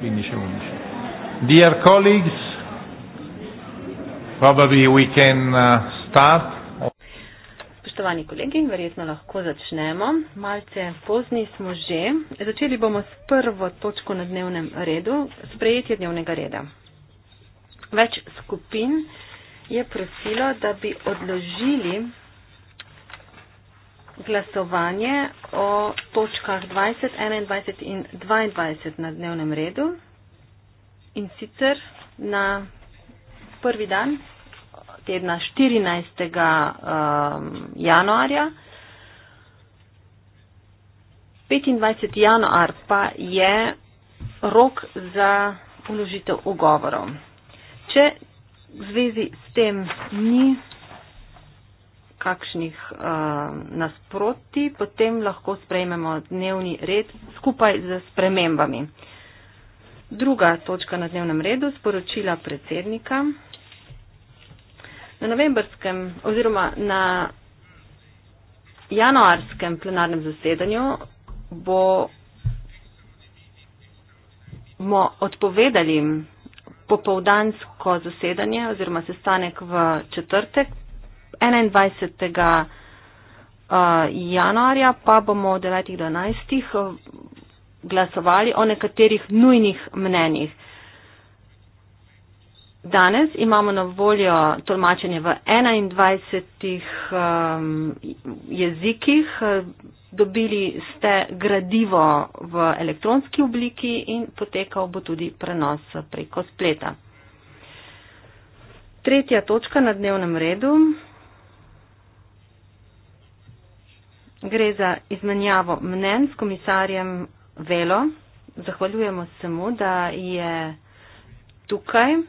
15 11 Dear colleagues probably we can uh, start Spoštovani kolegi, verjetno lahko začnemo. Malce pozni smo že. Začeli bomo s prvo točko na dnevnem redu, sprejetje dnevnega reda. Več skupin je prosilo, da bi odložili glasovanje o točkah 20, 21 in 22 na dnevnem redu. In sicer na prvi dan tedna 14. Um, januarja. 25. januar pa je rok za uložitev ugovorov. Če v zvezi s tem ni kakšnih uh, nasproti, potem lahko sprejmemo dnevni red skupaj z spremembami. Druga točka na dnevnem redu, sporočila predsednika. Na novembrskem oziroma na januarskem plenarnem zasedanju bomo odpovedali popovdansko zasedanje oziroma sestanek v četrtek 21. Uh, eh, januarja pa bomo od 9.11. Eh, glasovali o nekaterih nujnih mnenjih. Danes imamo na voljo tolmačenje v 21 um, ehm, jezikih, dobili ste gradivo v elektronski obliki in potekal bo tudi prenos preko spleta. Tretja točka na dnevnem redu. gre za izmenjavo mnen s komisarjem Velo. Zahvaljujemo se mu, da je tukaj. Uh,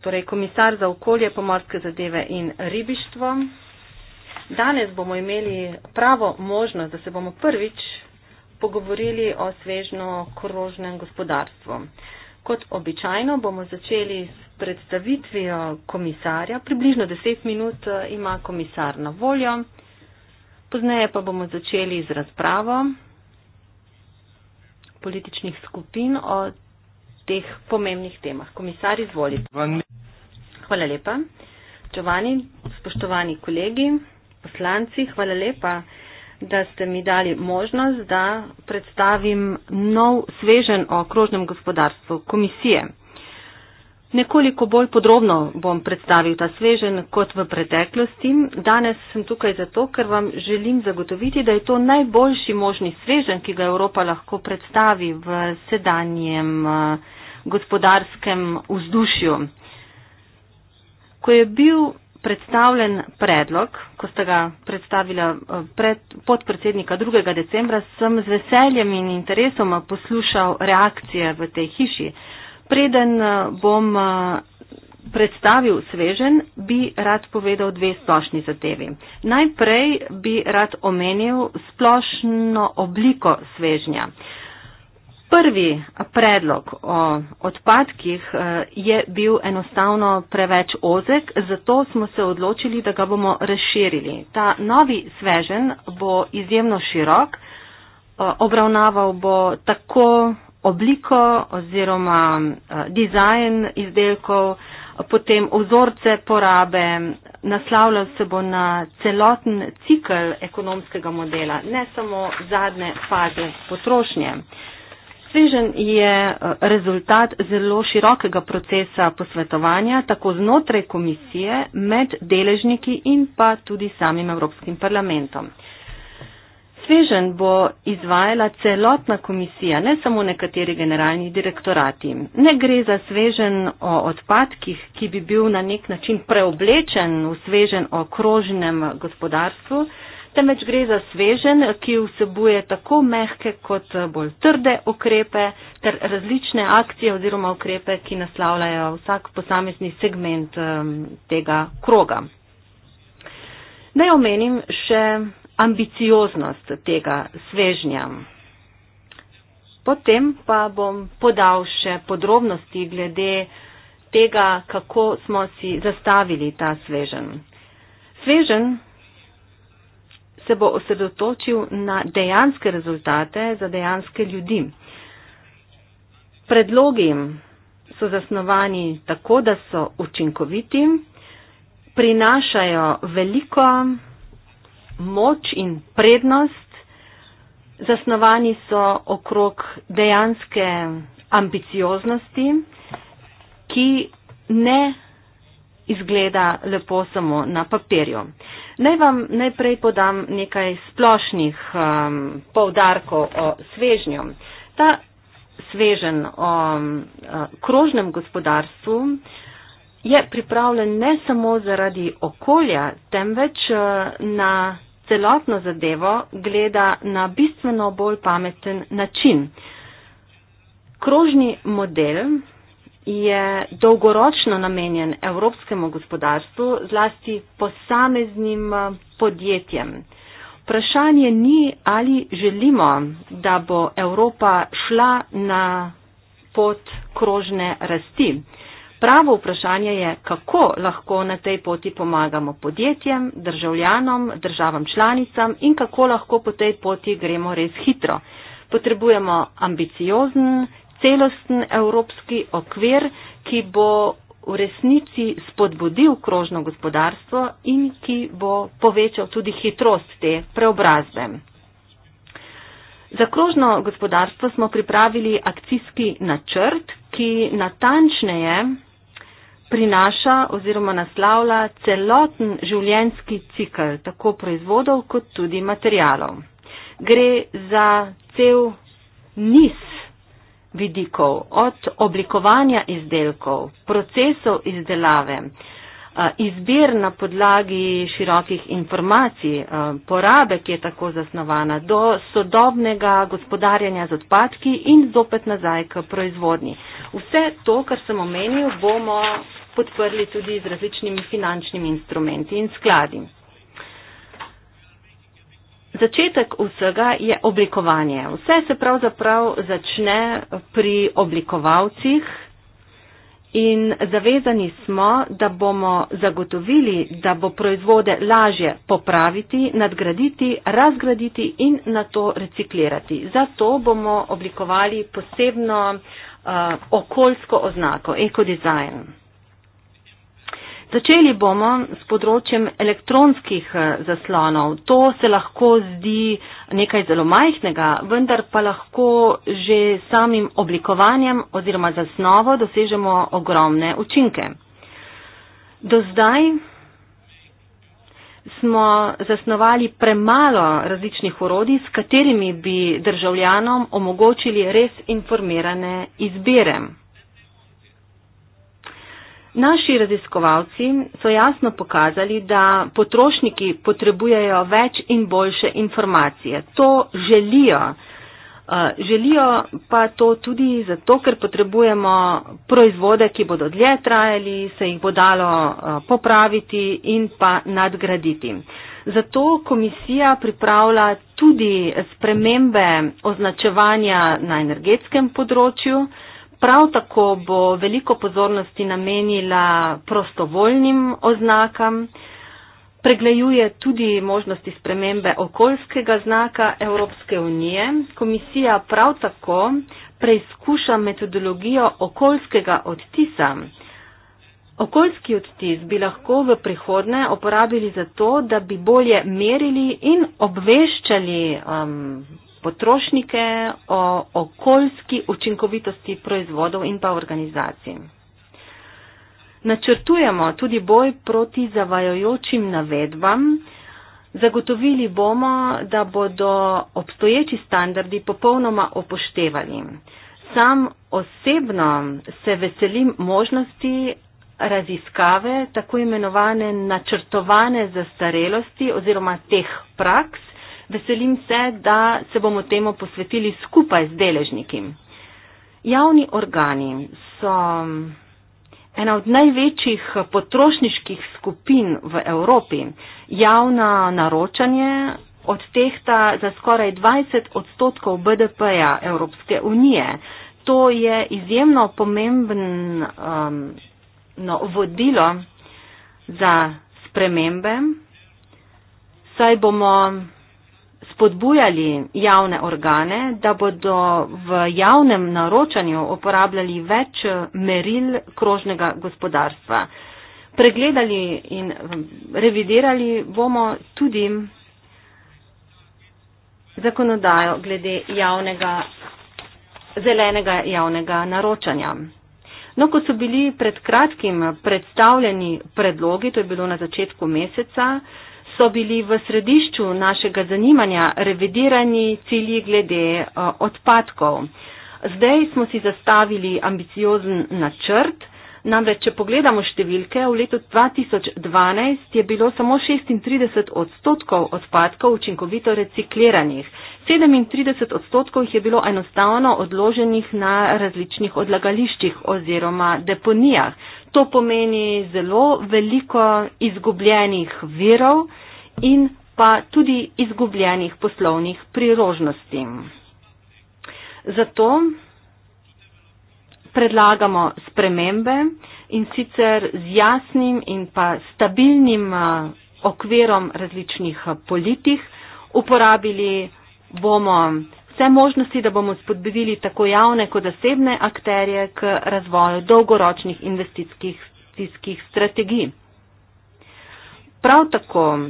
torej, komisar za okolje, pomorske zadeve in ribištvo. Danes bomo imeli pravo možnost, da se bomo prvič pogovorili o svežno krožnem gospodarstvu. Kot običajno bomo začeli s predstavitvijo komisarja. Približno deset minut uh, ima komisar na voljo. Pozneje pa bomo začeli z razpravo političnih skupin o teh pomembnih temah. Komisar, izvolite. Hvala lepa. Čovani, spoštovani kolegi, poslanci, hvala lepa, da ste mi dali možnost, da predstavim nov svežen o krožnem gospodarstvu komisije. Nekoliko bolj podrobno bom predstavil ta svežen kot v preteklosti. Danes sem tukaj zato, ker vam želim zagotoviti, da je to najboljši možni svežen, ki ga Evropa lahko predstavi v sedanjem eh, gospodarskem vzdušju. Ko je bil predstavljen predlog, ko ste ga predstavila eh, pred, podpredsednika 2. decembra, sem z veseljem in interesom poslušal reakcije v tej hiši. Preden eh, bom eh, predstavil svežen, bi rad povedal dve splošni zadevi. Najprej bi rad omenil splošno obliko svežnja. Prvi predlog o odpadkih eh, je bil enostavno preveč ozek, zato smo se odločili, da ga bomo razširili. Ta novi svežen bo izjemno širok, obravnaval bo tako obliko oziroma eh, dizajn izdelkov, potem vzorce porabe, naslavljal se bo na celoten cikl ekonomskega modela, ne samo zadnje faze potrošnje. Svežen je eh, rezultat zelo širokega procesa posvetovanja, tako znotraj komisije, med deležniki in pa tudi samim Evropskim parlamentom sveženj bo izvajala celotna komisija, ne samo nekateri generalni direktorati. Ne gre za sveženj o odpadkih, ki bi bil na nek način preoblečen v sveženj o krožnem gospodarstvu, temveč gre za sveženj, ki vsebuje tako mehke kot bolj trde ukrepe ter različne akcije oziroma ukrepe, ki naslavljajo vsak posamezni segment um, tega kroga. Naj omenim še ambicioznost tega svežnja. Potem pa bom podal še podrobnosti glede tega, kako smo si zastavili ta svežen. Svežen se bo osredotočil na dejanske rezultate za dejanske ljudi. Predlogi so zasnovani tako, da so učinkoviti, prinašajo veliko moč in prednost, zasnovani so okrog dejanske ambicioznosti, ki ne izgleda lepo samo na papirju. Naj vam najprej podam nekaj splošnih um, povdarkov o svežnju. Ta svežen o um, krožnem gospodarstvu je pripravljen ne samo zaradi okolja, temveč uh, na celotno zadevo gleda na bistveno bolj pameten način. Krožni model je dolgoročno namenjen evropskemu gospodarstvu, zlasti posameznim eh, podjetjem. Vprašanje ni, ali želimo, da bo Evropa šla na pot krožne rasti. Pravo vprašanje je, kako lahko na tej poti pomagamo podjetjem, državljanom, državam članicam in kako lahko po tej poti gremo res hitro. Potrebujemo ambiciozen, celosten evropski okvir, ki bo v resnici spodbudil krožno gospodarstvo in ki bo povečal tudi hitrost te preobrazbe. Za krožno gospodarstvo smo pripravili akcijski načrt, ki natančneje prinaša oziroma naslavlja celoten življenski cikl tako proizvodov kot tudi materijalov. Gre za cel niz vidikov od oblikovanja izdelkov, procesov izdelave, izbir na podlagi širokih informacij, porabe, ki je tako zasnovana, do sodobnega gospodarjanja z odpadki in zopet nazaj k proizvodni. Vse to, kar sem omenil, bomo podprli tudi z različnimi finančnimi instrumenti in skladi. Začetek vsega je oblikovanje. Vse se pravzaprav začne pri oblikovalcih in zavezani smo, da bomo zagotovili, da bo proizvode lažje popraviti, nadgraditi, razgraditi in na to reciklirati. Zato bomo oblikovali posebno uh, okoljsko oznako, ekodizajn. Začeli bomo s področjem elektronskih eh, zaslonov. To se lahko zdi nekaj zelo majhnega, vendar pa lahko že samim oblikovanjem oziroma zasnovo dosežemo ogromne učinke. Do zdaj smo zasnovali premalo različnih urodij, s katerimi bi državljanom omogočili res informirane izbire. Naši raziskovalci so jasno pokazali, da potrošniki potrebujejo več in boljše informacije. To želijo. Uh, želijo pa to tudi zato, ker potrebujemo proizvode, ki bodo dlje trajali, se jih bo dalo uh, popraviti in pa nadgraditi. Zato komisija pripravlja tudi spremembe označevanja na energetskem področju. Uh, Prav tako bo veliko pozornosti namenila prostovoljnim oznakam, pregleduje tudi možnosti spremembe okoljskega znaka Evropske unije. Komisija prav tako preizkuša metodologijo okoljskega odtisa. Okoljski odtis bi lahko v prihodne uporabili za to, da bi bolje merili in obveščali um, potrošnike, o okoljski učinkovitosti proizvodov in pa organizacij. Načrtujemo tudi boj proti zavajojočim navedbam. Zagotovili bomo, da bodo obstoječi standardi popolnoma upoštevani. Sam osebno se veselim možnosti raziskave tako imenovane načrtovane zastarelosti oziroma teh praks, Veselim se, da se bomo temu posvetili skupaj z deležniki. Javni organi so mm, ena od največjih potrošniških skupin v Evropi. Javno naročanje odtehta za skoraj 20 odstotkov BDP-ja Evropske unije. To je izjemno pomembno mm, um, vodilo za spremembe, saj bomo spodbujali javne organe, da bodo v javnem naročanju uporabljali več eh, meril krožnega gospodarstva. Pregledali in mm, revidirali bomo tudi zakonodajo glede javnega, zelenega javnega naročanja. No, ko so bili pred kratkim predstavljeni predlogi, to je bilo na začetku meseca, so bili v središču našega zanimanja revidirani cilji glede eh, odpadkov. Zdaj smo si zastavili ambiciozen načrt, namreč, če pogledamo številke, v letu 2012 je bilo samo 36 odstotkov odpadkov učinkovito recikliranih, 37 odstotkov jih je bilo enostavno odloženih na različnih odlagališčih oziroma deponijah. To pomeni zelo veliko izgubljenih virov in pa tudi izgubljenih poslovnih priložnosti. Zato predlagamo spremembe in sicer z jasnim in pa stabilnim okverom različnih politik. Uporabili bomo vse možnosti, da bomo spodbudili tako javne kot zasebne akterje k razvoju dolgoročnih investicijskih strategij. Prav tako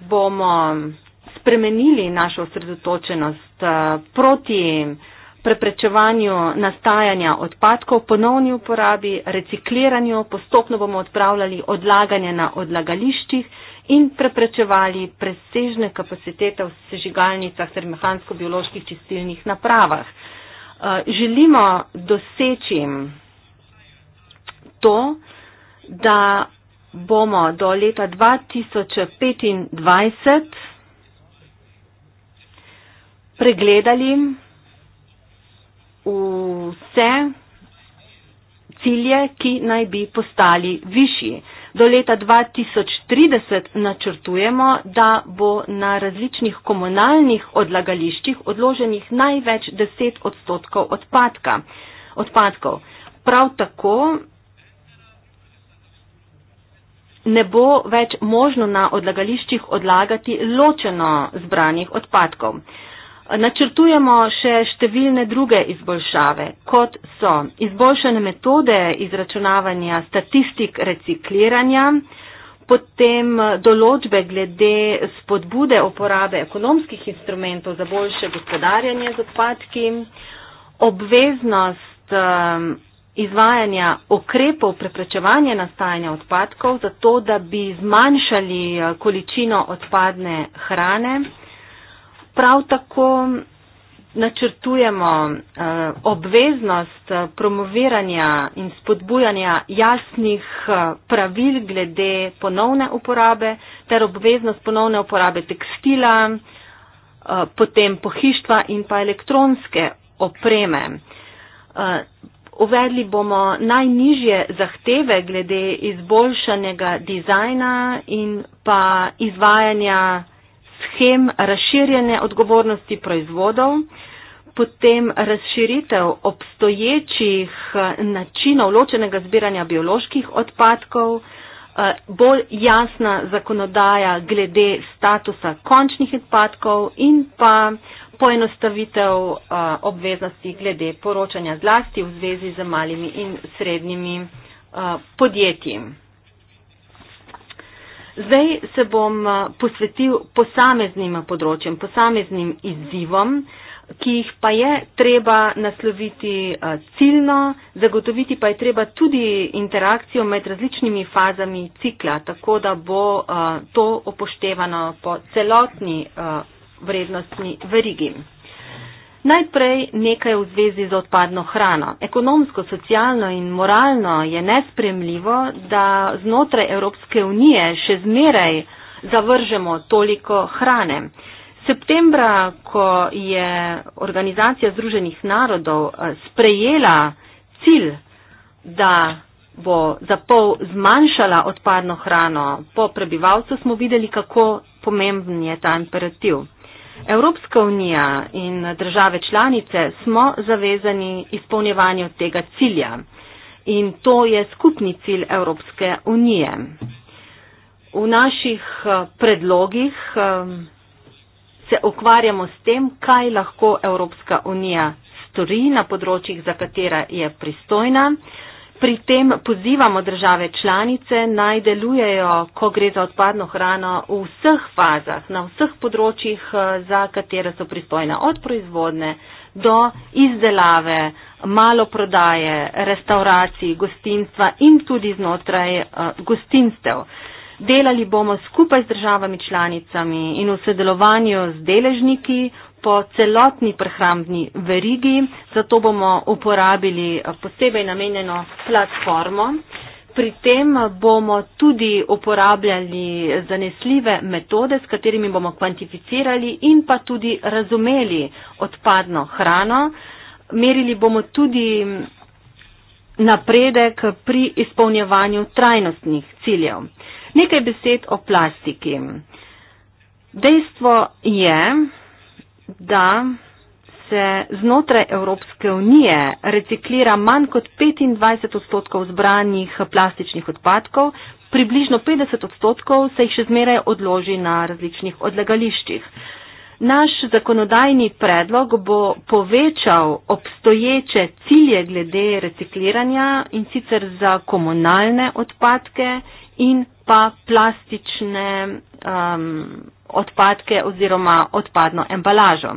bomo spremenili našo osredotočenost eh, proti preprečevanju nastajanja odpadkov, ponovni uporabi, recikliranju, postopno bomo odpravljali odlaganje na odlagališčih in preprečevali presežne kapacitete v sežigalnicah ter mehansko-bioloških čistilnih napravah. Eh, želimo doseči to, da bomo do leta 2025 pregledali vse cilje, ki naj bi postali višji. Do leta 2030 načrtujemo, da bo na različnih komunalnih odlagališčih odloženih največ 10 odstotkov odpadka, odpadkov. Prav tako ne bo več možno na odlagališčih odlagati ločeno zbranih odpadkov. Načrtujemo še številne druge izboljšave, kot so izboljšane metode izračunavanja statistik recikliranja, potem določbe glede spodbude uporabe ekonomskih instrumentov za boljše gospodarjanje z odpadki, obveznost ehm, izvajanja okrepov preprečevanja nastajanja odpadkov, zato da bi zmanjšali eh, količino odpadne hrane. Prav tako načrtujemo eh, obveznost eh, promoviranja in spodbujanja jasnih pravil glede ponovne uporabe ter obveznost ponovne uporabe tekstila, potem pohištva in pa elektronske opreme. Uvedli bomo najnižje zahteve glede izboljšanega dizajna in pa izvajanja schem razširjene odgovornosti proizvodov, potem razširitev obstoječih eh, načinov ločenega zbiranja bioloških odpadkov, eh, bolj jasna zakonodaja glede statusa končnih odpadkov in pa poenostavitev eh, obveznosti glede poročanja zlasti v zvezi z malimi in srednjimi eh, podjetji. Zdaj se bom eh, posvetil posameznim področjem, posameznim izzivom, ki jih pa je treba nasloviti ciljno, zagotoviti pa je treba tudi interakcijo med različnimi fazami cikla, tako da bo to upoštevano po celotni vrednostni verigi. Najprej nekaj v zvezi z odpadno hrano. Ekonomsko, socialno in moralno je nespremljivo, da znotraj Evropske unije še zmeraj zavržemo toliko hrane. Septembra, ko je organizacija Združenih narodov eh, sprejela cilj, da bo za pol zmanjšala odpadno hrano. Po prebivalcu smo videli, kako pomemben je ta imperativ. Evropska unija in države članice smo zavezani izpolnjevanju tega cilja in to je skupni cilj Evropske unije. V naših eh, predlogih eh, se ukvarjamo s tem, kaj lahko Evropska unija stori na področjih, za katera je pristojna. Pri tem pozivamo države članice naj delujejo, ko gre za odpadno hrano, v vseh fazah, na vseh področjih, eh, za katera so pristojna, od proizvodne do izdelave, maloprodaje, restauracij, gostinstva in tudi znotraj eh, gostinstev. Delali bomo skupaj z državami članicami in v sodelovanju z deležniki po celotni prehrambni verigi, zato bomo uporabili posebej namenjeno platformo. Pri tem bomo tudi uporabljali zanesljive metode, s katerimi bomo kvantificirali in pa tudi razumeli odpadno hrano. Merili bomo tudi napredek pri izpolnjevanju trajnostnih ciljev. Nekaj besed o plastiki. Dejstvo je, da se znotraj Evropske unije reciklira manj kot 25 odstotkov zbranih plastičnih odpadkov, približno 50 odstotkov se jih še zmeraj odloži na različnih odlagališčih. Naš zakonodajni predlog bo povečal obstoječe cilje glede recikliranja in sicer za komunalne odpadke in pa plastične um, odpadke oziroma odpadno embalažo.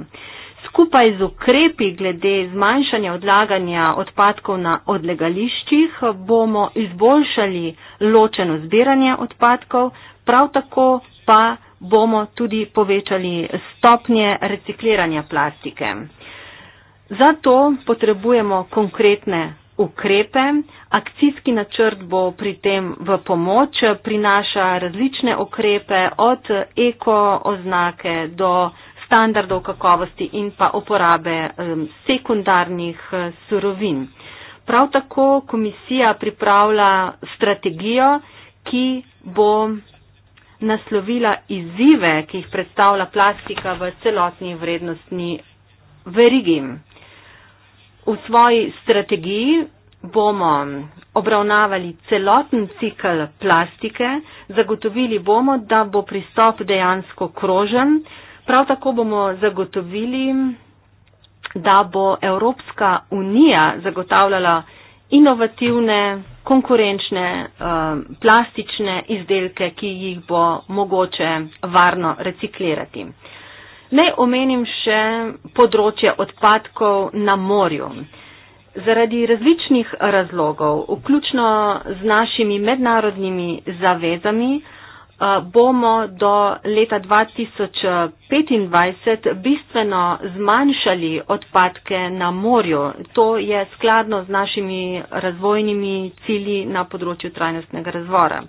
Skupaj z ukrepi glede zmanjšanja odlaganja odpadkov na odlegališčih bomo izboljšali ločeno zbiranje odpadkov, prav tako pa bomo tudi povečali stopnje recikliranja plastike. Zato potrebujemo konkretne ukrepe. Akcijski načrt bo pri tem v pomoč, prinaša različne ukrepe od eko oznake do standardov kakovosti in pa uporabe sekundarnih eh, surovin. Prav tako komisija pripravlja strategijo, ki bo naslovila izzive, ki jih predstavlja plastika v celotni vrednostni verigi. V svoji strategiji bomo obravnavali celoten cikl plastike, zagotovili bomo, da bo pristop dejansko krožen, prav tako bomo zagotovili, da bo Evropska unija zagotavljala inovativne, konkurenčne eh, plastične izdelke, ki jih bo mogoče varno reciklirati. Naj omenim še področje odpadkov na morju. Zaradi različnih razlogov, vključno z našimi mednarodnimi zavezami, eh, bomo do leta 2025 bistveno zmanjšali odpadke na morju. To je skladno z našimi razvojnimi cilji na področju trajnostnega razvora.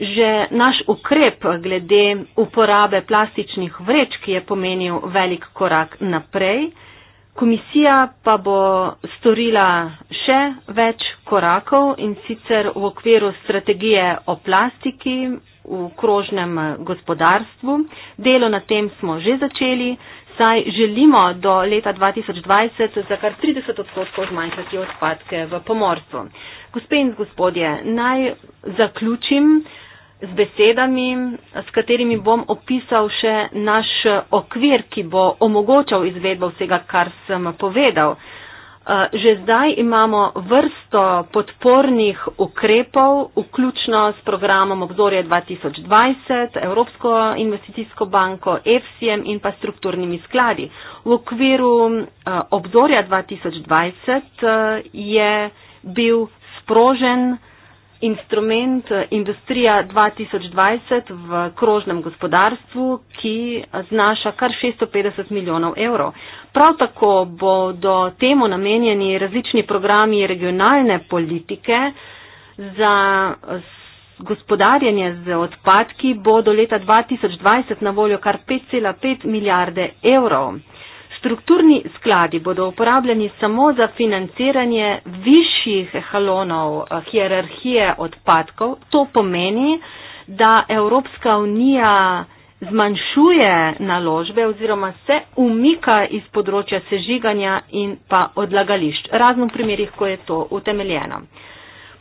Že naš ukrep glede uporabe plastičnih vrečk je pomenil velik korak naprej. Komisija pa bo storila še več korakov in sicer v okviru strategije o plastiki v krožnem gospodarstvu. Delo na tem smo že začeli, saj želimo do leta 2020 za kar 30 odstotkov zmanjšati odpadke v pomorstvu. Gospe in gospodje, naj zaključim z besedami, s katerimi bom opisal še naš okvir, ki bo omogočal izvedbo vsega, kar sem povedal. Eh, že zdaj imamo vrsto podpornih ukrepov, vključno s programom obzorje 2020, Evropsko investicijsko banko, EFSIEM in pa strukturnimi skladi. V okviru eh, obzorja 2020 eh, je bil sprožen instrument eh, Industrija 2020 v krožnem gospodarstvu, ki znaša kar 650 milijonov evrov. Prav tako bodo temu namenjeni različni programi regionalne politike za gospodarjanje z odpadki, bodo leta 2020 na voljo kar 5,5 milijarde evrov. Strukturni skladi bodo uporabljeni samo za financiranje višjih halonov eh, hierarhije odpadkov. To pomeni, da Evropska unija zmanjšuje naložbe oziroma se umika iz področja sežiganja in pa odlagališč, razno v primerih, ko je to utemeljeno.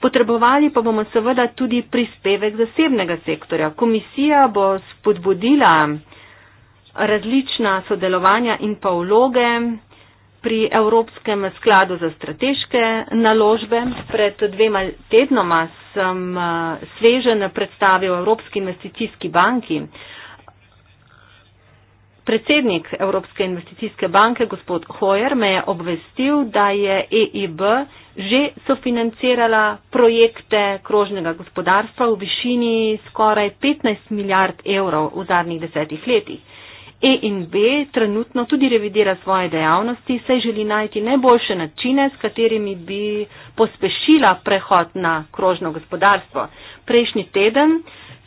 Potrebovali pa bomo seveda tudi prispevek zasebnega sektorja. Komisija bo spodbudila različna sodelovanja in pa vloge pri Evropskem skladu za strateške naložbe. Pred dvema tednoma sem eh, svežen predstavil Evropski investicijski banki. Predsednik Evropske investicijske banke, gospod Hoyer, me je obvestil, da je EIB že sofinancirala projekte krožnega gospodarstva v višini skoraj 15 milijard evrov v zadnjih desetih letih. EB trenutno tudi revidira svoje dejavnosti, saj želi najti najboljše načine, s katerimi bi pospešila prehod na krožno gospodarstvo. Prejšnji teden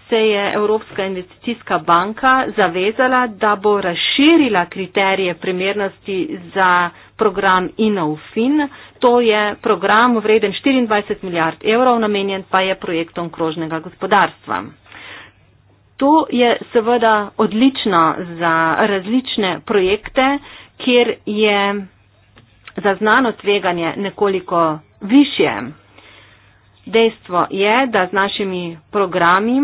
se je Evropska investicijska banka zavezala, da bo razširila kriterije primernosti za program InnoFin. To je program vreden 24 milijard evrov, namenjen pa je projektom krožnega gospodarstva. To je seveda odlično za različne projekte, kjer je zaznano tveganje nekoliko više. Dejstvo je, da z našimi programi,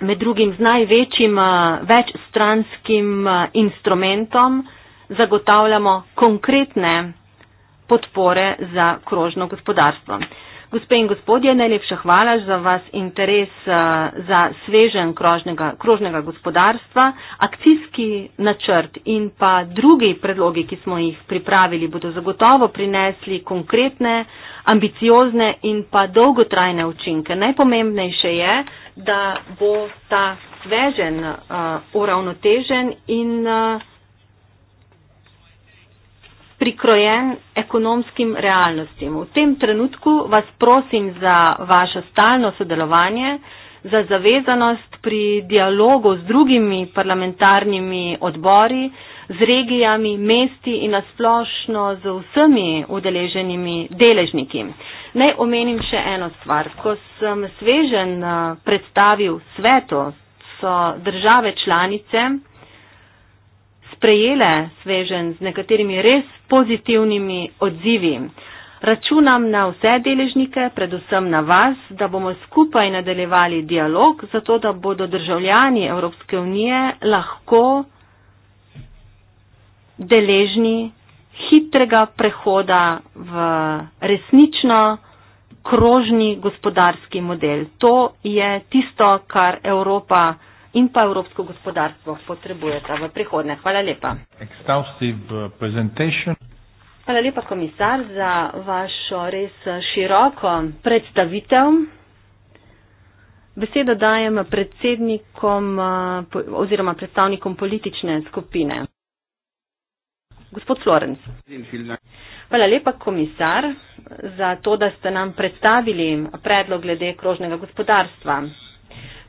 med drugim z največjim eh, večstranskim eh, instrumentom, zagotavljamo konkretne podpore za krožno gospodarstvo. Gospe in gospodje, najlepša hvala za vas interes eh, za svežen krožnega, krožnega gospodarstva. Akcijski načrt in pa drugi predlogi, ki smo jih pripravili, bodo zagotovo prinesli konkretne, ambiciozne in pa dolgotrajne učinke. Najpomembnejše je, da bo ta svežen uh, eh, uravnotežen in uh, prikrojen ekonomskim realnostim. V tem trenutku vas prosim za vaše stalno sodelovanje, za zavezanost pri dialogu z drugimi parlamentarnimi odbori, z regijami, mesti in nasplošno z vsemi udeleženimi deležniki. Naj omenim še eno stvar. Ko sem svežen eh, predstavil sveto, so države članice, sprejele svežen z nekaterimi res pozitivnimi odzivi. Računam na vse deležnike, predvsem na vas, da bomo skupaj nadaljevali dialog, zato da bodo državljani Evropske unije lahko deležni hitrega prehoda v resnično krožni gospodarski model. To je tisto, kar Evropa in pa evropsko gospodarstvo potrebujeta v prihodnje. Hvala lepa. Uh, Hvala lepa, komisar, za vašo res široko predstavitev. Besedo dajem predsednikom uh, oziroma predstavnikom politične skupine. Gospod Florenc. Hvala lepa, komisar, za to, da ste nam predstavili predlog glede krožnega gospodarstva.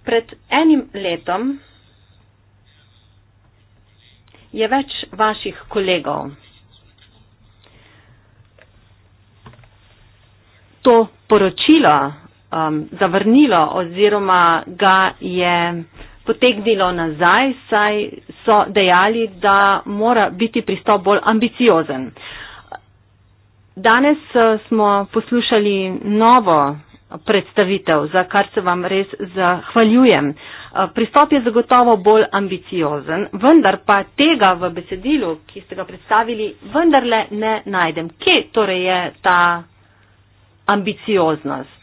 Pred enim letom je več vaših kolegov to poročilo um, zavrnilo oziroma ga je potegnilo nazaj, saj so dejali, da mora biti pristop bolj ambiciozen. Danes uh, smo poslušali novo predstavitev, za kar se vam res zahvaljujem. Eh, pristop je zagotovo bolj ambiciozen, vendar pa tega v besedilu, ki ste ga predstavili, vendarle ne najdem. Kje torej je ta ambicioznost?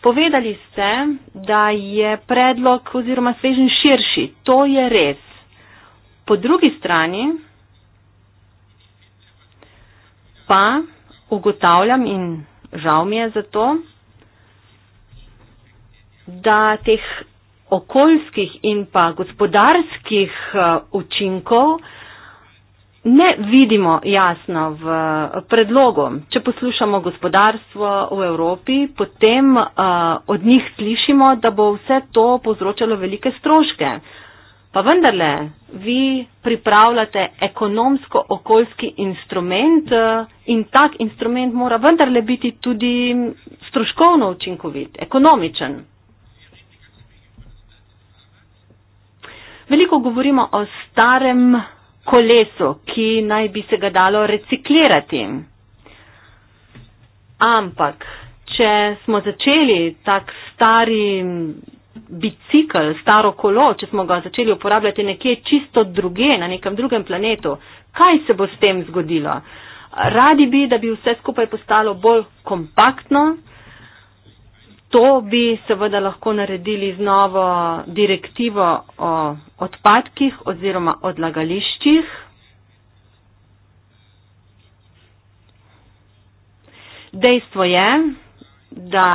Povedali ste, da je predlog oziroma svežen širši. To je res. Po drugi strani pa ugotavljam in žal mi je za to, da teh okoljskih in pa gospodarskih eh, učinkov ne vidimo jasno v eh, predlogu. Če poslušamo gospodarstvo v Evropi, potem eh, od njih slišimo, da bo vse to povzročalo velike stroške. Pa vendarle, vi pripravljate ekonomsko-okoljski instrument in tak instrument mora vendarle biti tudi stroškovno učinkovit, ekonomičen. Veliko govorimo o starem kolesu, ki naj bi se ga dalo reciklirati. Ampak, če smo začeli tak stari bicikl, staro kolo, če smo ga začeli uporabljati nekje čisto druge, na nekem drugem planetu, kaj se bo s tem zgodilo? Radi bi, da bi vse skupaj postalo bolj kompaktno, To bi seveda lahko naredili z novo direktivo o odpadkih oziroma odlagališčih. Dejstvo je, da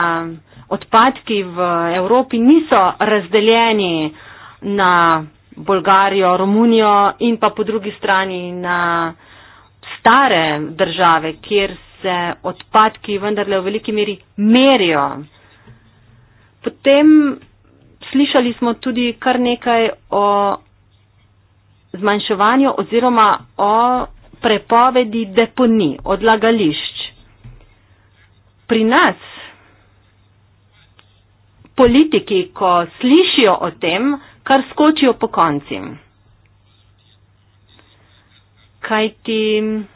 odpadki v Evropi niso razdeljeni na Bolgarijo, Romunijo in pa po drugi strani na stare države, kjer se odpadki vendarle v veliki meri merijo. Potem slišali smo tudi kar nekaj o zmanjševanju oziroma o prepovedi deponi, odlagališč. Pri nas politiki, ko slišijo o tem, kar skočijo po koncim. Kaj ti? Tim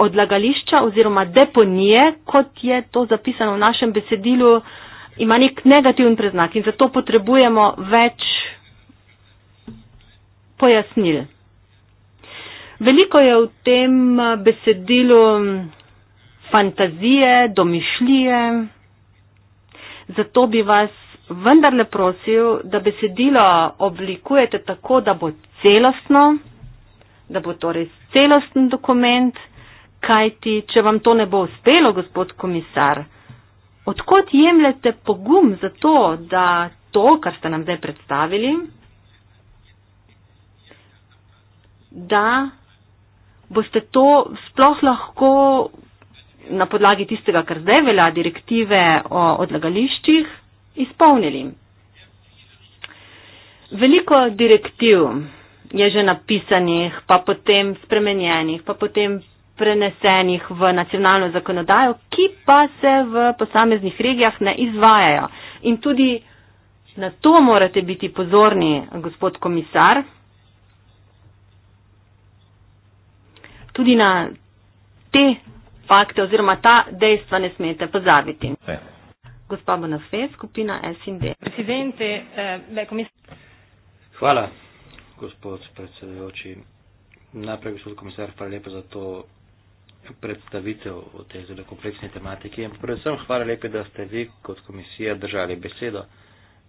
odlagališča oziroma deponije, kot je to zapisano v našem besedilu, ima nek negativen preznak in zato potrebujemo več pojasnil. Veliko je v tem besedilu fantazije, domišljije, zato bi vas vendarle prosil, da besedilo oblikujete tako, da bo celostno, da bo torej celosten dokument kajti, če vam to ne bo uspelo, gospod komisar, odkot jemljete pogum za to, da to, kar ste nam zdaj predstavili, da boste to sploh lahko na podlagi tistega, kar zdaj velja direktive o odlagališčih, izpolnili. Veliko direktiv je že napisanih, pa potem spremenjenih, pa potem prenesenih v nacionalno zakonodajo, ki pa se v posameznih regijah ne izvajajo. In tudi na to morate biti pozorni, gospod komisar. Tudi na te fakte oziroma ta dejstva ne smete pozabiti. Gospa Bonafé, skupina SND. Eh, hvala, gospod predsedujoči. Najprej, gospod komisar, hvala lepa za to predstavitev o tej zelo kompleksni tematiki. In predvsem hvala lepi, da ste vi kot komisija držali besedo,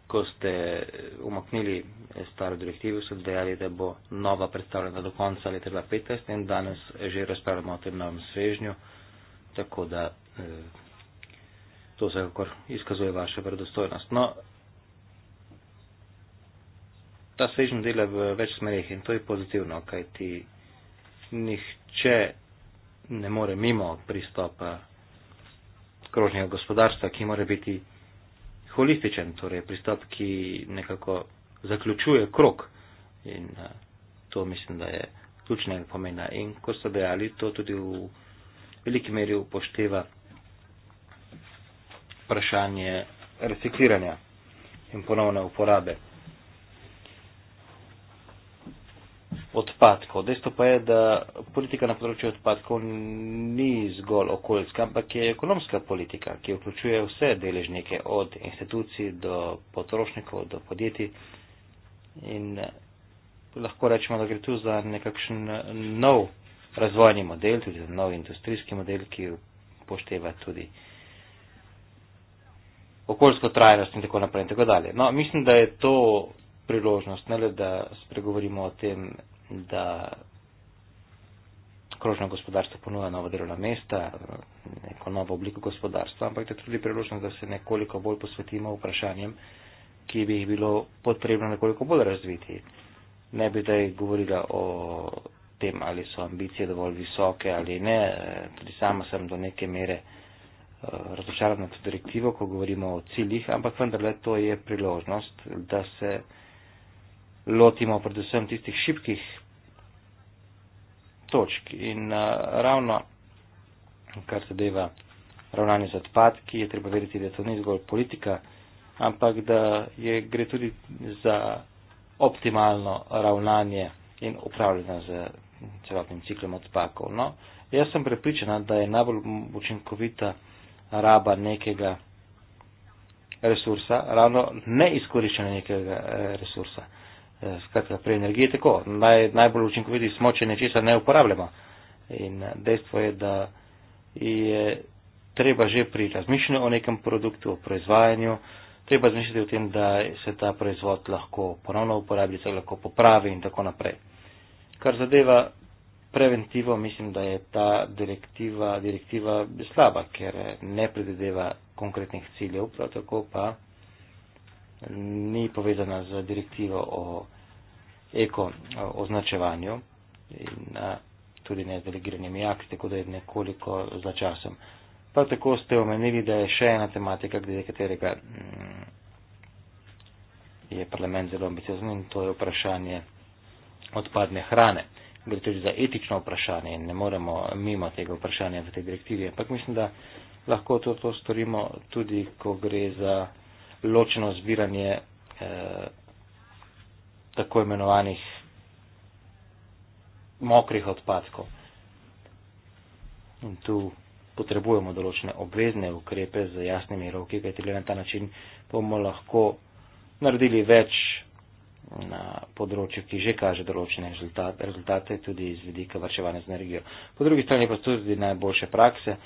ko ste eh, umaknili eh, staro direktivo, so dejali, da bo nova predstavljena do konca leta 2015 in danes že razpravljamo o tem novem svežnju. Tako da eh, to se kakor izkazuje vaša predostojnost. No, ta svežnj dela v več smerih in to je pozitivno, kajti nihče ne more mimo pristopa krožnega gospodarstva, ki mora biti holističen, torej pristop, ki nekako zaključuje krok. In eh, to mislim, da je ključnega pomena. In kot so dejali, to tudi v veliki meri upošteva vprašanje recikliranja in ponovne uporabe. odpadkov. Dejstvo pa je, da politika na področju odpadkov ni zgolj okoljska, ampak je ekonomska politika, ki vključuje vse deležnike od institucij do potrošnikov, do podjetij. In lahko rečemo, da gre tu za nekakšen nov razvojni model, tudi za nov industrijski model, ki pošteva tudi okoljsko trajnost in tako naprej in tako dalje. No, mislim, da je to priložnost, ne le da spregovorimo o tem da krožno gospodarstvo ponuja nova delovna mesta, neko novo obliko gospodarstva, ampak da je tudi priložnost, da se nekoliko bolj posvetimo vprašanjem, ki bi jih bilo potrebno nekoliko bolj razviti. Ne bi zdaj govorila o tem, ali so ambicije dovolj visoke ali ne. Tudi sama sem do neke mere eh, razočarana to direktivo, ko govorimo o ciljih, ampak vendarle to je priložnost, da se lotimo predvsem tistih šibkih točk. In uh, ravno, kar se deva ravnanje z odpadki, je treba vedeti, da to ni zgolj politika, ampak da je, gre tudi za optimalno ravnanje in upravljanje z celotnim ciklom odpakov. No, jaz sem prepričana, da je najbolj učinkovita raba nekega resursa, ravno neizkoriščanje nekega eh, resursa. Eh, skratka, prej energije tako. Naj, najbolj učinkoviti smo, če nečesa ne uporabljamo. In dejstvo je, da je treba že pri razmišljanju o nekem produktu, o proizvajanju, treba razmišljati o tem, da se ta proizvod lahko ponovno uporablja, se lahko popravi in tako naprej. Kar zadeva preventivo, mislim, da je ta direktiva, direktiva slaba, ker ne predvideva konkretnih ciljev, prav tako pa ni povezana z direktivo o eko označevanju in tudi ne z delegiranimi akti, tako da je nekoliko za časom. Prav tako ste omenili, da je še ena tematika, glede katerega mm, je parlament zelo ambiciozen in to je vprašanje odpadne hrane. Gre tudi za etično vprašanje in ne moremo mimo tega vprašanja v tej direktivi, ampak mislim, da lahko to, to storimo tudi, ko gre za ločeno zbiranje eh, tako imenovanih mokrih odpadkov. In tu potrebujemo določene obvezne ukrepe z jasnimi roki, kaj tudi na ta način bomo lahko naredili več na področju, ki že kaže določene rezultate, tudi iz vidika vrčevanja z energijo. Po drugi strani pa tudi najboljše prakse,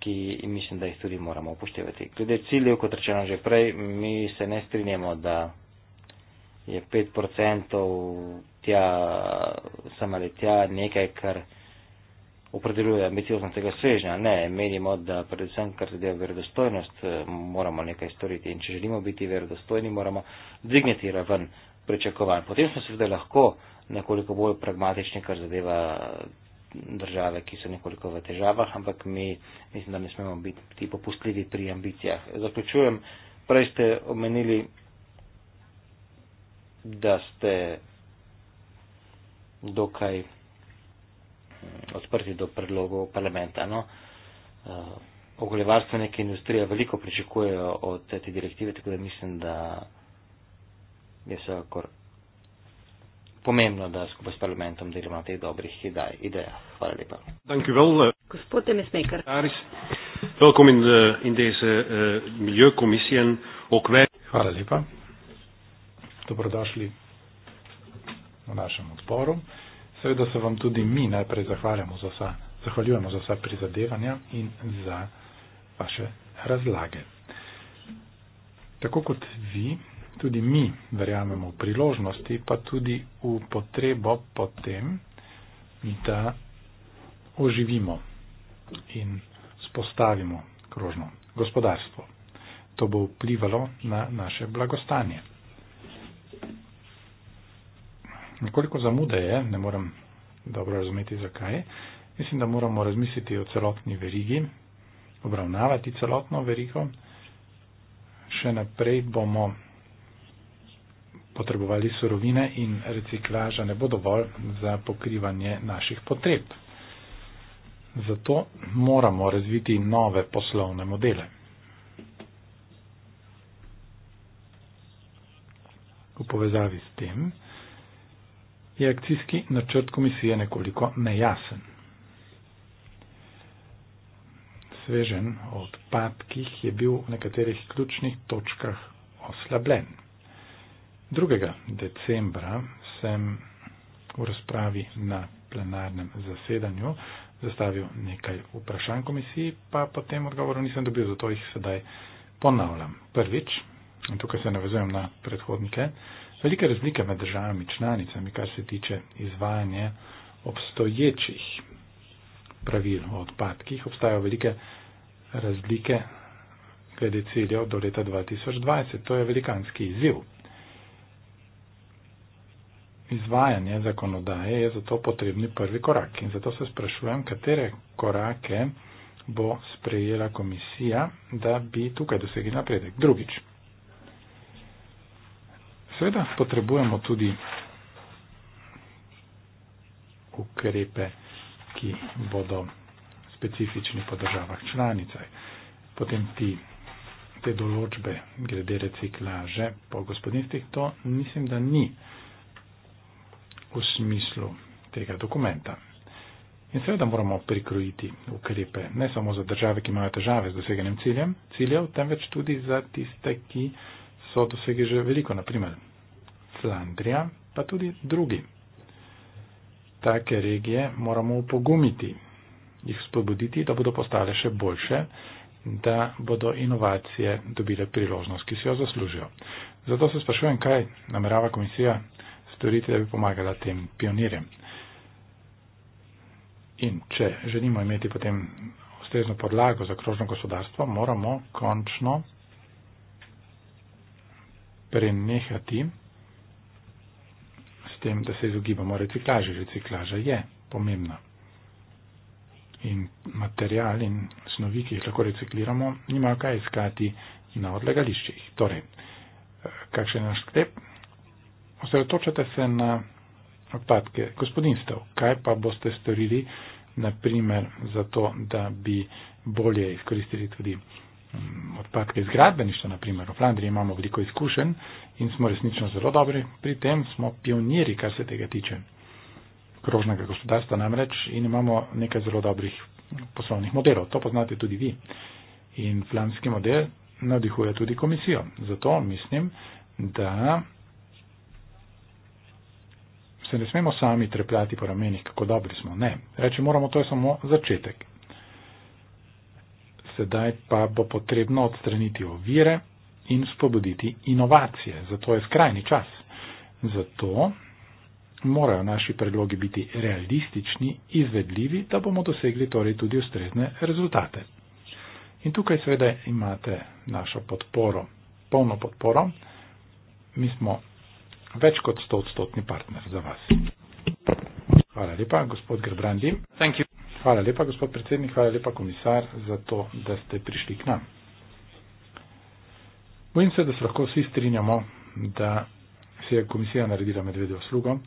ki mislim, da jih tudi moramo upoštevati. Glede ciljev, kot rečeno že prej, mi se ne strinjamo, da je 5% tja, sama letja nekaj, kar opredeljuje ambicioznost tega svežnja. Ne, menimo, da predvsem, kar zadeva verodostojnost, eh, moramo nekaj storiti in če želimo biti verodostojni, moramo dvigniti raven pričakovanj. Potem smo seveda lahko nekoliko bolj pragmatični, kar zadeva države, ki so nekoliko v težavah, ampak mi mislim, da ne smemo biti ti popustljivi pri ambicijah. Zaključujem, prej ste omenili, da ste dokaj mm, odprti do predlogov parlamenta. No? Eh, Okoljevarstvenike in industrija veliko pričakujejo od te direktive, tako da mislim, da je vsekakor pomembno, da skupaj s parlamentom delamo na teh dobrih idejah. Hvala lepa. Well, uh, eh, Gospod Temesmeker. Welkom in eh, in deze uh, eh, milieukomisie en ook wij. Hvala lepa. Dobrodošli v našem odporu. Seveda se vam tudi mi najprej zahvaljamo za vsa, zahvaljujemo za vsa prizadevanja in za vaše razlage. Tako kot vi, tudi mi verjamemo v priložnosti, pa tudi v potrebo po tem, da oživimo in spostavimo krožno gospodarstvo. To bo vplivalo na naše blagostanje. Nekoliko zamude je, ne moram dobro razumeti zakaj. Mislim, da moramo razmisliti o celotni verigi, obravnavati celotno verigo. Še naprej bomo potrebovali surovine in reciklaža ne bo dovolj za pokrivanje naših potreb. Zato moramo razviti nove poslovne modele. V povezavi s tem je akcijski načrt komisije nekoliko nejasen. Svežen odpadkih je bil v nekaterih ključnih točkah oslabljen. 2. decembra sem v razpravi na plenarnem zasedanju zastavil nekaj vprašanj komisiji, pa potem odgovorov nisem dobil, zato jih sedaj ponavljam. Prvič, in tukaj se navezujem na predhodnike, velike razlike med državami članicami, kar se tiče izvajanja obstoječih pravil o odpadkih, obstajajo velike razlike glede ciljev do leta 2020. To je velikanski izziv izvajanje zakonodaje je zato potrebni prvi korak. In zato se sprašujem, katere korake bo sprejela komisija, da bi tukaj dosegli napredek. Drugič. Seveda potrebujemo tudi ukrepe, ki bodo specifični po državah članicah. Potem ti, te določbe glede reciklaže po gospodinstvih, to mislim, da ni v smislu tega dokumenta. In seveda moramo prikrojiti ukrepe ne samo za države, ki imajo težave z doseganjem ciljem, ciljev, temveč tudi za tiste, ki so dosegli že veliko, naprimer Flandrija, pa tudi drugi. Take regije moramo upogumiti, jih spodbuditi, da bodo postale še boljše, da bodo inovacije dobile priložnost, ki si jo zaslužijo. Zato se sprašujem, kaj namerava komisija storiti, da bi pomagala tem pionirjem. In če želimo imeti potem ustrezno podlago za krožno gospodarstvo, moramo končno prenehati s tem, da se izogibamo reciklaži. Reciklaža je pomembna. In material in snovi, ki jih lahko recikliramo, nimajo kaj iskati na odlagališčih. Torej, eh, kakšen je naš sklep? osredotočate se na odpadke gospodinstev. Kaj pa boste storili, naprimer, za to, da bi bolje izkoristili tudi mm, odpadke iz gradbeništva, naprimer. V Flandriji imamo veliko izkušenj in smo resnično zelo dobri, pri tem smo pionirji, kar se tega tiče krožnega gospodarstva namreč in imamo nekaj zelo dobrih poslovnih modelov. To poznate tudi vi. In flamski model navdihuje tudi komisijo. Zato mislim, da se ne smemo sami trepljati po ramenih, kako dobri smo. Ne, reči moramo, to je samo začetek. Sedaj pa bo potrebno odstraniti ovire in spobuditi inovacije. Zato je skrajni čas. Zato morajo naši predlogi biti realistični, izvedljivi, da bomo dosegli torej tudi ustrezne rezultate. In tukaj seveda imate našo podporo, polno podporo. Mi smo več kot 100 odstotni partner za vas. Hvala lepa, gospod Grbrandi. Hvala lepa, gospod predsednik, hvala lepa, komisar, za to, da ste prišli k nam. Bojim se, da se lahko vsi strinjamo, da se je komisija naredila medvedjo slugo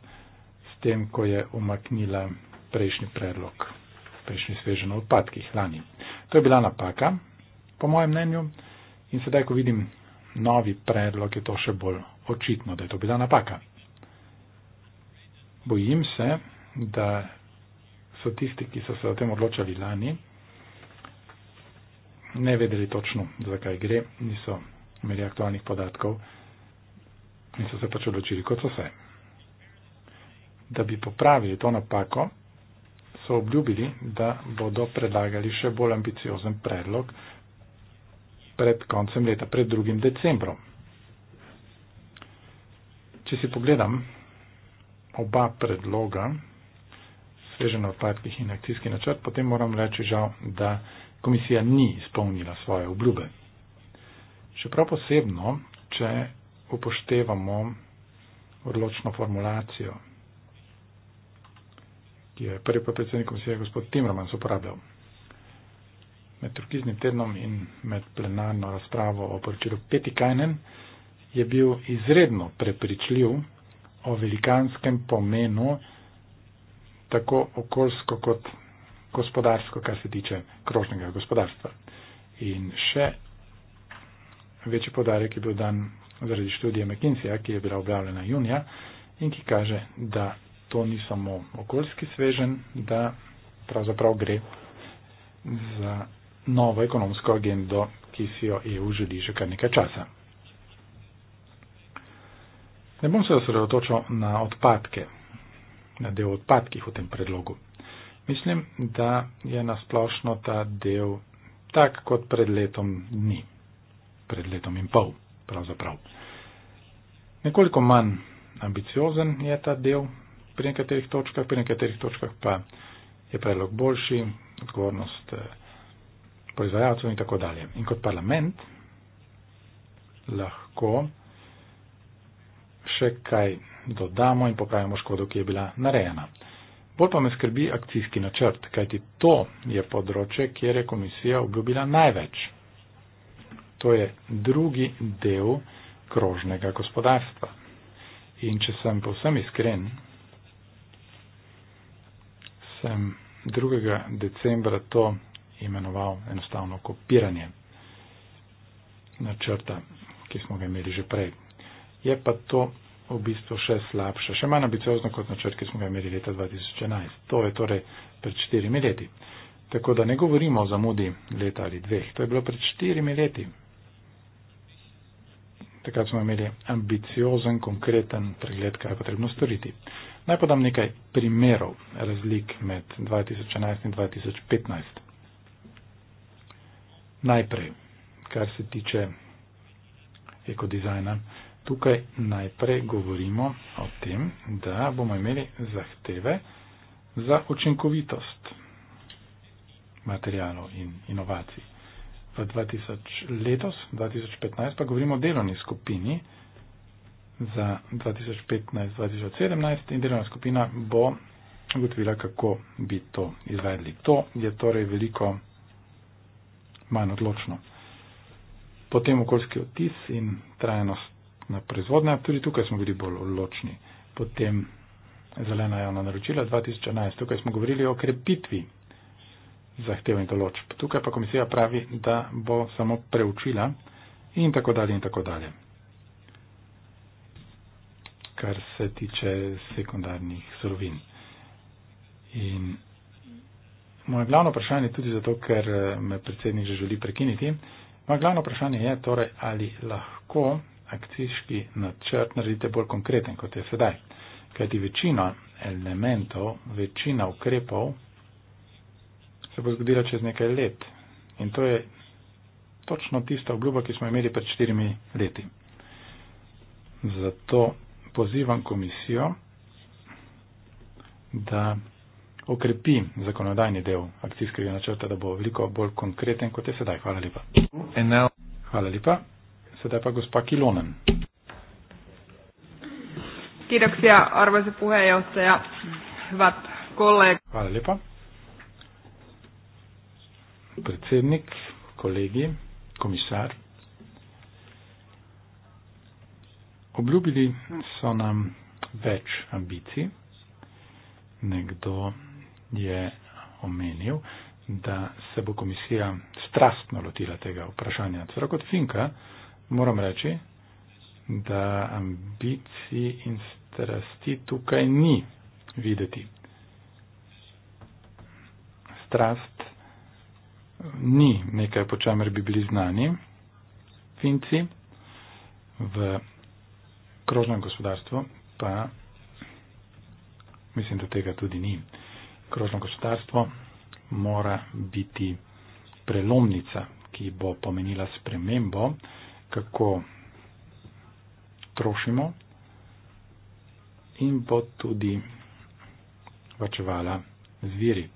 s tem, ko je umaknila prejšnji predlog, prejšnji svežen na odpadkih lani. To je bila napaka, po mojem mnenju, in sedaj, ko vidim novi predlog, je to še bolj očitno, da je to bila napaka. Bojim se, da so tisti, ki so se o tem odločali lani, ne vedeli točno, zakaj gre, niso imeli aktualnih podatkov in so se pač odločili, kot so se. Da bi popravili to napako, so obljubili, da bodo predlagali še bolj ambiciozen predlog pred koncem leta, pred drugim decembrom če si pogledam oba predloga, sveženo odpadkih in akcijski načrt, potem moram reči žal, da komisija ni izpolnila svoje obljube. Še prav posebno, če upoštevamo odločno formulacijo, ki jo je prvi podpredsednik komisije gospod Timrman uporabljal med turkiznim tednom in med plenarno razpravo o poročilu Peti Kajnen, je bil izredno prepričljiv o velikanskem pomenu tako okoljsko kot gospodarsko, kar se tiče krožnega gospodarstva. In še večji podarek je bil dan zaradi študije McKinseya, ki je bila objavljena junija in ki kaže, da to ni samo okoljski svežen, da pravzaprav gre za novo ekonomsko agendo, ki si jo EU želi že kar nekaj časa. Ne bom se osredotočil na odpadke, na del odpadkih v tem predlogu. Mislim, da je nasplošno ta del tak kot pred letom dni, pred letom in pol pravzaprav. Nekoliko manj ambiciozen je ta del pri nekaterih točkah, pri nekaterih točkah pa je predlog boljši, odgovornost eh, proizvajalcev in tako dalje. In kot parlament lahko še kaj dodamo in pokajamo škodo, ki je bila narejena. Bolj pa me skrbi akcijski načrt, kajti to je področje, kjer je komisija obljubila največ. To je drugi del krožnega gospodarstva. In če sem povsem iskren, sem 2. decembra to imenoval enostavno kopiranje načrta, ki smo ga imeli že prej je pa to v bistvu še slabše, še manj ambiciozno kot načrt, ki smo ga imeli leta 2011. To je torej pred štirimi leti. Tako da ne govorimo o zamudi leta ali dveh, to je bilo pred štirimi leti. Takrat smo imeli ambiciozen, konkreten pregled, kaj je potrebno storiti. Naj podam nekaj primerov razlik med 2011 in 2015. Najprej, kar se tiče ekodizajna, Tukaj najprej govorimo o tem, da bomo imeli zahteve za učinkovitost materialov in inovacij. V 2000 letos, 2015 pa govorimo o delovni skupini za 2015-2017 in delovna skupina bo ugotovila, kako bi to izvedli. To je torej veliko manj odločno. Potem okoljski otis in trajnost na proizvodnje, tudi tukaj smo bili bolj odločni. Potem zelena javna naročila 2011, tukaj smo govorili o krepitvi zahtevnih določb. Tukaj pa komisija pravi, da bo samo preučila in tako dalje in tako dalje. Kar se tiče sekundarnih surovin. In moje glavno vprašanje, tudi zato, ker me predsednik že želi prekiniti, moje glavno vprašanje je torej, ali lahko akcijski načrt naredite bolj konkreten, kot je sedaj. Kajti večina elementov, večina ukrepov se bo zgodila čez nekaj let. In to je točno tista obljuba, ki smo imeli pred štirimi leti. Zato pozivam komisijo, da okrepi zakonodajni del akcijskega načrta, da bo veliko bolj konkreten, kot je sedaj. Hvala lepa. Hvala lepa. Sedaj pa gospa Kilonen. Kiitoksia, arvoisa puheenjohtaja. Hyvät kollegat. Hvala lepa. Predsednik, kolegi, komisar. Obljubili so nam več ambicij. Nekdo je omenil, da se bo komisija strastno lotila tega vprašanja. Tako torej, kot Finka, moram reči, da ambicij in strasti tukaj ni videti. Strast ni nekaj, po čemer bi bili znani finci, v krožnem gospodarstvu pa mislim, da tega tudi ni. Krožno gospodarstvo mora biti prelomnica, ki bo pomenila spremembo, kako trošimo in bo tudi vrčevala viri.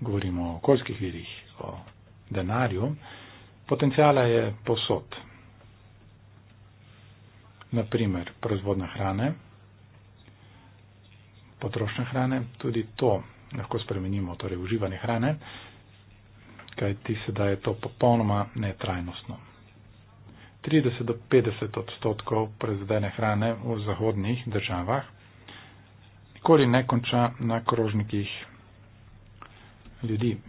Govorimo o okoljskih virih, o denarju. Potencijala je posod. Naprimer, proizvodna hrane, potrošnja hrane, tudi to lahko spremenimo, torej uživanje hrane kajti sedaj je to popolnoma netrajnostno. 30 do 50 odstotkov proizvedene hrane v zahodnih državah nikoli ne konča na krožnikih ljudi.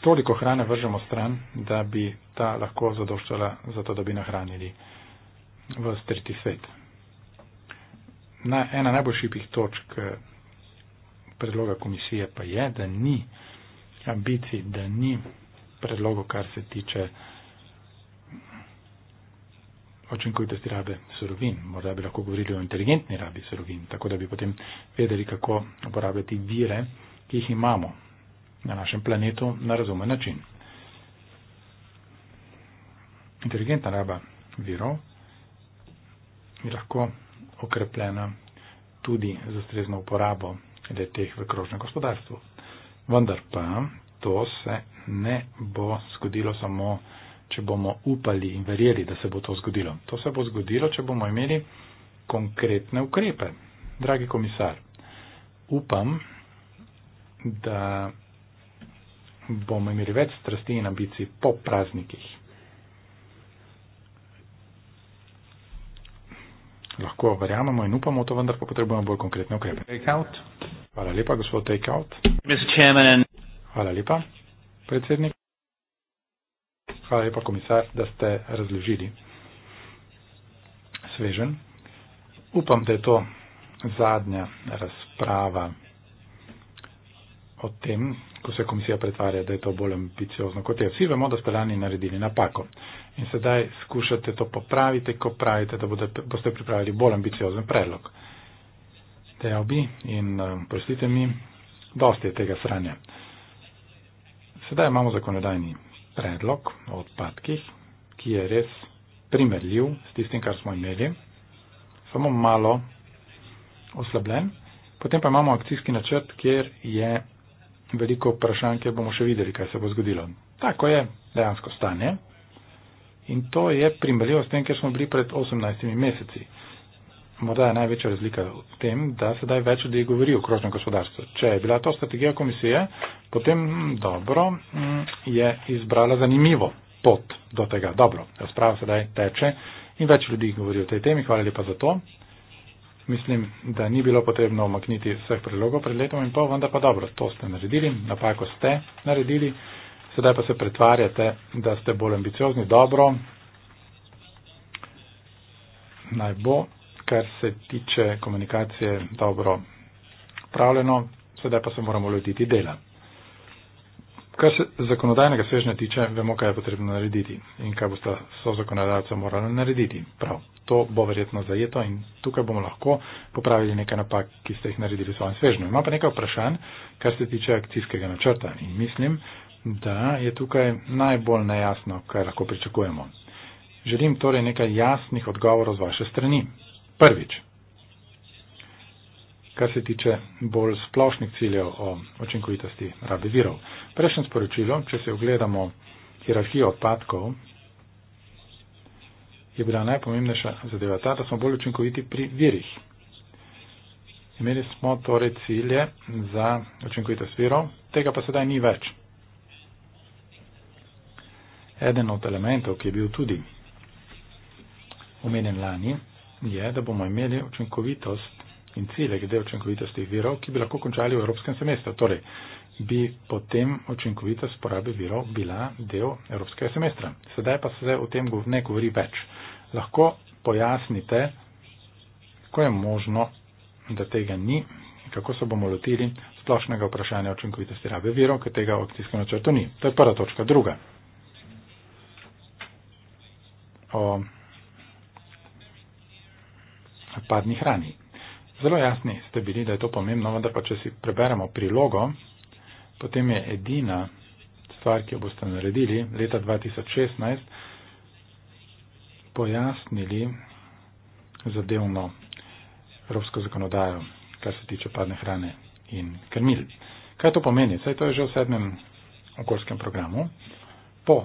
Toliko hrane vržemo stran, da bi ta lahko zadoščala za to, da bi nahranili v streti svet. Na, ena najbolj šipih točk predloga komisije pa je, da ni ambicij, da ni predlogo, kar se tiče očinkovitosti rabe surovin. Morda bi lahko govorili o inteligentni rabi surovin, tako da bi potem vedeli, kako uporabljati vire, ki jih imamo na našem planetu na razumen način. Inteligentna raba virov je lahko okrepljena tudi z ustrezno uporabo glede teh v krožnem gospodarstvu. Vendar pa to se ne bo zgodilo samo, če bomo upali in verjeli, da se bo to zgodilo. To se bo zgodilo, če bomo imeli konkretne ukrepe. Dragi komisar, upam, da bomo imeli več strasti in ambicij po praznikih. Lahko verjamemo in upamo v to, vendar pa potrebujemo bolj konkretne ukrepe. Take out. Hvala lepa, gospod Takeout. Hvala lepa, predsednik. Hvala lepa, komisar, da ste razložili svežen. Upam, da je to zadnja razprava o tem, ko se komisija pretvarja, da je to bolj ambiciozno kot je. Vsi vemo, da ste lani naredili napako in sedaj skušate to popraviti, ko pravite, da boste pripravili bolj ambiciozen predlog tebi in eh, prostite mi, dosti je tega sranja. Sedaj imamo zakonodajni predlog o odpadkih, ki je res primerljiv s tistim, kar smo imeli, samo malo oslabljen. Potem pa imamo akcijski načrt, kjer je veliko vprašanj, kjer bomo še videli, kaj se bo zgodilo. Tako je dejansko stanje in to je primerljivo s tem, kjer smo bili pred 18 meseci morda je največja razlika v tem, da se daj več ljudi govori o krožnem gospodarstvu. Če je bila to strategija komisije, potem hm, dobro hm, je izbrala zanimivo pot do tega. Dobro, razprava sedaj teče in več ljudi govori o tej temi. Hvala lepa za to. Mislim, da ni bilo potrebno omakniti vseh predlogov pred letom in pol, vendar pa dobro, to ste naredili, napako ste naredili, sedaj pa se pretvarjate, da ste bolj ambiciozni. Dobro, naj bo kar se tiče komunikacije, dobro upravljeno, sedaj pa se moramo lotiti dela. Kar se zakonodajnega svežnja tiče, vemo, kaj je potrebno narediti in kaj boste so zakonodajca morali narediti. Prav, to bo verjetno zajeto in tukaj bomo lahko popravili nekaj napak, ki ste jih naredili v svojem svežnju. Imam pa nekaj vprašanj, kar se tiče akcijskega načrta in mislim, da je tukaj najbolj nejasno, kaj lahko pričakujemo. Želim torej nekaj jasnih odgovorov z vaše strani. Prvič, kar se tiče bolj splošnih ciljev o očinkovitosti rabe virov. Prejšnje sporočilo, če se ogledamo hierarhijo odpadkov, je bila najpomembnejša zadeva ta, da smo bolj učinkoviti pri virih. Imeli smo torej cilje za učinkovitost virov, tega pa sedaj ni več. Eden od elementov, ki je bil tudi omenjen lani, je, da bomo imeli učinkovitost in cilje glede učinkovitosti virov, ki bi lahko končali v evropskem semestru. Torej, bi potem učinkovitost porabe virov bila del evropskega semestra. Sedaj pa se o tem ne govori več. Lahko pojasnite, ko je možno, da tega ni, kako se bomo lotili splošnega vprašanja učinkovitosti rabe virov, ker tega v akcijskem načrtu ni. To je prva točka. Druga. O padni hrani. Zelo jasni ste bili, da je to pomembno, vendar pa če si preberemo prilogo, potem je edina stvar, ki jo boste naredili leta 2016, pojasnili zadevno evropsko zakonodajo, kar se tiče padne hrane in krmil. Kaj to pomeni? Saj to je že v sedmem okoljskem programu. Po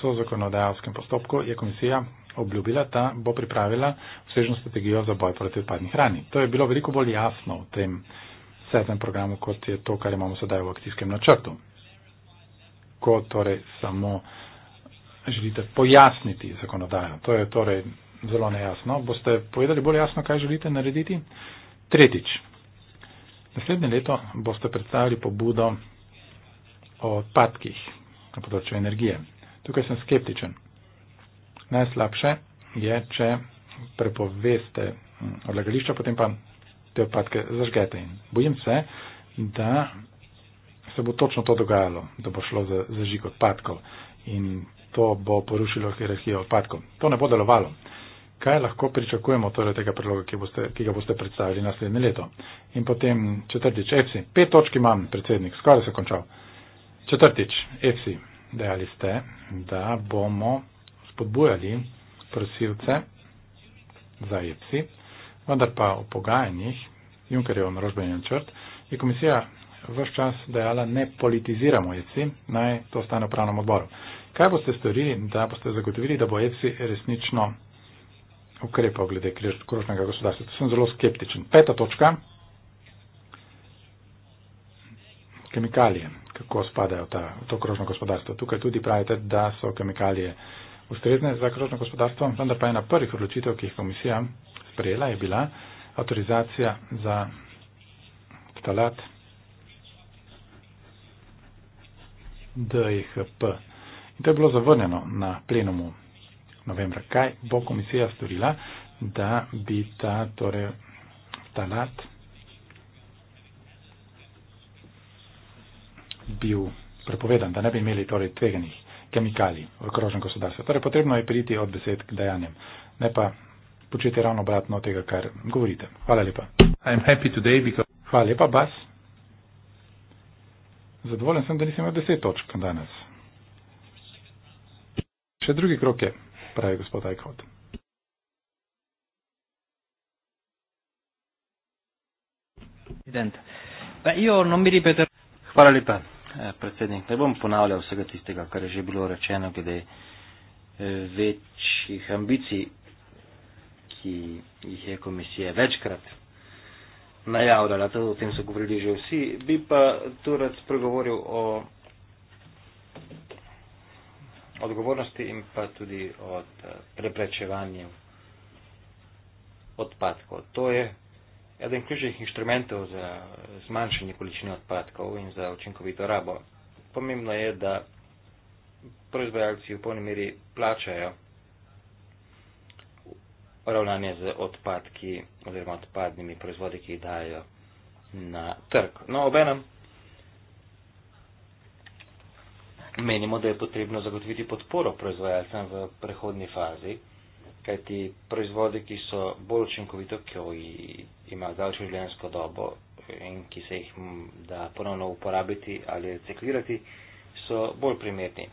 so zakonodajalskem postopku je komisija obljubila, da bo pripravila vsežno strategijo za boj proti odpadni hrani. To je bilo veliko bolj jasno v tem sedmem programu, kot je to, kar imamo sedaj v akcijskem načrtu. Ko torej samo želite pojasniti zakonodajo, to je torej zelo nejasno. Boste povedali bolj jasno, kaj želite narediti? Tretjič. Naslednje leto boste predstavili pobudo o odpadkih na področju energije. Tukaj sem skeptičen. Najslabše je, če prepoveste mm, odlagališča, potem pa te odpadke zažgete. In bojim se, da se bo točno to dogajalo, da bo šlo za zažig odpadkov in to bo porušilo hierarhijo odpadkov. To ne bo delovalo. Kaj lahko pričakujemo torej tega predloga, ki, boste, ki ga boste predstavili naslednje leto? In potem četrtič, EFSI. Pet točk imam, predsednik, skoraj se končal. Četrtič, EFSI. Dejali ste, da bomo spodbujali prosilce za IEPSI, vendar pa v pogajanjih, Junkerjev naročbeni načrt, je komisija vse čas dejala, ne politiziramo IEPSI, naj to ostane v pravnem odboru. Kaj boste storili, da boste zagotovili, da bo IEPSI resnično ukrepal glede krožnega gospodarstva? To sem zelo skeptičen. Peta točka. Kemikalije, kako spadajo v to krožno gospodarstvo. Tukaj tudi pravite, da so kemikalije ustrezne za krožno gospodarstvo, vendar pa ena prvih odločitev, ki jih komisija sprejela, je bila avtorizacija za talat DHP. E In to je bilo zavrnjeno na plenumu novembra. Kaj bo komisija storila, da bi ta torej, talat bil prepovedan, da ne bi imeli torej tveganih kemikalij v krožnem gospodarstvu. Torej, potrebno je priti od besed k dejanjem, ne pa početi ravno obratno od tega, kar govorite. Hvala lepa. Because... Hvala lepa, Bas. Zadovoljen sem, da nisem imel deset točk danes. Še drugi krok je, pravi gospod Eichhold. Hvala lepa. Eh, predsednik, ne bom ponavljal vsega tistega, kar je že bilo rečeno, glede eh, večjih ambicij, ki jih je komisija večkrat najavljala, to, o tem so govorili že vsi, bi pa tu rad spregovoril o odgovornosti in pa tudi o eh, preprečevanju odpadkov. To je eden ključnih inštrumentov za zmanjšanje količine odpadkov in za učinkovito rabo. Pomembno je, da proizvajalci v polni meri plačajo ravnanje z odpadki oziroma odpadnimi proizvodi, ki jih dajo na trg. No, obenem menimo, da je potrebno zagotoviti podporo proizvajalcem v prehodni fazi kajti proizvodi, ki so bolj učinkovito, ki imajo daljšo življenjsko dobo in ki se jih mm, da ponovno uporabiti ali reciklirati, so bolj primerni.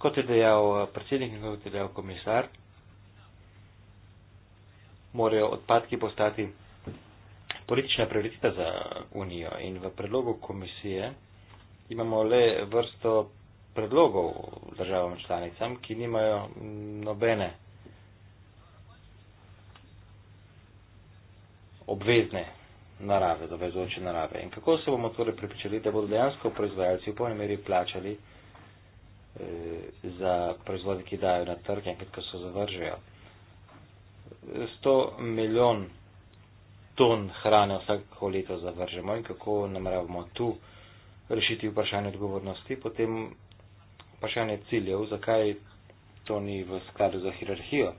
Kot je dejal eh, predsednik in kot je dejal komisar, morajo odpadki postati politična prioriteta za unijo in v predlogu komisije imamo le vrsto predlogov državam članicam, ki nimajo mm, nobene obvezne narave, zavezujoče narave. In kako se bomo torej pripričali, da bodo dejansko proizvajalci v polni meri plačali e, za proizvode, ki dajo na trg, enkrat, ko so zavržejo. 100 milijon ton hrane vsako leto zavržemo in kako namravamo tu rešiti vprašanje odgovornosti, potem vprašanje ciljev, zakaj to ni v skladu za hierarhijo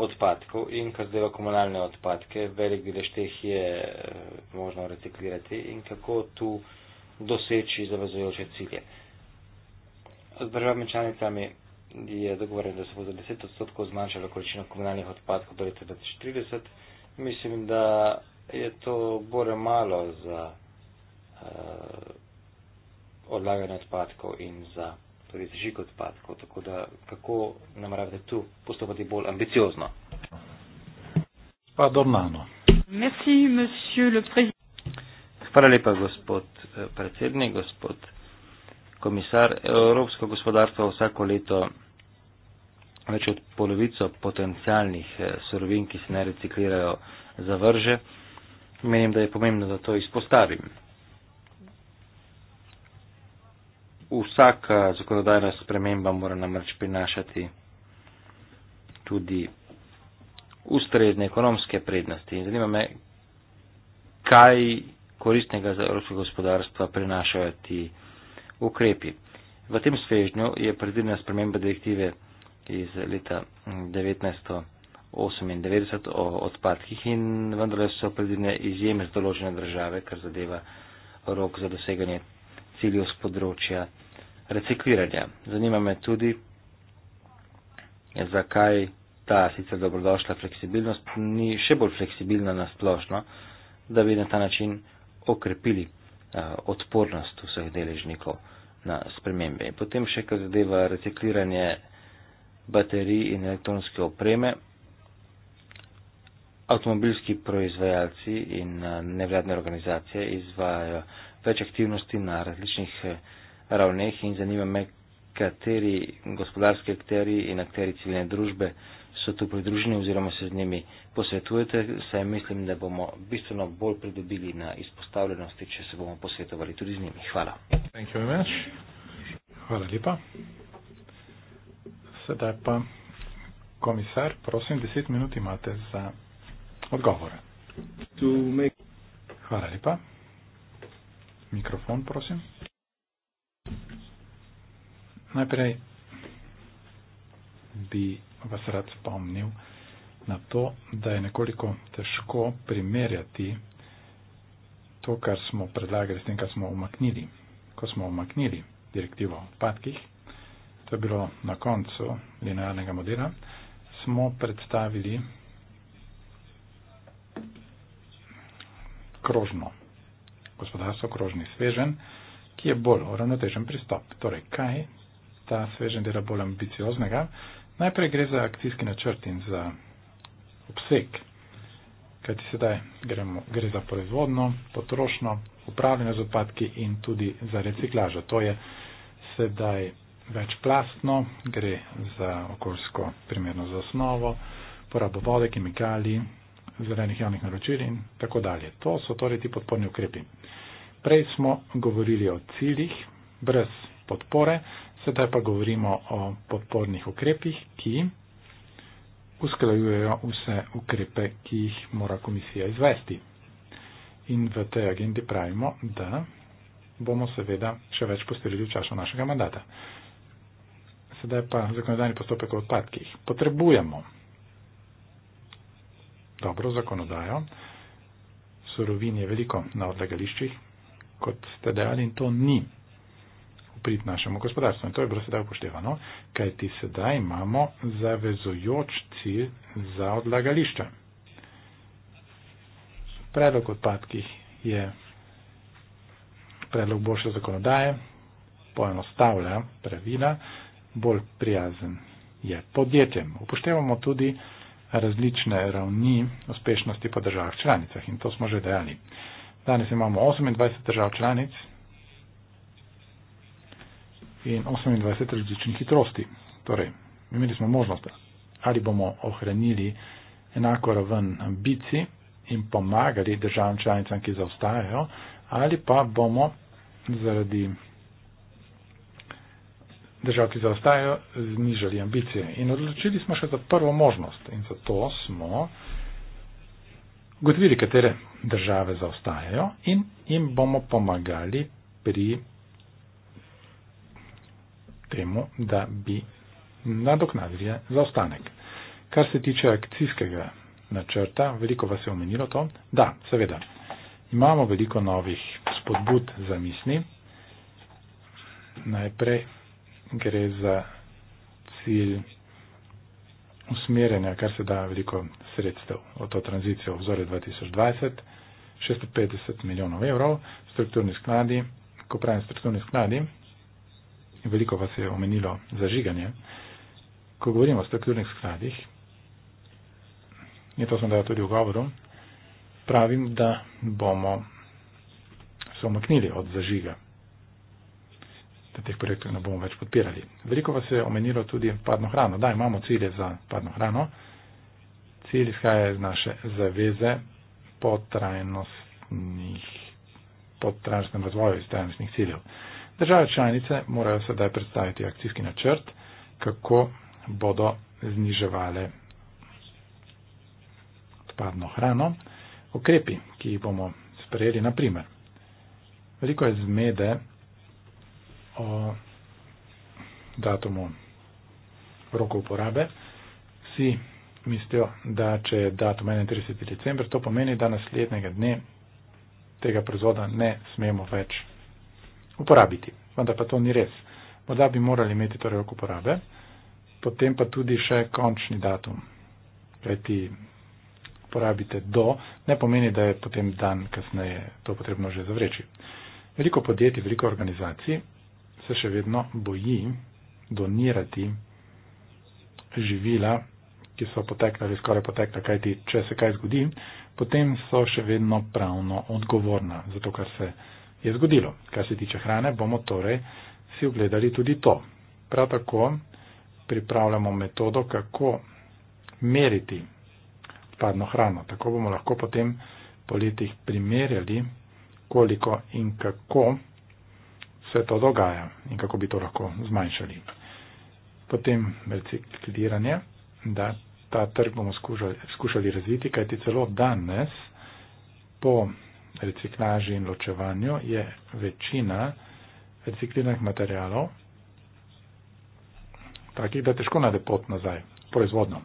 odpadkov in kar zdaj komunalne odpadke, velik delež teh je eh, možno reciklirati in kako tu doseči zavezujoče cilje. Z državami članicami je dogovoren, da se bo za 10 odstotkov zmanjšala količina komunalnih odpadkov do leta 2030. Mislim, da je to bore malo za uh, odlaganje odpadkov in za torej zžig odpadkov. Tako da kako namravate tu postopati bolj ambiciozno? Hvala lepa, gospod eh, predsednik, gospod komisar. Evropsko gospodarstvo vsako leto več od polovico potencijalnih eh, surovin, ki se ne reciklirajo, zavrže. Menim, da je pomembno, da to izpostavim. vsaka eh, zakonodajna sprememba mora namreč prinašati tudi ustrezne ekonomske prednosti. In zanima me, kaj koristnega za evropsko gospodarstvo prinašajo ti ukrepi. V tem svežnju je predvidena sprememba direktive iz leta 1998 o odpadkih in vendar so predvidene izjeme z določene države, kar zadeva rok za doseganje tekstilju z področja recikliranja. Zanima me tudi, zakaj ta sicer dobrodošla fleksibilnost ni še bolj fleksibilna na splošno, da bi na ta način okrepili eh, odpornost vseh deležnikov na spremembe. Potem še kar zadeva recikliranje baterij in elektronske opreme. Avtomobilski proizvajalci in eh, nevladne organizacije izvajajo več aktivnosti na različnih eh, ravneh in zanima me, kateri gospodarski akteri in akteri civilne družbe so tu pridruženi oziroma se z njimi posvetujete, saj mislim, da bomo bistveno bolj pridobili na izpostavljenosti, če se bomo posvetovali tudi z njimi. Hvala. Hvala lepa. Sedaj pa, komisar, prosim, deset minut imate za odgovore. Make... Hvala lepa mikrofon, prosim. Najprej bi vas rad spomnil na to, da je nekoliko težko primerjati to, kar smo predlagali s tem, kar smo umaknili. Ko smo umaknili direktivo o odpadkih, to je bilo na koncu linearnega modela, smo predstavili krožno gospodarstvo krožni svežen, ki je bolj uravnotežen pristop. Torej, kaj ta svežen dela bolj ambicioznega? Najprej gre za akcijski načrt in za obseg, kajti sedaj gremo, gre za proizvodno, potrošno, upravljanje z odpadki in tudi za reciklažo. To je sedaj večplastno, gre za okoljsko primerno zasnovo, porabo vode, kemikalij, zelenih javnih naročil in tako dalje. To so torej ti podporni ukrepi. Prej smo govorili o ciljih brez podpore, sedaj pa govorimo o podpornih ukrepih, ki usklajujejo vse ukrepe, ki jih mora komisija izvesti. In v tej agendi pravimo, da bomo seveda še več postorili v času našega mandata. Sedaj pa zakonodajni postopek o odpadkih. Potrebujemo dobro zakonodajo, surovin je veliko na odlagališčih, kot ste dejali, in to ni prid našemu gospodarstvu. In to je bilo sedaj upoštevano, kaj ti sedaj imamo zavezujoč cilj za odlagališča. Predlog odpadkih je predlog boljše zakonodaje, poenostavlja pravila, bolj prijazen je podjetjem. Upoštevamo tudi, različne ravni uspešnosti po državah članicah in to smo že dejali. Danes imamo 28 držav članic in 28 različnih hitrosti. Torej, imeli smo možnost, ali bomo ohranili enako raven ambicij in pomagali državam članicam, ki zaostajajo, ali pa bomo zaradi držav, ki zaostajajo, znižali ambicije. In odločili smo še za prvo možnost. In zato smo ugotovili, katere države zaostajajo in jim bomo pomagali pri temu, da bi nadoknadili zaostanek. Kar se tiče akcijskega načrta, veliko vas je omenilo to. Da, seveda, imamo veliko novih spodbud za misli. Najprej gre za cilj usmerjanja, kar se da veliko sredstev v to tranzicijo vzore 2020, 650 milijonov evrov, strukturni skladi, ko pravim strukturni skladi, veliko vas je omenilo zažiganje, ko govorimo o strukturnih skladih, in to sem dal tudi v govoru, pravim, da bomo se omaknili od zažiga da teh projektov ne bomo več podpirali. Veliko vas je omenilo tudi padno hrano. Da, imamo cilje za padno hrano. Cilj izhaja iz naše zaveze po trajnostnih po trajnostnem razvoju iz trajnostnih ciljev. Države članice morajo sedaj predstaviti akcijski načrt, kako bodo zniževali odpadno hrano. Okrepi, ki jih bomo sprejeli, naprimer, veliko je zmede o datumu roka uporabe, vsi mislijo, da če je datum 31. decembr, to pomeni, da naslednjega dne tega proizvoda ne smemo več uporabiti. Vendar pa to ni res. Morda bi morali imeti torej rok uporabe, potem pa tudi še končni datum. Kajti uporabite do, ne pomeni, da je potem dan kasneje to potrebno že zavreči. Veliko podjetij, veliko organizacij se še vedno boji donirati živila, ki so potekla ali skoraj potekla, kajti če se kaj zgodi, potem so še vedno pravno odgovorna za to, kar se je zgodilo. Kar se tiče hrane, bomo torej si ogledali tudi to. Prav tako pripravljamo metodo, kako meriti padno hrano. Tako bomo lahko potem po letih primerjali, koliko in kako vse to dogaja in kako bi to lahko zmanjšali. Potem recikliranje, da ta trg bomo skušali, skušali razviti, kajti celo danes po reciklaži in ločevanju je večina recikliranih materialov takih, da težko najde pot nazaj, proizvodno.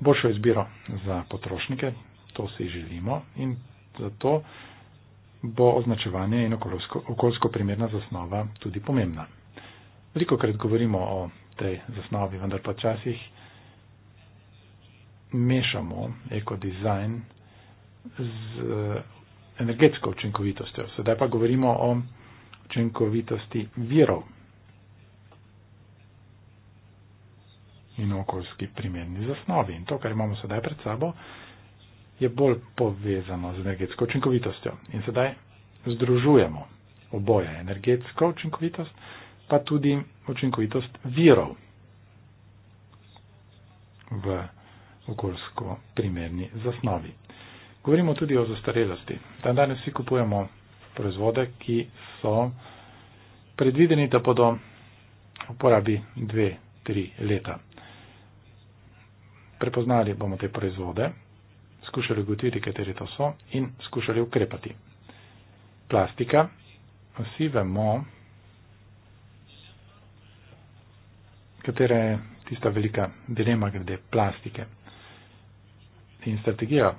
Boljšo izbiro za potrošnike, to si želimo in zato bo označevanje in okoljsko, okoljsko primerna zasnova tudi pomembna. Veliko krat govorimo o tej zasnovi, vendar pa včasih mešamo ekodizajn z eh, energetsko učinkovitostjo. Sedaj pa govorimo o učinkovitosti virov in okoljski primerni zasnovi. In to, kar imamo sedaj pred sabo, je bolj povezano z energetsko učinkovitostjo. In sedaj združujemo oboje, energetsko učinkovitost, pa tudi učinkovitost virov v okoljsko primerni zasnovi. Govorimo tudi o zastarelosti. Dan danes vsi kupujemo proizvode, ki so predvideni, da bodo uporabi dve, tri leta. Prepoznali bomo te proizvode, skušali ugotoviti, kateri to so in skušali ukrepati. Plastika. Vsi vemo, katera je tista velika dilema glede plastike. In strategija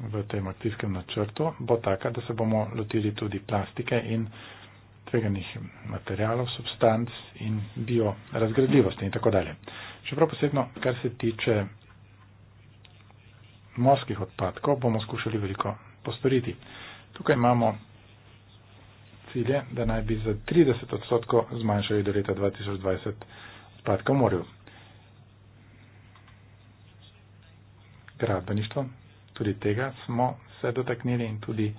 v tem akcijskem načrtu bo taka, da se bomo lotili tudi plastike in tveganih materialov, substanc in biorazgradljivosti in tako dalje. Še prav posebno, kar se tiče morskih odpadkov bomo skušali veliko postoriti. Tukaj imamo cilje, da naj bi za 30 odstotkov zmanjšali do leta 2020 odpadke v morju. Gradbeništvo, tudi tega smo se dotaknili in tudi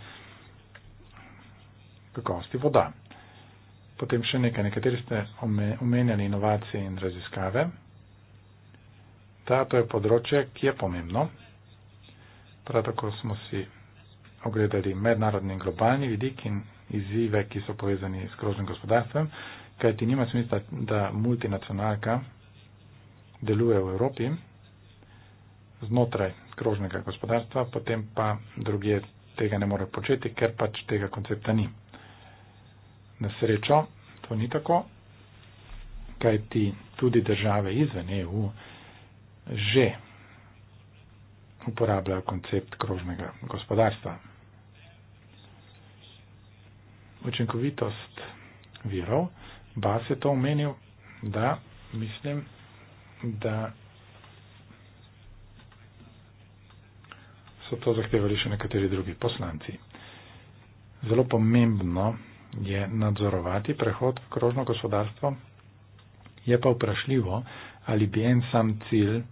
kakovosti voda. Potem še nekaj, nekateri ste omenjali inovacije in raziskave. Ta, to je področje, ki je pomembno. Prav tako smo si ogledali mednarodni in globalni vidik in izzive, ki so povezani s krožnim gospodarstvom, kajti nima smisla, da multinacionalka deluje v Evropi znotraj krožnega gospodarstva, potem pa druge tega ne more početi, ker pač tega koncepta ni. Na srečo to ni tako, kajti tudi države izven EU že uporabljajo koncept krožnega gospodarstva. Učinkovitost virov, Bas je to omenil, da mislim, da so to zahtevali še nekateri drugi poslanci. Zelo pomembno je nadzorovati prehod v krožno gospodarstvo, je pa vprašljivo, ali bi en sam cilj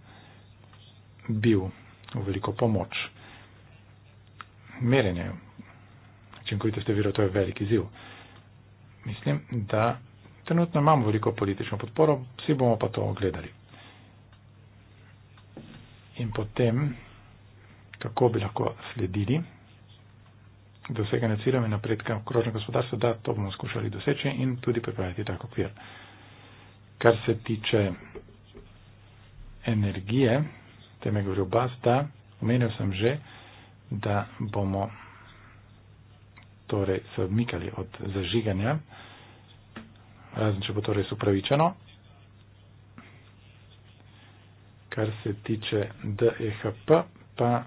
bil v veliko pomoč. Merenje učinkovitosti virov, to je velik izziv. Mislim, da trenutno imamo veliko politično podporo, vsi bomo pa to ogledali. In potem, kako bi lahko sledili doseganje ciljev in napredka krožnega gospodarstva, da to bomo skušali doseči in tudi pripraviti tako okvir. Kar se tiče energije, tem je govoril Bas, da omenil sem že, da bomo torej se odmikali od zažiganja, razen če bo to res upravičeno. Kar se tiče DEHP, pa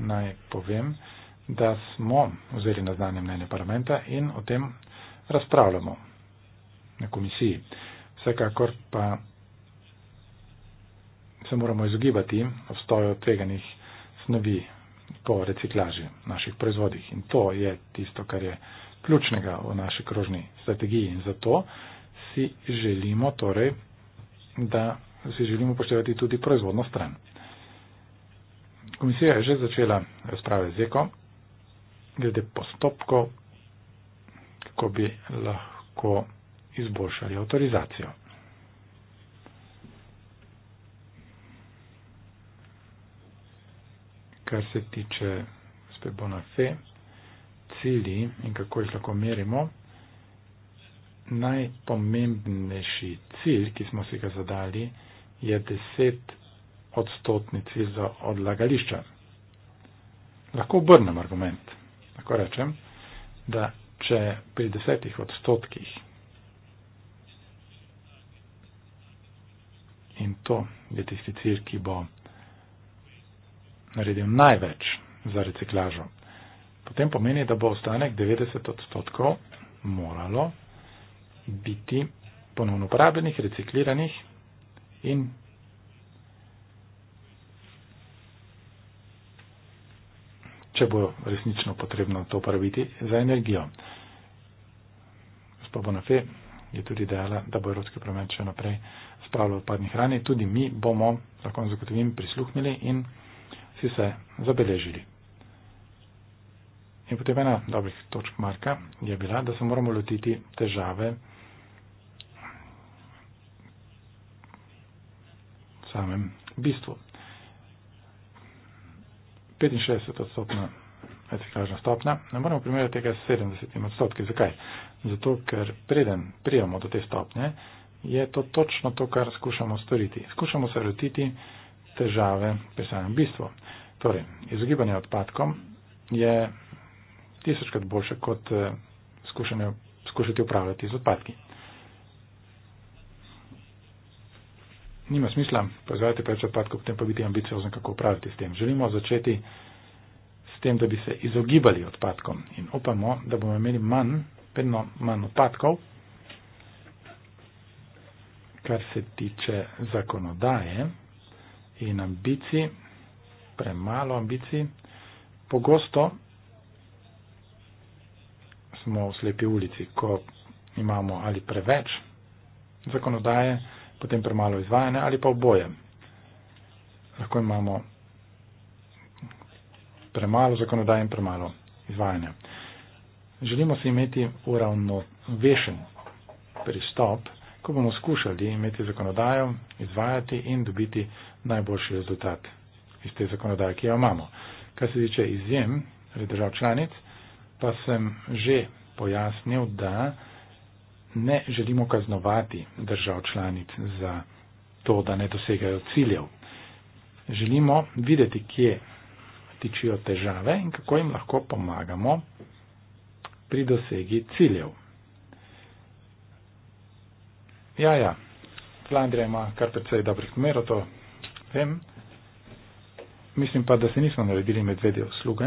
naj povem, da smo vzeli na znanje mnenje parlamenta in o tem razpravljamo na komisiji. Vsekakor pa se moramo izogibati obstoju tveganih snovi po reciklaži v naših proizvodih. In to je tisto, kar je ključnega v naši krožni strategiji. In zato si želimo, torej, da si želimo upoštevati tudi proizvodno stran. Komisija je že začela razprave z Eko glede postopkov, kako bi lahko izboljšali avtorizacijo. kar se tiče spebona fe, cilji in kako jih lahko merimo, najpomembnejši cilj, ki smo si ga zadali, je 10 odstotni cilj za odlagališča. Lahko obrnem argument. Lahko rečem, da če pri desetih odstotkih in to je tisti cilj, ki bo naredil največ za reciklažo, potem pomeni, da bo ostanek 90 odstotkov moralo biti ponovno uporabljenih, recikliranih in če bo resnično potrebno to uporabiti za energijo. Gospod Bonafé je tudi dejala, da bo Evropski promet še naprej spravljal odpadni hrani. Tudi mi bomo, lahko vam zagotovim, prisluhnili in si se zabeležili. In potem ena dobrih točk Marka je bila, da se moramo lotiti težave v samem bistvu. 65 odstotna reciklažna stopna, ne moramo primerjati tega s 70 odstotki. Zakaj? Zato, ker preden prijemo do te stopnje, je to točno to, kar skušamo storiti. Skušamo se lotiti težave pri samem bistvu. Torej, izogibanje odpadkom je tisočkrat boljše kot eh, skušanje, skušati upravljati z odpadki. Nima smisla proizvajati preveč odpadkov, potem pa biti ambiciozen, kako upravljati s tem. Želimo začeti s tem, da bi se izogibali odpadkom in upamo, da bomo imeli manj, vedno manj odpadkov, kar se tiče zakonodaje in ambicij, premalo ambicij. Pogosto smo v slepi ulici, ko imamo ali preveč zakonodaje, potem premalo izvajanja ali pa oboje. Lahko imamo premalo zakonodaje in premalo izvajanja. Želimo si imeti uravnovešen pristop, ko bomo skušali imeti zakonodajo, izvajati in dobiti najboljši rezultat iz te zakonodaje, ki jo imamo. Kar se tiče izjem ali držav članic, pa sem že pojasnil, da ne želimo kaznovati držav članic za to, da ne dosegajo ciljev. Želimo videti, kje tičijo težave in kako jim lahko pomagamo pri dosegi ciljev. Ja, ja, Flandrija ima kar precej dobrih primerov, to tem. Mislim pa, da se nismo naredili medvedje usluge,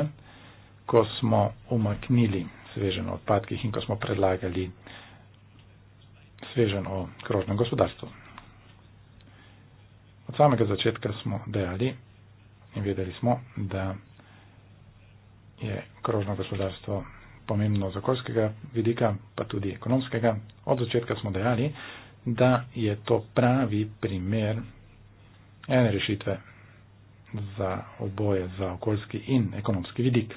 ko smo umaknili sveženo odpadkih in ko smo predlagali sveženo krožno gospodarstvo. Od samega začetka smo dejali in vedeli smo, da je krožno gospodarstvo pomembno z okoljskega vidika, pa tudi ekonomskega. Od začetka smo dejali, da je to pravi primer ene rešitve za oboje, za okoljski in ekonomski vidik.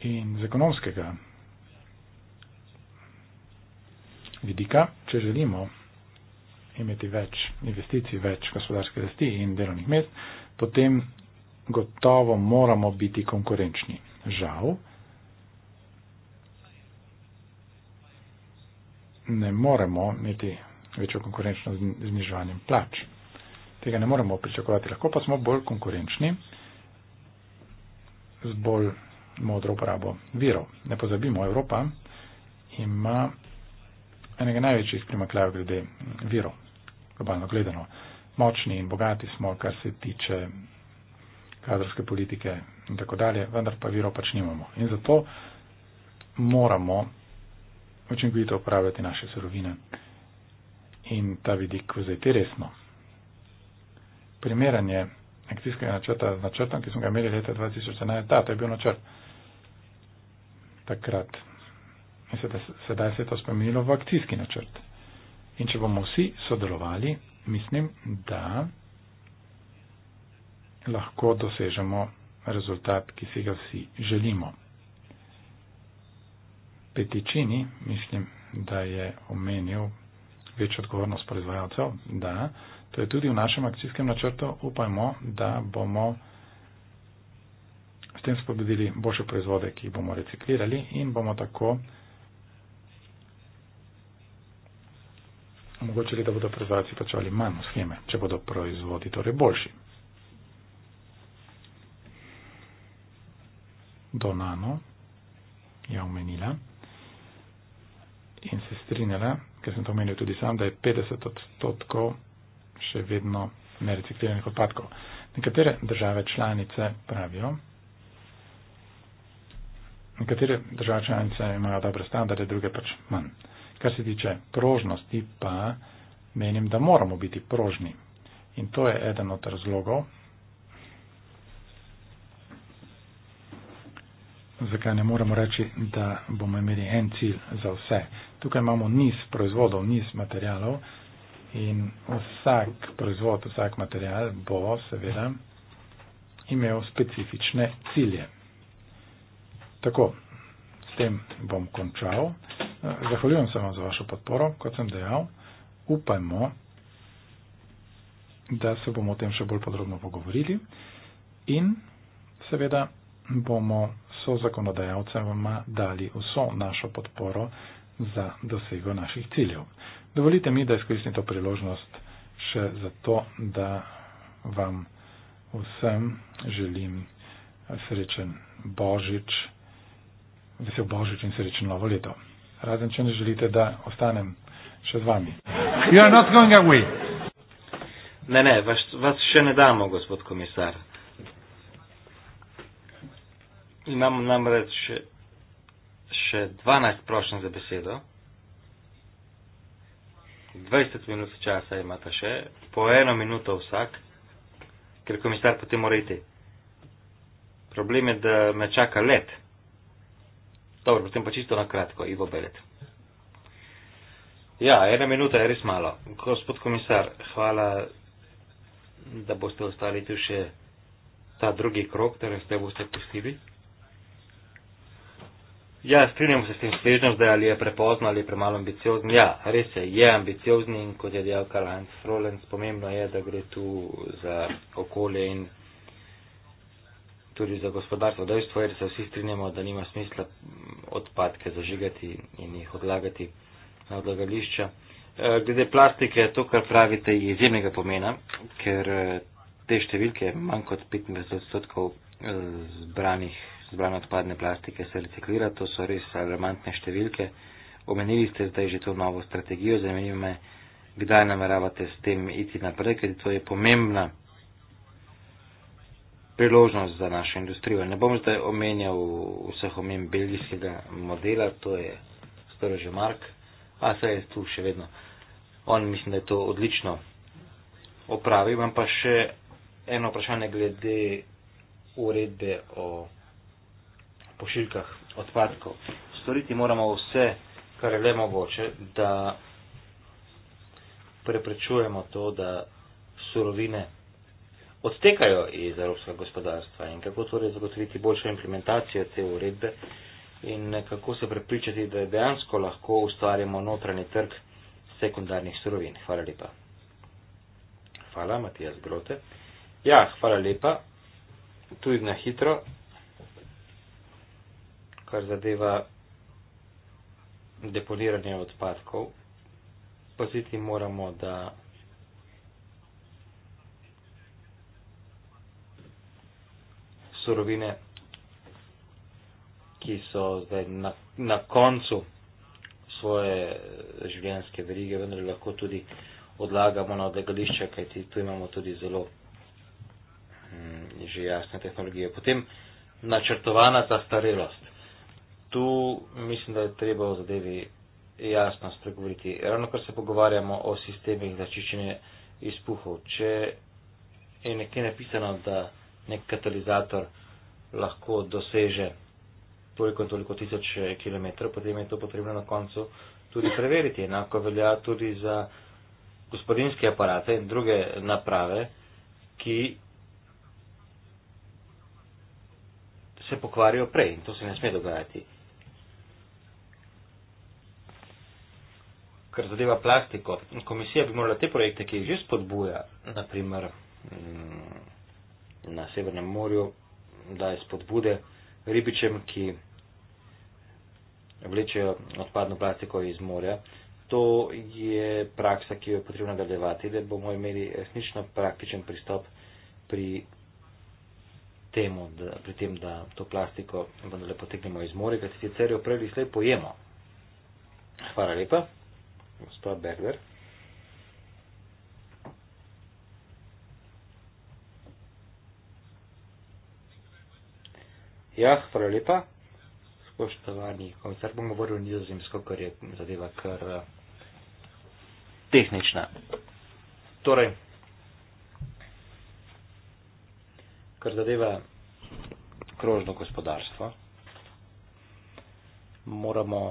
In z ekonomskega vidika, če želimo imeti več investicij, več gospodarske rasti in delovnih mest, potem gotovo moramo biti konkurenčni. Žal, ne moremo imeti večjo konkurenčno zniževanjem plač. Tega ne moremo pričakovati, lahko pa smo bolj konkurenčni z bolj modro uporabo virov. Ne pozabimo, Evropa ima enega največjih primakljajev glede virov, globalno gledano. Močni in bogati smo, kar se tiče kadrovske politike in tako dalje, vendar pa virov pač nimamo. In zato moramo učinkovito uporabljati naše surovine in ta vidik vzeti resno. Primeranje akcijskega načrta z načrtom, ki smo ga imeli leta 2011, ta, to je bil načrt takrat. In sedaj, sedaj se je to spremenilo v akcijski načrt. In če bomo vsi sodelovali, mislim, da lahko dosežemo rezultat, ki si ga vsi želimo. Petičini, mislim, da je omenil večjo odgovornost proizvajalcev, da to je tudi v našem akcijskem načrtu, upajmo, da bomo s tem spodbudili boljše proizvode, ki jih bomo reciklirali in bomo tako omogočili, da bodo proizvajalci plačali manj v scheme, če bodo proizvodi torej boljši. Donano je omenila in se strinjala, ker sem to omenil tudi sam, da je 50 odstotkov še vedno nerecikliranih odpadkov. Nekatere države članice pravijo, nekatere države članice imajo dobre standarde, druge pač manj. Kar se tiče prožnosti, pa menim, da moramo biti prožni. In to je eden od razlogov, zakaj ne moramo reči, da bomo imeli en cilj za vse tukaj imamo niz proizvodov, niz materialov in vsak proizvod, vsak material bo seveda imel specifične cilje. Tako, s tem bom končal. Zahvaljujem se vam za vašo podporo, kot sem dejal. Upajmo, da se bomo o tem še bolj podrobno pogovorili in seveda bomo so zakonodajalcem vama dali vso našo podporo za dosego naših ciljev. Dovolite mi, da izkoristim to priložnost še zato, da vam vsem želim srečen Božič, vesel Božič in srečen novo leto. Razen, če ne želite, da ostanem še z vami. Ne, ne, vas, vas še ne damo, gospod komisar. Imamo namreč. Še še 12 prošenj za besedo. 20 minut časa imata še, po eno minuto vsak, ker komisar potem mora iti. Problem je, da me čaka let. Dobro, potem pa čisto na kratko, Ivo Belet. Ja, ena minuta je res malo. Gospod komisar, hvala, da boste ostali tu še ta drugi krok, ter torej ste boste pustili. Ja, strinjam se s tem svežnjem, zdaj ali je prepozno ali je premalo ambiciozni. Ja, res je, je ambiciozni in kot je dejal Karl-Heinz Frolens, pomembno je, da gre tu za okolje in tudi za gospodarstvo. Dejstvo je, da se vsi strinjamo, da nima smisla odpadke zažigati in jih odlagati na odlagališča. Eh, glede plastike, to, kar pravite, je izjemnega pomena, ker eh, te številke, manj kot 25 odstotkov eh, zbranih zbrane odpadne plastike se reciklira, to so res alarmantne številke. Omenili ste zdaj že to novo strategijo, zanimivo me, kdaj nameravate s tem iti naprej, ker to je pomembna priložnost za našo industrijo. Ne bom zdaj omenjal vseh omen belgijskega modela, to je skoraj že Mark, a se je tu še vedno. On mislim, da je to odlično opravil. Imam pa še eno vprašanje glede uredbe o pošiljkah odpadkov. Storiti moramo vse, kar je le mogoče, da preprečujemo to, da surovine odtekajo iz evropskega gospodarstva in kako torej zagotoviti boljšo implementacijo te uredbe in kako se prepričati, da dejansko lahko ustvarjamo notranji trg sekundarnih surovin. Hvala lepa. Hvala, Matijas Grote. Ja, hvala lepa. Tudi na hitro kar zadeva deponiranje odpadkov, paziti moramo, da surovine, ki so zdaj na, na koncu svoje življenjske verige, vendar lahko tudi odlagamo na odlagališče, kajti tu imamo tudi zelo mm, že jasne tehnologije. Potem načrtovana zastarelost tu mislim, da je treba o zadevi jasno spregovoriti. Ravno kar se pogovarjamo o sistemih zaščičenja izpuhov. Če je nekje napisano, da nek katalizator lahko doseže toliko in toliko tisoč eh, kilometrov, potem je to potrebno na koncu tudi preveriti. Enako velja tudi za gospodinske aparate in druge naprave, ki se pokvarijo prej in to se ne sme dogajati. kar zadeva plastiko. Komisija bi morala te projekte, ki jih že spodbuja, naprimer mm, na Severnem morju, da je spodbude ribičem, ki vlečejo odpadno plastiko iz morja. To je praksa, ki jo je potrebno nadaljevati, da bomo imeli resnično praktičen pristop pri temu, da, pri tem, da to plastiko vendarle potegnemo iz morja, ker se sicer jo prej ali slej pojemo. Hvala lepa gospa Berner. Ja, hvala lepa. Spoštovani komisar, bom govoril nizozemsko, ker je zadeva kar eh, tehnična. Torej, kar zadeva krožno gospodarstvo, moramo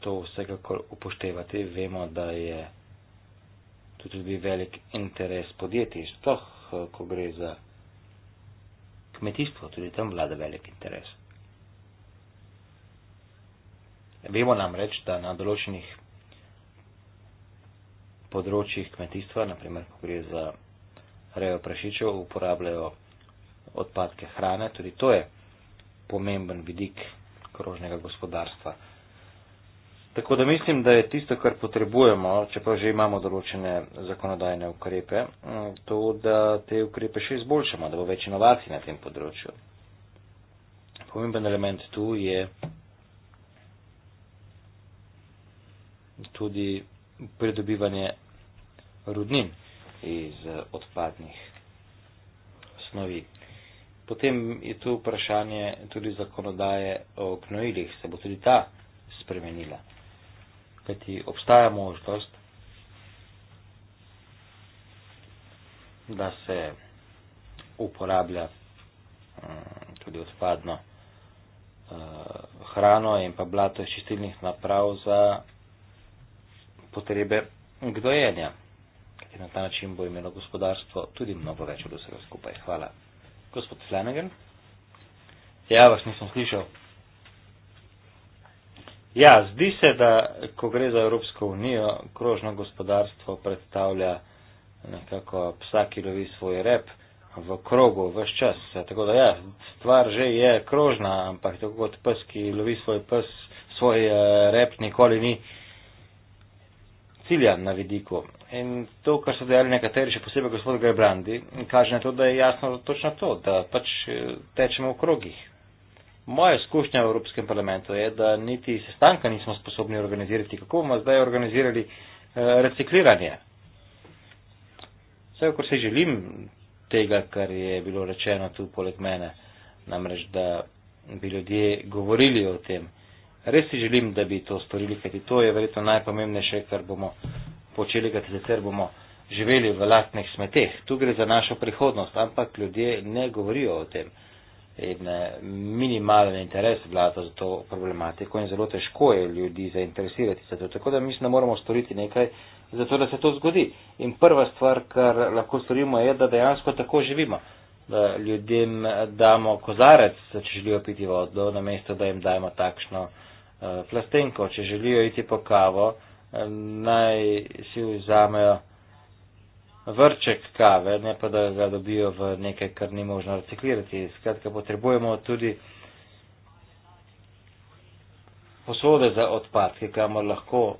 to vsekakor upoštevati. Vemo, da je tudi velik interes podjetij, sploh eh, ko gre za kmetijstvo, tudi tam vlada velik interes. Vemo nam reč, da na določenih področjih kmetijstva, naprimer, ko gre za rejo prašičev, uporabljajo odpadke hrane, tudi to je pomemben vidik krožnega gospodarstva. Tako da mislim, da je tisto, kar potrebujemo, čeprav že imamo določene zakonodajne ukrepe, mm, to, da te ukrepe še izboljšamo, da bo več inovacij na tem področju. Pomemben element tu je tudi pridobivanje rudnin iz eh, odpadnih snovi. Potem je tu vprašanje tudi zakonodaje o gnojilih, se bo tudi ta spremenila kajti obstaja možnost, da se uporablja mm, tudi odpadno eh, hrano in pa blato iz čistilnih naprav za potrebe gnojenja. Kajti na ta način bo imelo gospodarstvo tudi mnogo več od vsega skupaj. Hvala. Gospod Flanagan? Ja, vas nisem slišal. Ja, zdi se, da ko gre za Evropsko unijo, krožno gospodarstvo predstavlja nekako psa, ki lovi svoj rep v krogu, vse čas. Ja, tako da ja, stvar že je krožna, ampak tako kot pes, ki lovi svoj pes, svoj uh, rep nikoli ni ciljan na vidiku. In to, kar so dejali nekateri, še posebej gospod Gajbrandi, kaže na to, da je jasno točno to, da pač eh, tečemo v krogih. Moja izkušnja v Evropskem parlamentu je, da niti sestanka nismo sposobni organizirati. Kako bomo zdaj organizirali eh, recikliranje? Vse, kar se želim tega, kar je bilo rečeno tu poleg mene, namreč, da bi ljudje govorili o tem. Res si želim, da bi to storili, kajti to je verjetno najpomembnejše, kar bomo počeli, kajti sicer bomo živeli v lastnih smeteh. Tu gre za našo prihodnost, ampak ljudje ne govorijo o tem in eh, minimalen interes vlada za to problematiko in zelo težko je ljudi zainteresirati za to. Tako da mislim, da moramo storiti nekaj za to, da se to zgodi. In prva stvar, kar lahko storimo, je, da dejansko tako živimo. Da ljudem eh, damo kozarec, če želijo piti vodo, namesto da jim dajemo takšno eh, plastenko. Če želijo iti po kavo, naj si vzamejo vrček kave, ne pa da ga dobijo v nekaj, kar ni možno reciklirati. Skratka, potrebujemo tudi posode za odpadke, kamor lahko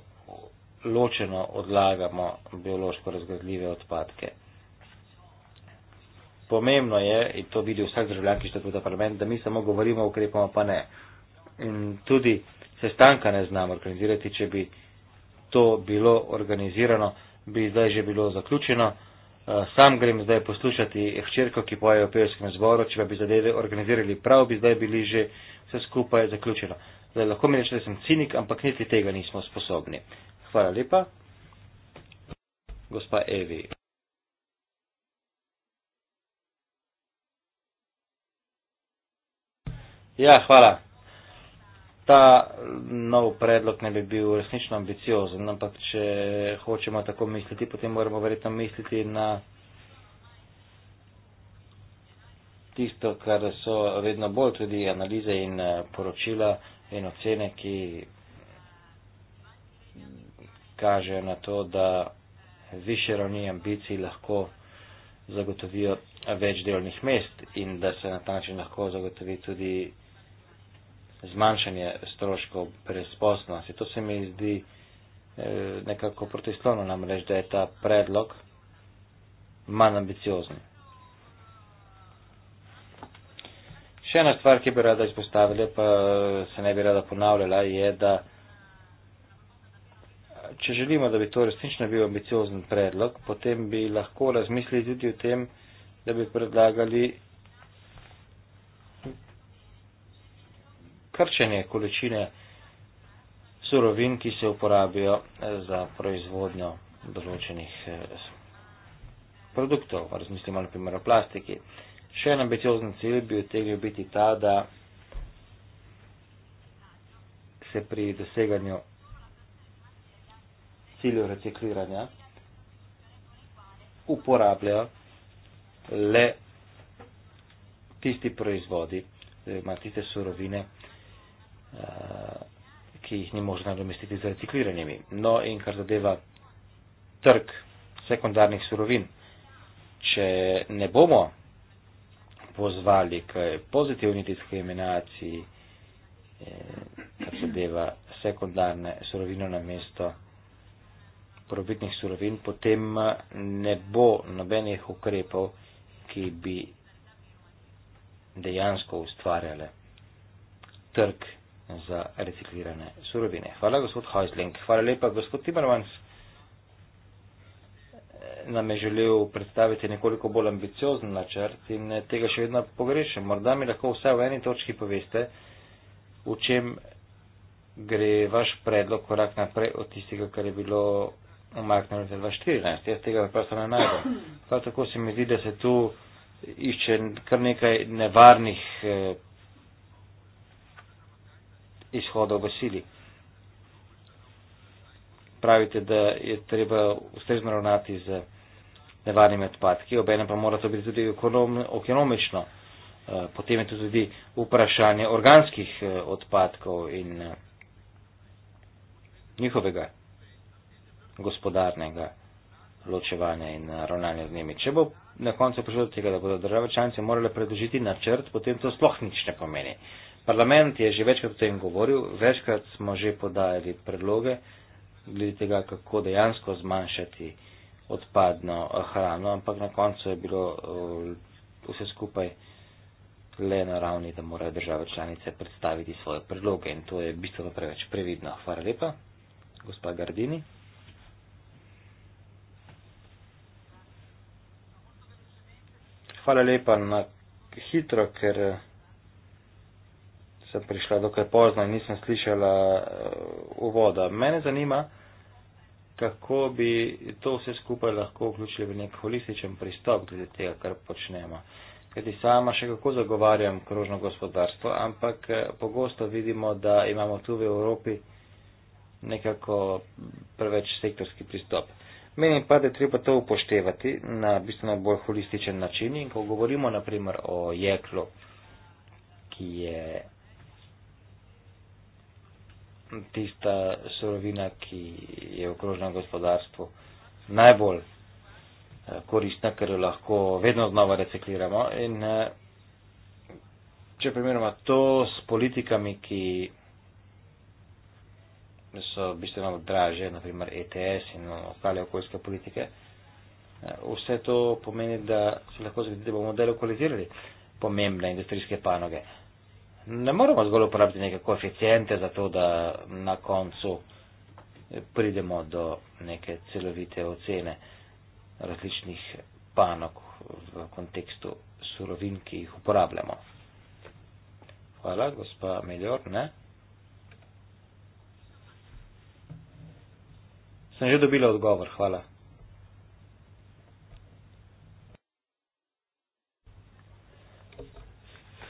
ločeno odlagamo biološko razgradljive odpadke. Pomembno je, in to vidi vsak državljan, ki štete v parlament, da mi samo govorimo, ukrepamo pa ne. In tudi sestanka ne znamo organizirati, če bi to bilo organizirano bi zdaj že bilo zaključeno. Eh, sam grem zdaj poslušati hčerko, ki poje v pevskem zboru, če bi zadeve organizirali prav, bi zdaj bili že vse skupaj zaključeno. Zdaj lahko mi reče, da sem cinik, ampak niti tega nismo sposobni. Hvala lepa. Gospa Evi. Ja, hvala ta mm, nov predlog ne bi bil resnično ambiciozen, ampak če hočemo tako misliti, potem moramo verjetno misliti na tisto, kar so vedno bolj tudi analize in eh, poročila in ocene, ki kažejo na to, da više ravni ambicij lahko zagotovijo več delovnih mest in da se na ta način lahko zagotovi tudi zmanjšanje stroškov brezposlosti. To se mi zdi e, nekako protislovno namreč, da je ta predlog manj ambiciozen. Še ena stvar, ki bi rada izpostavila, pa eh, se ne bi rada ponavljala, je, da če želimo, da bi to resnično bil ambiciozen predlog, potem bi lahko razmislili tudi o tem, da bi predlagali krčenje količine surovin, ki se uporabijo eh, za proizvodnjo določenih eh, produktov, razmislimo na primer o plastiki. Še en ambiciozen cilj bi utegnil biti ta, da se pri doseganju cilju recikliranja uporabljajo le tisti proizvodi, eh, tiste surovine, Eh, ki jih ni možno nadomestiti z recikliranimi. No in kar zadeva trg sekundarnih surovin, če ne bomo pozvali k pozitivni diskriminaciji, eh, kar zadeva sekundarne surovine na mesto probitnih surovin, potem eh, ne bo nobenih ukrepov, ki bi dejansko ustvarjale trg za reciklirane surovine. Hvala gospod Heusling. Hvala lepa gospod Timmermans. Eh, nam je želel predstaviti nekoliko bolj ambiciozen načrt in eh, tega še vedno pogrešam. Morda mi lahko vse v eni točki poveste, v čem gre vaš predlog korak naprej od tistega, kar je bilo umaknjeno za 2014. Jaz tega preprosto ne najdem. Prav tako se mi zdi, da se tu išče kar nekaj nevarnih. Eh, izhoda v sili. Pravite, da je treba ustrezno ravnati z nevarnimi odpadki, obenem pa mora to biti tudi ekonomično. Eh, potem je tudi vprašanje organskih eh, odpadkov in eh, njihovega gospodarnega ločevanja in ravnanja z njimi. Če bo na koncu prišlo do tega, da bodo države članice morale predložiti načrt, potem to sploh nič ne pomeni. Parlament je že večkrat o tem govoril, večkrat smo že podajali predloge glede tega, kako dejansko zmanjšati odpadno eh, hrano, ampak na koncu je bilo eh, vse skupaj le na ravni, da morajo države članice predstaviti svoje predloge in to je bistveno preveč previdno. Hvala lepa, gospa Gardini. Hvala lepa na hitro, ker sem prišla dokaj pozno in nisem slišala eh, uvoda. Mene zanima, kako bi to vse skupaj lahko vključili v nek holističen pristop glede tega, kar počnemo. Kajti sama še kako zagovarjam krožno gospodarstvo, ampak eh, pogosto vidimo, da imamo tu v Evropi nekako preveč sektorski pristop. Menim pa, da je treba to upoštevati na bistveno bolj holističen način in ko govorimo naprimer o jeklu, ki je tista sorovina, ki je v okrožnem gospodarstvu najbolj eh, koristna, ker jo lahko vedno znova recikliramo. In eh, če primeroma to s politikami, ki so bistveno draže, naprimer ETS in ostale okoljske politike, eh, vse to pomeni, da se lahko zgodi, da bomo delo kvalitirali pomembne industrijske panoge ne moramo zgolj uporabiti neke koeficijente za to, da na koncu pridemo do neke celovite ocene različnih panok v kontekstu surovin, ki jih uporabljamo. Hvala, gospa Melior, ne? Sem že dobila odgovor, hvala.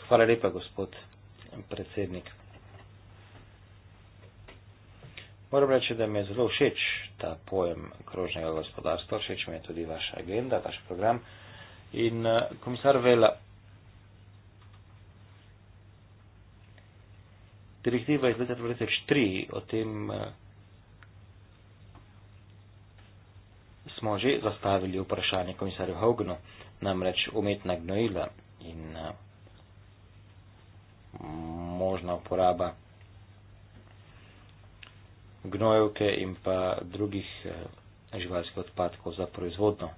Hvala lepa, gospod predsednik. Moram reči, da mi je zelo všeč ta pojem krožnega gospodarstva, všeč mi je tudi vaša agenda, vaš program. In eh, komisar Vela, direktiva iz leta 2003 o tem eh, smo že zastavili vprašanje komisarju Hognu, namreč umetna gnojila in eh, možna uporaba gnojevke in pa drugih eh, živalskih odpadkov za proizvodno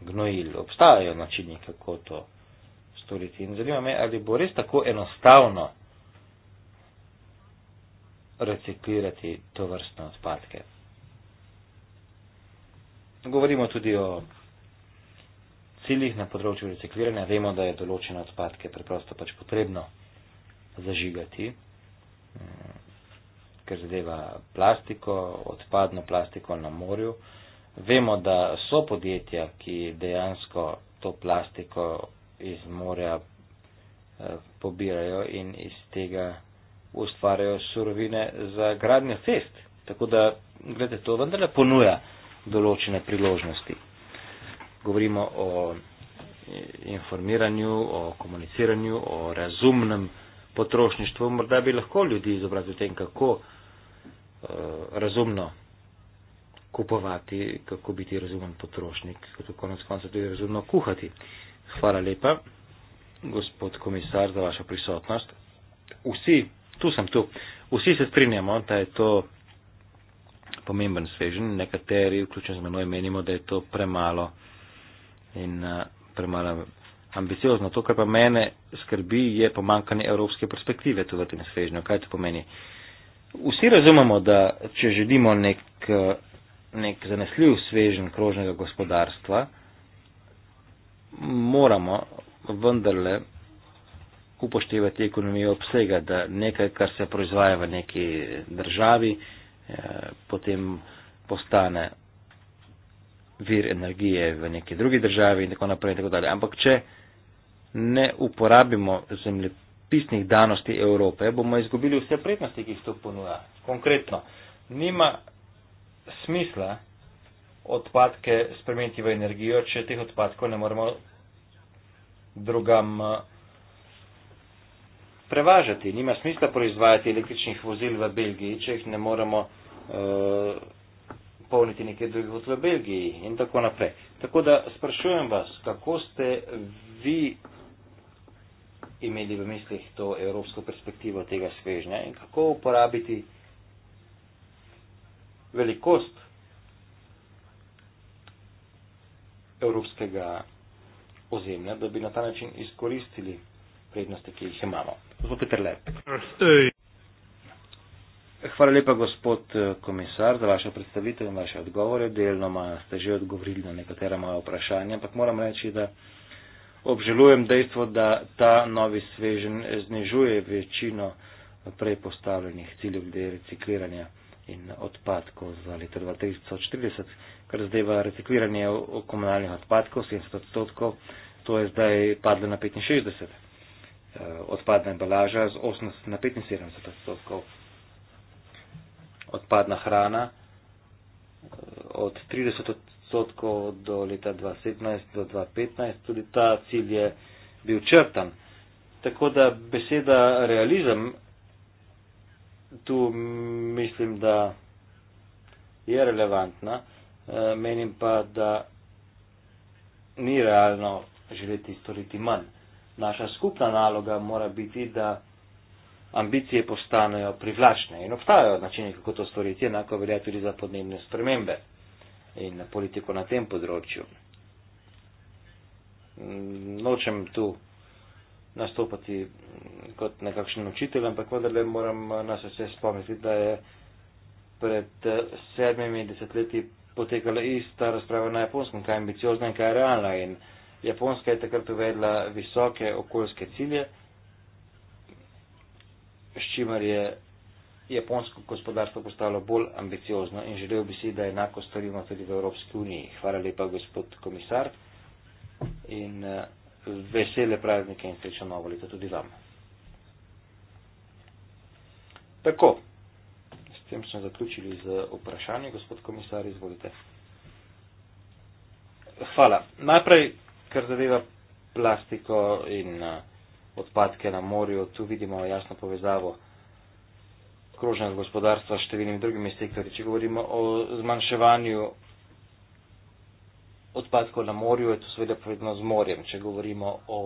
gnojil. Obstajajo načini, kako to storiti in zanima me, ali bo res tako enostavno reciklirati to vrstne odpadke. Govorimo tudi o ciljih na področju recikliranja vemo, da je določene odpadke preprosto pač potrebno zažigati, eh, ker zadeva plastiko, odpadno plastiko na morju. Vemo, da so podjetja, ki dejansko to plastiko iz morja eh, pobirajo in iz tega ustvarjajo surovine za gradnjo cest. Tako da, gledajte, to vendarle ponuja določene priložnosti govorimo o informiranju, o komuniciranju, o razumnem potrošništvu, morda bi lahko ljudi izobrazili o tem, kako eh, razumno kupovati, kako biti razumen potrošnik, kako konec konca tudi razumno kuhati. Hvala lepa, gospod komisar, za vašo prisotnost. Vsi, tu sem tu, vsi se strinjamo, da je to pomemben svežen, nekateri, vključno z menoj, menimo, da je to premalo in eh, premalo ambiciozno. To, kar pa mene skrbi, je pomankanje evropske perspektive tu v tem svežnju. Kaj to pomeni? Vsi razumemo, da če želimo nek, eh, nek zanesljiv svežen krožnega gospodarstva, moramo vendarle upoštevati ekonomijo obsega, da nekaj, kar se proizvaja v neki državi, eh, potem postane vir energije v neki drugi državi in tako naprej in tako dalje. Ampak če ne uporabimo zemljepisnih danosti Evrope, bomo izgubili vse prednosti, ki jih to ponuja. Konkretno, nima smisla odpadke spremeniti v energijo, če teh odpadkov ne moremo drugam eh, prevažati. Nima smisla proizvajati električnih vozil v Belgiji, če jih ne moremo uh, polniti nekaj drugih kot v Belgiji in tako naprej. Tako da sprašujem vas, kako ste vi imeli v mislih to evropsko perspektivo tega svežnja in kako uporabiti velikost evropskega ozemlja, da bi na ta način izkoristili prednosti, ki jih imamo. Zvo Peter Lep. Hvala lepa, gospod eh, komisar, za vašo predstavitev in vaše odgovore. Deloma ste že odgovorili na nekatera moja vprašanja, ampak moram reči, da obžalujem dejstvo, da ta novi svežen znižuje večino prej postavljenih ciljev glede recikliranja in odpadkov za leto 2040, kar zdajva recikliranje komunalnih odpadkov 70 odstotkov, to je zdaj padlo na 65 eh, odpadna embalaža z 80 na 75 odstotkov odpadna hrana od 30 odstotkov do leta 2017 do 2015. Tudi ta cilj je bil črtan. Tako da beseda realizem, tu mislim, da je relevantna, eh, menim pa, da ni realno želeti storiti manj. Naša skupna naloga mora biti, da ambicije postanejo privlačne in obstajajo načini, kako to storiti, enako velja tudi za podnebne spremembe in politiko na tem področju. Nočem tu nastopati kot nekakšen učitelj, ampak vendarle moram eh, nas vse spomniti, da je pred eh, sedmimi desetletji potekala ista razprava na japonskem, kaj je ambiciozna in kaj je realna. In Japonska je takrat uvedla visoke okoljske cilje, s čimer je japonsko gospodarstvo postalo bolj ambiciozno in želel bi si, da enako storimo tudi v Evropski uniji. Hvala lepa, gospod komisar, in eh, vesele praznike in srečno novo leto tudi vam. Tako, s tem smo zaključili z vprašanjem, gospod komisar, izvolite. Hvala. Najprej, kar zadeva plastiko in uh, odpadke na morju. Tu vidimo jasno povezavo kroženega gospodarstva s številnimi drugimi sektori. Če govorimo o zmanjševanju odpadkov na morju, je to seveda povedano z morjem. Če govorimo o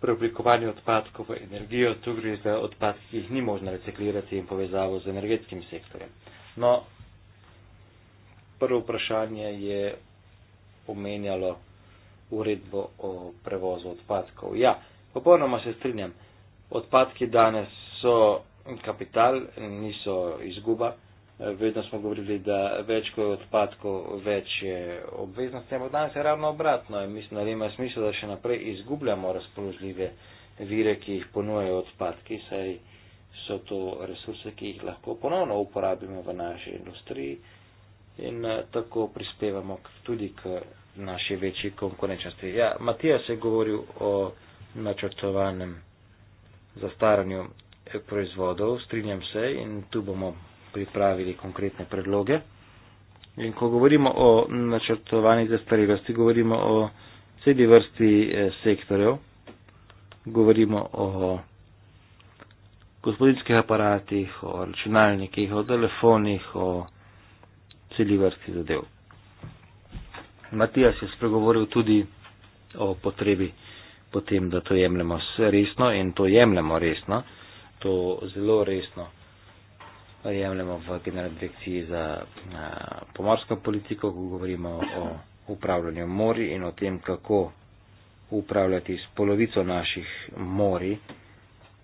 preoblikovanju odpadkov v energijo, tu gre za odpadke, ki jih ni možno reciklirati in povezavo z energetskim sektorjem. No, prvo vprašanje je omenjalo uredbo o prevozu odpadkov. Ja, popolnoma se strinjam. Odpadki danes so kapital, niso izguba. Eh, vedno smo govorili, da več ko je odpadkov, več je obveznosti. Ampak danes je ravno obratno. Mislim, da ima smisel, da še naprej izgubljamo razpoložljive vire, ki jih ponujejo odpadki, saj so to resurse, ki jih lahko ponovno uporabimo v naši industriji in eh, tako prispevamo tudi k naši večji konkurenčnosti. Ja, Matija se je govoril o načrtovanem zastaranju eh, proizvodov, strinjam se in tu bomo pripravili konkretne predloge. In ko govorimo o načrtovani zastarelosti, govorimo o sedi vrsti eh, sektorjev, govorimo o gospodinskih aparatih, o računalnikih, o telefonih, o celi vrsti zadev. Matijas je spregovoril tudi o potrebi potem, da to jemljemo resno in to jemljemo resno, to zelo resno jemljemo v generalni direkciji za pomorsko politiko, ko govorimo o upravljanju mori in o tem, kako upravljati s polovico naših mori,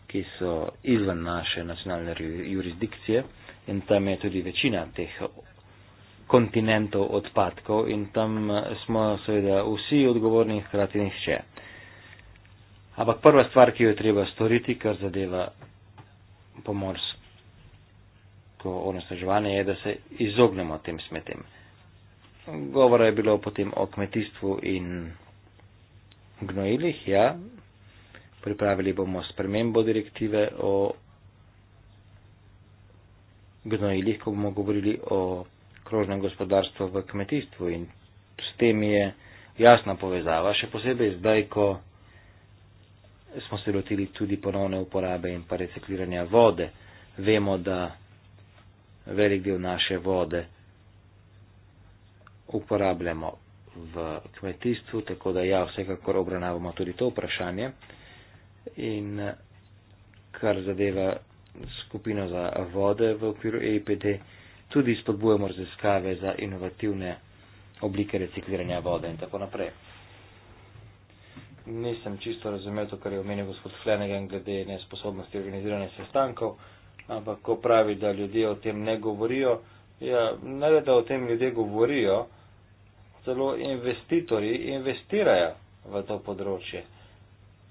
ki so izven naše nacionalne jurisdikcije in tam je tudi večina teh kontinentov odpadkov in tam eh, smo seveda vsi odgovorni in hkrati nihče. Ampak prva stvar, ki jo je treba storiti, kar zadeva pomorsko onesnaževanje, je, da se izognemo tem smetem. Govora je bilo potem o kmetijstvu in gnojilih, ja. Pripravili bomo spremembo direktive o gnojilih, ko bomo govorili o krožnem gospodarstvu v kmetijstvu in s tem je jasna povezava, še posebej zdaj, ko smo se lotili tudi ponovne uporabe in pa recikliranja vode. Vemo, da velik del naše vode uporabljamo v kmetijstvu, tako da ja, vsekakor obravnavamo tudi to vprašanje. In eh, kar zadeva skupino za vode v okviru EPD, tudi spodbujamo raziskave za inovativne oblike recikliranja vode in tako naprej. Nisem čisto razumel to, kar je omenil gospod Flanagan glede nesposobnosti organiziranja sestankov, ampak ko pravi, da ljudje o tem ne govorijo, ja, ne le da o tem ljudje govorijo, celo investitorji investirajo v to področje.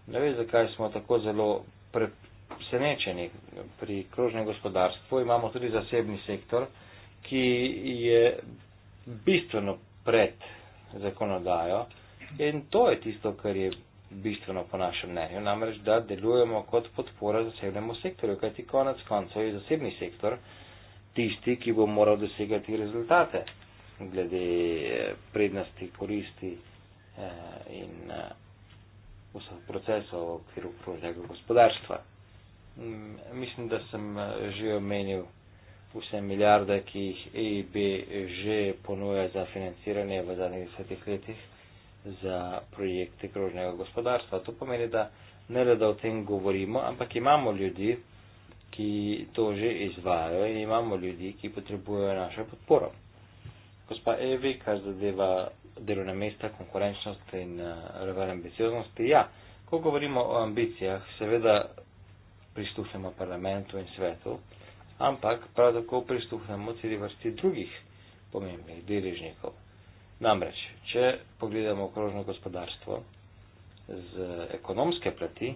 Ne ve, zakaj smo tako zelo presenečeni. Pri krožnem gospodarstvu imamo tudi zasebni sektor, ki je bistveno pred zakonodajo in to je tisto, kar je bistveno po našem mnenju, namreč da delujemo kot podpora zasebnemu sektorju, kajti konec koncev je zasebni sektor tisti, ki bo moral dosegati rezultate glede eh, prednosti, koristi eh, in eh, vseh procesov v okviru prožnega gospodarstva. Mm, mislim, da sem že omenil vse milijarde, ki jih EIB že ponuja za financiranje v zadnjih desetih letih za projekte krožnega gospodarstva. To pomeni, da ne le da o tem govorimo, ampak imamo ljudi, ki to že izvajajo in imamo ljudi, ki potrebujejo našo podporo. Gospa Evi, kar zadeva delovne mesta, konkurenčnost in eh, raven ambicioznosti, ja, ko govorimo o ambicijah, seveda prisluhnemo parlamentu in svetu, ampak prav tako pristuhnemo tudi vrsti drugih pomembnih deležnikov. Namreč, če pogledamo okrožno gospodarstvo z ekonomske plati,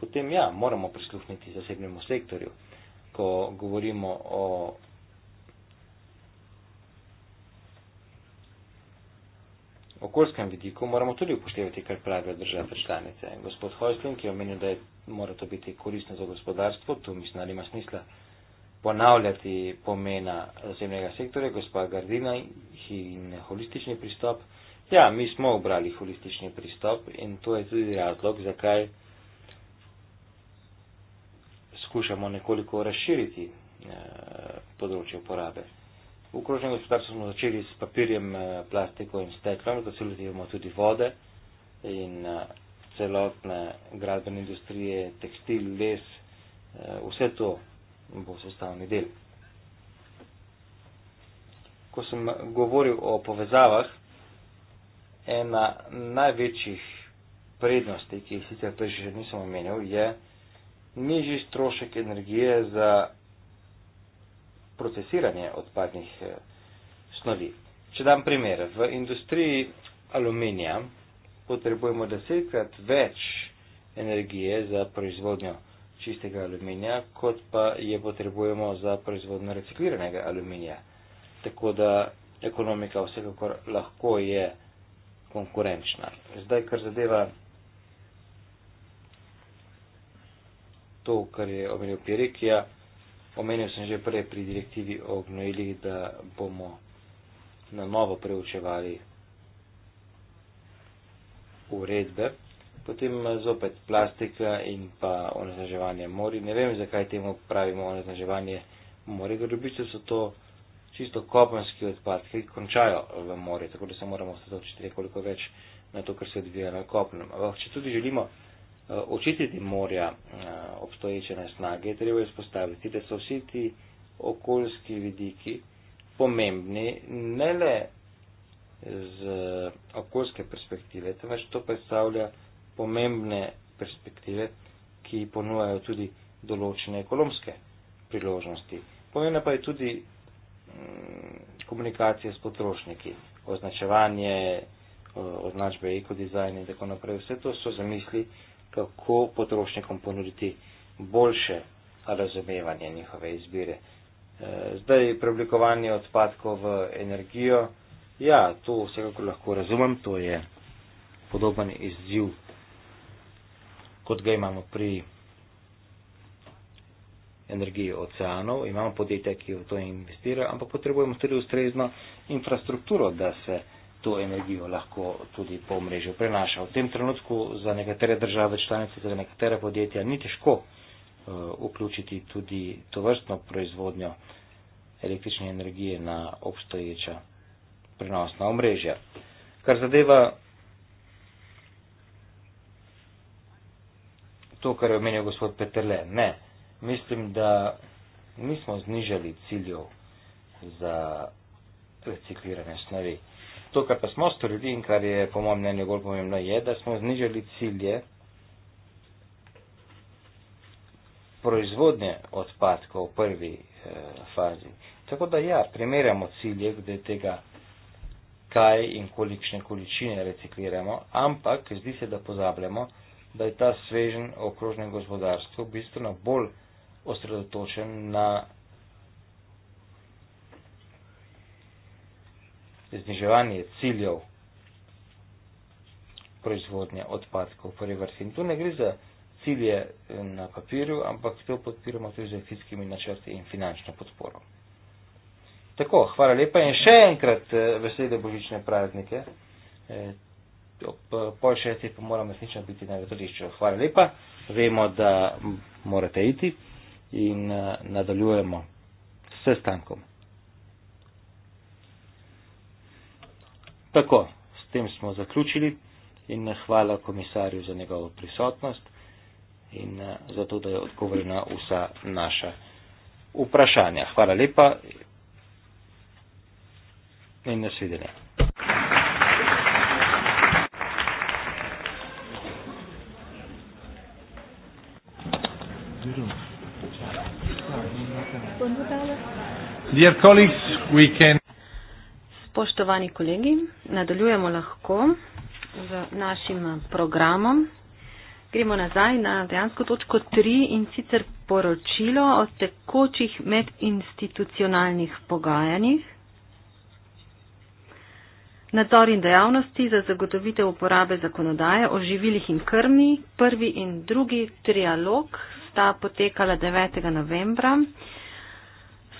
potem ja, moramo prisluhniti zasebnemu sektorju. Ko govorimo o okoljskem vidiku, moramo tudi upoštevati, kar pravijo države članice. Gospod Hojslin, ki je omenil, da je, mora to biti koristno za gospodarstvo, tu mislim, da nima smisla ponavljati pomena zasebnega sektorja, gospa Gardina in holistični pristop. Ja, mi smo obrali holistični pristop in to je tudi razlog, zakaj skušamo nekoliko razširiti eh, področje uporabe. V krožnem gospodarstvu smo začeli s papirjem, eh, plastiko in steklom, da se lotimo tudi vode in eh, celotne gradbene industrije, tekstil, les, eh, vse to in bo sestavni del. Ko sem govoril o povezavah, ena največjih prednosti, ki jih sicer prej še nisem omenil, je nižji strošek energije za procesiranje odpadnih eh, snovi. Če dam primer, v industriji aluminija potrebujemo desetkrat več energije za proizvodnjo aluminija čistega aluminija, kot pa je potrebujemo za proizvodno recikliranega aluminija. Tako da ekonomika vsekakor lahko je konkurenčna. Zdaj, kar zadeva to, kar je omenil Pirikija, omenil sem že prej pri direktivi o gnojili, da bomo na novo preučevali uredbe potem eh, zopet plastika eh, in pa onesnaževanje mori. Ne vem, zakaj temu pravimo onesnaževanje mori, ker ljubice so to čisto kopenski odpadki, ki končajo v morje, tako da se moramo osredotočiti nekoliko več na to, kar se odvija na kopnem. Ampak, če tudi želimo eh, očistiti morja obstoječe na snage, treba je spostaviti, da so vsi ti okoljski vidiki pomembni, ne le z okoljske perspektive, temveč to predstavlja pomembne perspektive, ki ponujajo tudi določene ekonomske priložnosti. Pomembna pa je tudi mm, komunikacija s potrošniki, označevanje, označbe ekodizajn in tako naprej. Vse to so zamisli, kako potrošnikom ponuditi boljše razumevanje njihove izbire. E, zdaj preoblikovanje odpadkov v energijo, ja, to vsekakor lahko razumem, to je podoben izziv kot ga imamo pri energiji oceanov, imamo podjetja, ki v to investirajo, ampak potrebujemo tudi ustrezno infrastrukturo, da se to energijo lahko tudi po mrežju prenaša. V tem trenutku za nekatere države članice, za nekatere podjetja ni težko uh, vključiti tudi to vrstno proizvodnjo električne energije na obstoječa prenosna omrežja. Kar zadeva to, kar je omenil gospod Petrle. Ne, mislim, da nismo znižali ciljev za recikliranje snovi. To, kar pa smo storili in kar je po mojem mnenju bolj pomembno, je, da smo znižali cilje proizvodnje odpadkov v prvi e, fazi. Tako da ja, primerjamo cilje glede tega, kaj in kolikšne količine recikliramo, ampak zdi se, da pozabljamo, da je ta svežen okrožnem gospodarstvu bistveno bolj osredotočen na zniževanje ciljev proizvodnje odpadkov v prvi vrsti. In tu ne gre za cilje eh, na papirju, ampak to podpiramo tudi z fiskalnimi načrti in finančno podporo. Tako, hvala lepa in še enkrat vesele eh, božične praznike. Eh, ob eh, pol šestih pa moram resnično biti na letališču. Hvala lepa, vemo, da morate iti in eh, nadaljujemo s stankom. Tako, s tem smo zaključili in eh, hvala komisarju za njegovo prisotnost in za to, da je odgovorila vsa naša vprašanja. Hvala lepa in nasvidenje. Dear colleagues, we can... Spoštovani kolegi, nadaljujemo lahko z našim programom. Gremo nazaj na dejansko točko 3 in sicer poročilo o tekočih medinstitucionalnih pogajanjih. Nadzor in dejavnosti za zagotovitev uporabe zakonodaje o živilih in krmi, prvi in drugi trialog sta potekala 9. novembra.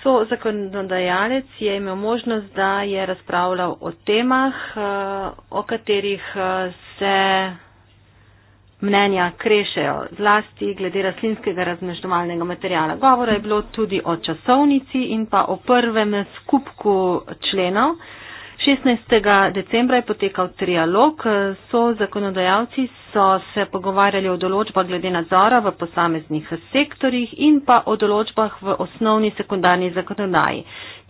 So, zakonodajalec je imel možnost, da je razpravljal o temah, eh, o katerih eh, se mnenja krešejo, zlasti glede rastlinskega razmeždovalnega materijala. Govora je bilo tudi o časovnici in pa o prvem skupku členov. 16. decembra je potekal trialog, eh, so zakonodajalci so se pogovarjali o določbah glede nadzora v posameznih sektorjih in pa o določbah v osnovni sekundarni zakonodaji.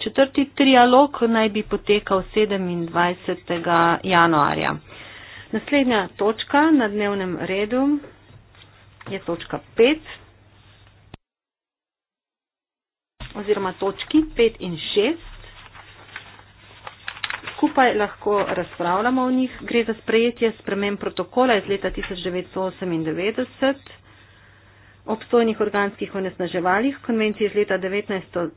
Četrti trialog naj bi potekal 27. januarja. Naslednja točka na dnevnem redu je točka 5 oziroma točki 5 in 6 skupaj lahko razpravljamo o njih. Gre za sprejetje spremen protokola iz leta 1998 obstojnih organskih onesnaževalih, konvencije iz leta 1979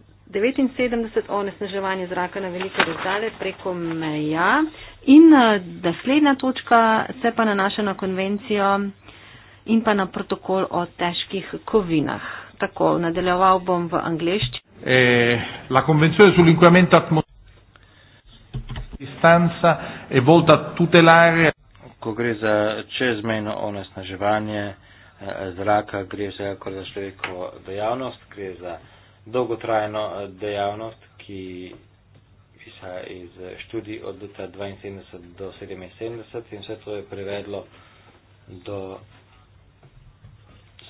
o onesnaževanju zraka na velike razdalje preko meja. In eh, naslednja točka se pa nanaša na konvencijo in pa na protokol o težkih kovinah. Tako, nadaljeval bom v angleščini. Eh, la convenzione sull'inquinamento atmosferico distanca è e volta a tutelare. Ko gre za čezmejno onesnaževanje eh, zraka, gre vsekakor za človekovo dejavnost, gre za dolgotrajno eh, dejavnost, ki izhaja iz eh, študij od leta 72 do 77 in vse to je privedlo do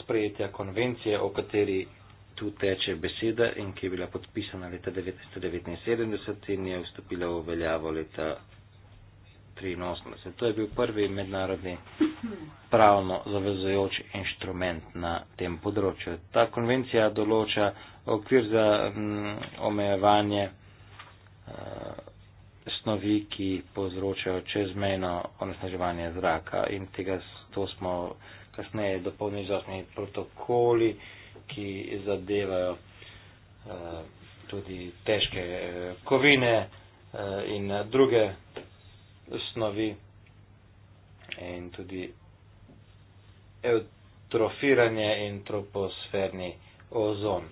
sprejetja konvencije, o kateri tu teče beseda in ki je bila podpisana leta 1979 in je vstopila v veljavo leta 1983. To je bil prvi mednarodni pravno zavezojoč inštrument na tem področju. Ta konvencija določa okvir za mm, omejevanje eh, snovi, ki povzročajo čezmejno onesnaževanje zraka in tega, to smo kasneje dopolnili z osmimi protokoli, uh, ki zadevajo eh, tudi težke eh, kovine eh, in druge snovi in tudi eutrofiranje in troposferni ozon.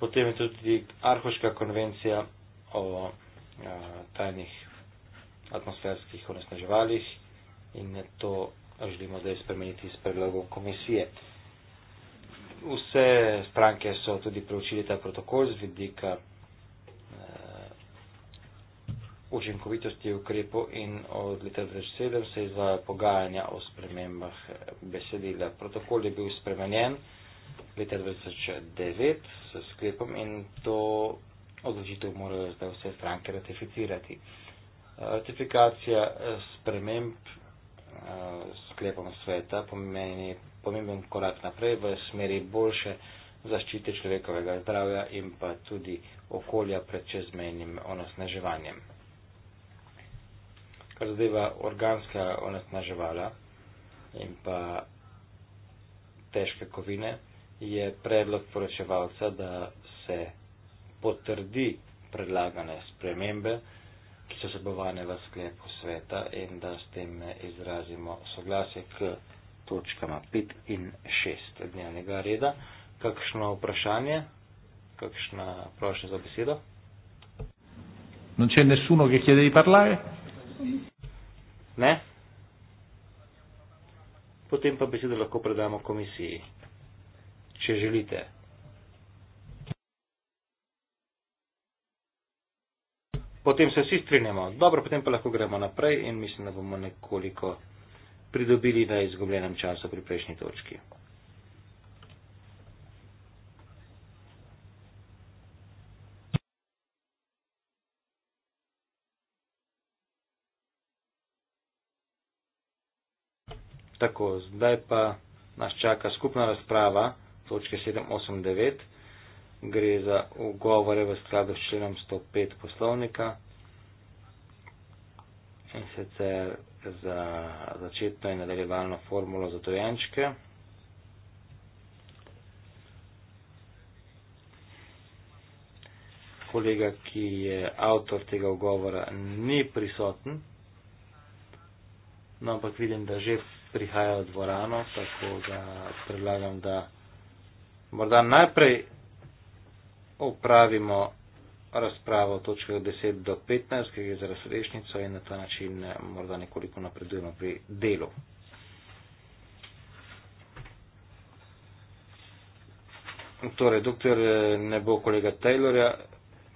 Potem je tudi Arhoška konvencija o tajnih atmosferskih onesnaževalih in to želimo zdaj spremeniti s predlogom komisije vse stranke so tudi preučili ta protokol z vidika eh, učinkovitosti ukrepov in od leta 2007 se izvaja pogajanja o spremembah eh, besedila. Protokol je bil spremenjen leta 2009 s sklepom in to odločitev morajo zdaj vse stranke ratificirati. Eh, ratifikacija eh, sprememb sklepom sveta pomeni pomemben korak naprej v smeri boljše zaščite človekovega zdravja in pa tudi okolja pred čezmejnim onesnaževanjem. Kar zadeva organska onesnaževala in pa težke kovine, je predlog poročevalca, da se potrdi predlagane spremembe, ki so sebovane v sklepu sveta in da s tem izrazimo soglasje k točkama 5 in 6 dnevnega reda. Kakšno vprašanje, kakšna prošnja za besedo? Non c'è nessuno che chiede di parlare? Ne? Potem pa besedo lahko predamo komisiji, če želite. Potem se vsi strinjamo. Dobro, potem pa lahko gremo naprej in mislim, da bomo nekoliko pridobili na izgubljenem času pri prejšnji točki. Tako, zdaj pa nas čaka skupna razprava, točke 7.8.9, gre za ugovore v skladu s členom 105 poslovnika. In sicer za začetno in nadaljevalno formulo za dojenčke. Kolega, ki je avtor tega ogovora, ni prisoten, no ampak vidim, da že prihaja v dvorano, tako da predlagam, da morda najprej opravimo razpravo o točkah 10 do 15, ki je za razrešnico in na ta način eh, morda nekoliko napredujemo pri delu. Torej, doktor eh, ne bo kolega Taylorja,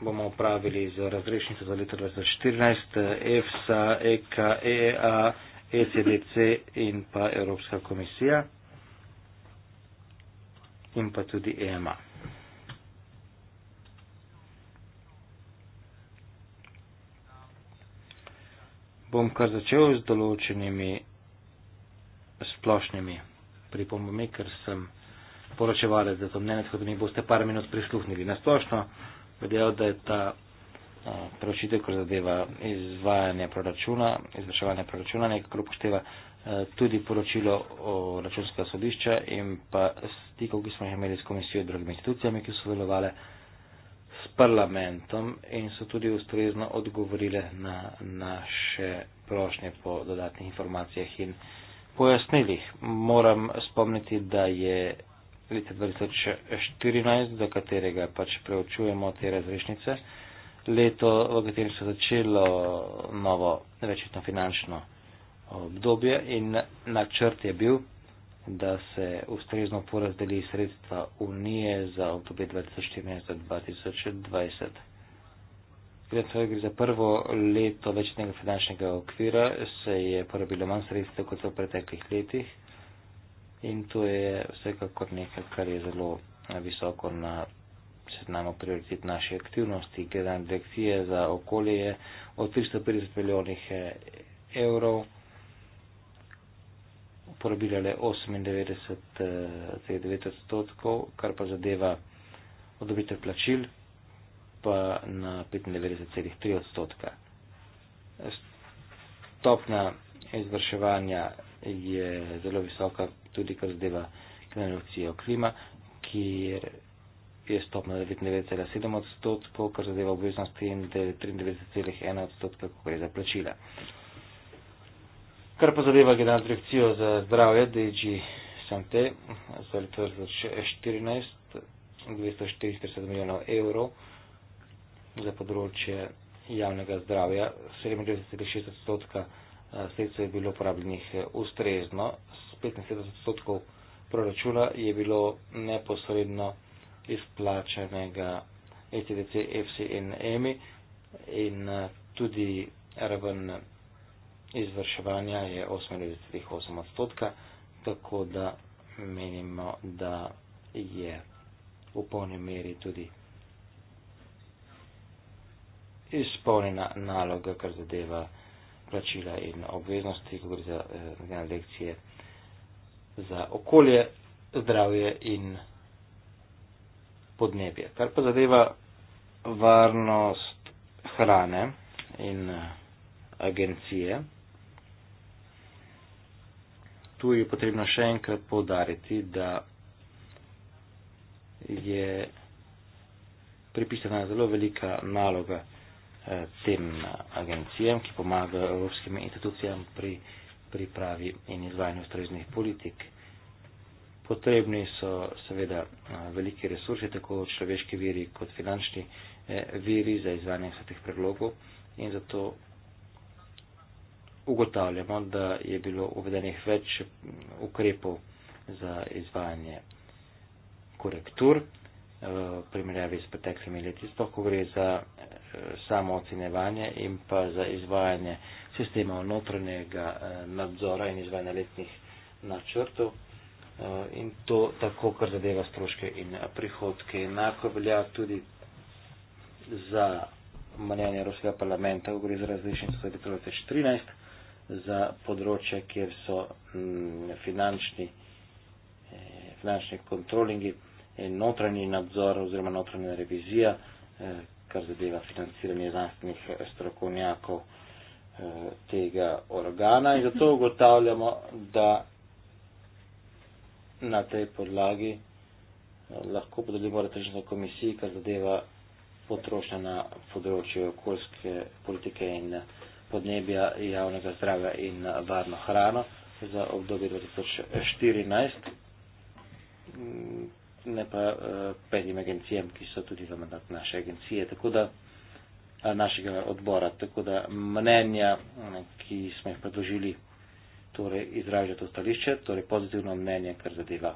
bomo upravili za razrešnico za leto 2014, eh, EFSA, EK, EEA, ECDC in pa Evropska komisija in pa tudi EMA. bom kar začel z določenimi splošnimi pripombami, ker sem poročevalec za to mnenje, tako da mi boste par minut prisluhnili. Na splošno vedel, da je ta preučitev, ko zadeva izvajanje proračuna, izvrševanje proračuna, nekako upošteva tudi poročilo o računskega sodišča in pa stikov, ki smo jih imeli s komisijo in drugimi institucijami, ki so sodelovali s parlamentom in so tudi ustrezno odgovorile na naše prošnje po dodatnih informacijah in pojasnilih. Moram spomniti, da je leta 2014, za katerega pač preučujemo te razrešnice, leto, v katerem se začelo novo večetno finančno obdobje in načrt je bil, da se ustrezno porazdeli sredstva Unije za obdobje 2014-2020. Glede na to, da gre za prvo leto večnega finančnega okvira, se je porabilo manj sredstev kot v preteklih letih in to je vsekakor nekaj, kar je zelo visoko na seznamu prioritet naše aktivnosti. Gledam direkcije za okolje o 350 milijonih eh, evrov porabile le 98,9 eh, odstotkov, kar pa zadeva odobitev plačil pa na 95,3 odstotka. Stopna izvrševanja je zelo visoka, tudi kar zadeva generacijo klima, kjer je stopna 99,7 odstotkov, kar zadeva obveznosti in 93,1 odstotka, ko gre za plačila. Kar pa zadeva generalno direkcijo za zdravje, DG SMT, za leto 2014, 244 milijonov evrov za področje javnega zdravja, 97,6 odstotka eh, sredstva je bilo uporabljenih eh, ustrezno, 75 odstotkov proračuna je bilo neposredno izplačanega ECDC, e FC in EMI in eh, tudi raven izvrševanja je 8,8 odstotka, tako da menimo, da je v polni meri tudi izpolnjena naloga, kar zadeva plačila in obveznosti, ko gre za eh, lekcije za okolje, zdravje in podnebje. Kar pa zadeva varnost hrane in eh, agencije, tu je potrebno še enkrat povdariti, da je pripisana zelo velika naloga eh, tem agencijam, ki pomagajo evropskim institucijam pri pripravi in izvajanju ustreznih politik. Potrebni so seveda eh, veliki resursi, tako človeški viri kot finančni eh, viri za izvajanje vseh teh predlogov in zato ugotavljamo, da je bilo uvedenih več ukrepov za izvajanje korektur eh, v primerjavi s preteklimi leti, sploh ko gre za eh, samo ocenevanje in pa za izvajanje sistema notranjega eh, nadzora in izvajanja letnih načrtov in to tako, kar zadeva stroške in prihodke. Enako velja tudi za manjanje Evropskega parlamenta, ko gre za različnico 2013, za področje, kjer so mm, finančni, eh, finančni kontrolingi, notranji nadzor oziroma notranja revizija, eh, kar zadeva financiranje znanstvenih eh, strokovnjakov tega organa. In zato ugotavljamo, da na tej podlagi lahko podelimo retrično komisiji, kar zadeva potrošnja na področju okoljske politike in podnebja, javnega zdravja in uh, varno hrano za obdobje 2014, mm, ne pa uh, petim agencijam, ki so tudi v mandat naše agencije, tako da uh, našega odbora. Tako da mnenja, mm, ki smo jih predložili, torej izražajo to stališče, torej pozitivno mnenje, kar zadeva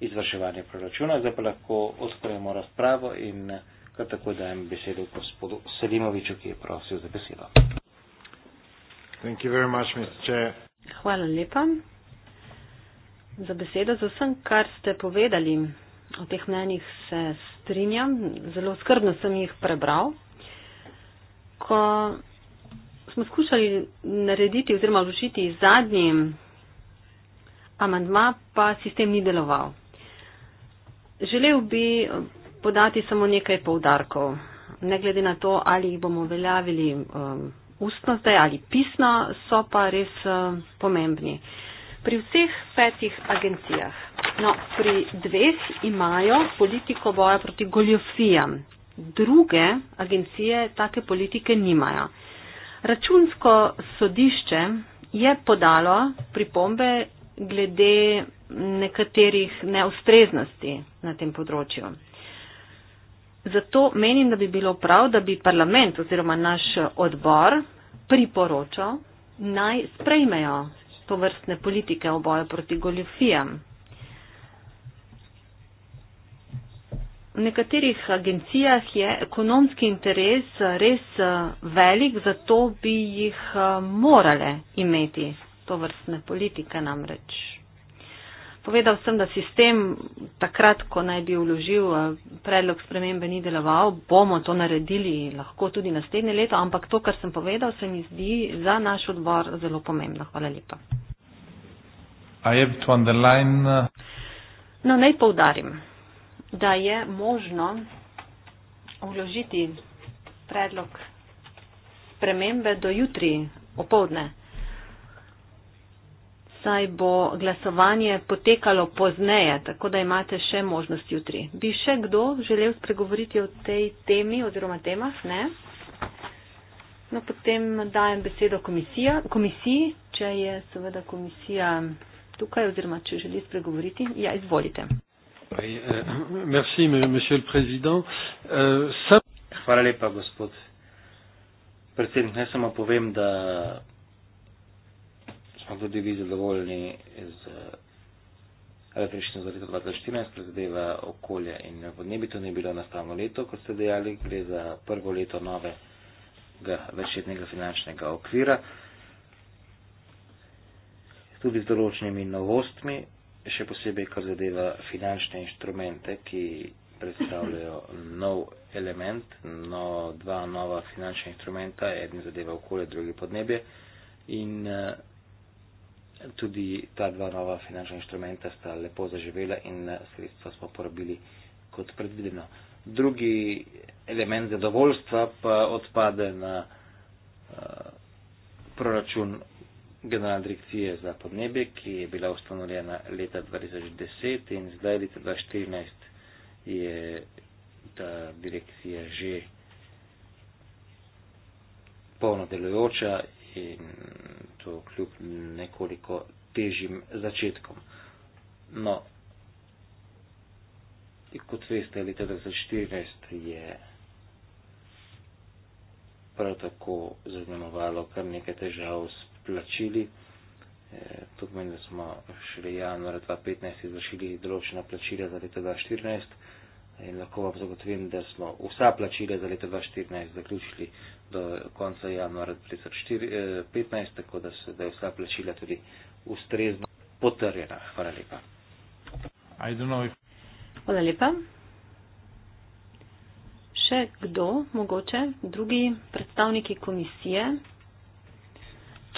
izvrševanje proračuna. Zdaj pa lahko odpremo razpravo in Kar tako dajem besedo gospodu Selimoviču, ki je prosil za besedo. Much, Hvala lepa za besedo, za vsem, kar ste povedali. O teh mnenjih se strinjam, zelo skrbno sem jih prebral. Ko smo skušali narediti oziroma vložiti zadnji amandma, pa sistem ni deloval. Želel bi podati samo nekaj povdarkov. Ne glede na to, ali jih bomo veljavili um, ustno zdaj ali pisno, so pa res um, pomembni. Pri vseh petih agencijah, no, pri dveh imajo politiko boja proti goljofijam. Druge agencije take politike nimajo. Računsko sodišče je podalo pripombe glede nekaterih neustreznosti na tem področju. Zato menim, da bi bilo prav, da bi parlament oziroma naš odbor priporočal naj sprejmejo to vrstne politike v boju proti goljofijam. V nekaterih agencijah je ekonomski interes res eh, velik, zato bi jih eh, morale imeti to vrstne politike namreč. Povedal sem, da sistem takrat, ko naj bi vložil eh, predlog spremembe, ni deloval. Bomo to naredili lahko tudi naslednje leto, ampak to, kar sem povedal, se mi zdi za naš odbor zelo pomembno. Hvala lepa. Uh, no, naj povdarim, da je možno vložiti predlog spremembe do jutri, opovdne saj bo glasovanje potekalo pozneje, tako da imate še možnost jutri. Bi še kdo želel spregovoriti o tej temi oziroma temah? Ne? No, potem dajem besedo komisija, komisiji, če je seveda komisija tukaj oziroma če želi spregovoriti. Ja, izvolite. Euh, euh, Hvala lepa, gospod predsednik. Ne samo povem, da A tudi vi zadovoljni z električno za leto 2014, ki zadeva okolje in podnebje, to ni bilo nastavno leto, kot ste dejali, gre za prvo leto novega večletnega finančnega okvira, tudi z določenimi novostmi, še posebej, kar zadeva finančne inštrumente, ki predstavljajo nov element, no, dva nova finančna inštrumenta, eden zadeva okolje, drugi podnebje. In, uh, tudi ta dva nova finančna inštrumenta sta lepo zaživela in eh, sredstva smo porabili kot predvideno. Drugi element zadovoljstva pa odpade na eh, proračun generalne direkcije za podnebje, ki je bila ustanovljena leta 2010 in zdaj leta 2014 je ta direkcija že polno delujoča in bistvu kljub nekoliko težjim začetkom. No, kot veste, leta 2014 je prav tako zaznamovalo kar nekaj težav s plačili. E, to pomeni, da smo šele januarja 2015 izvršili določena plačila za leto 2014 in lahko vam zagotovim, da smo vsa plačila za leto 2014 zaključili do konca januara 2015, eh, tako da, se, da je vsa plačila tudi ustrezno potrjena. Hvala lepa. Hvala lepa. Še kdo, mogoče drugi predstavniki komisije?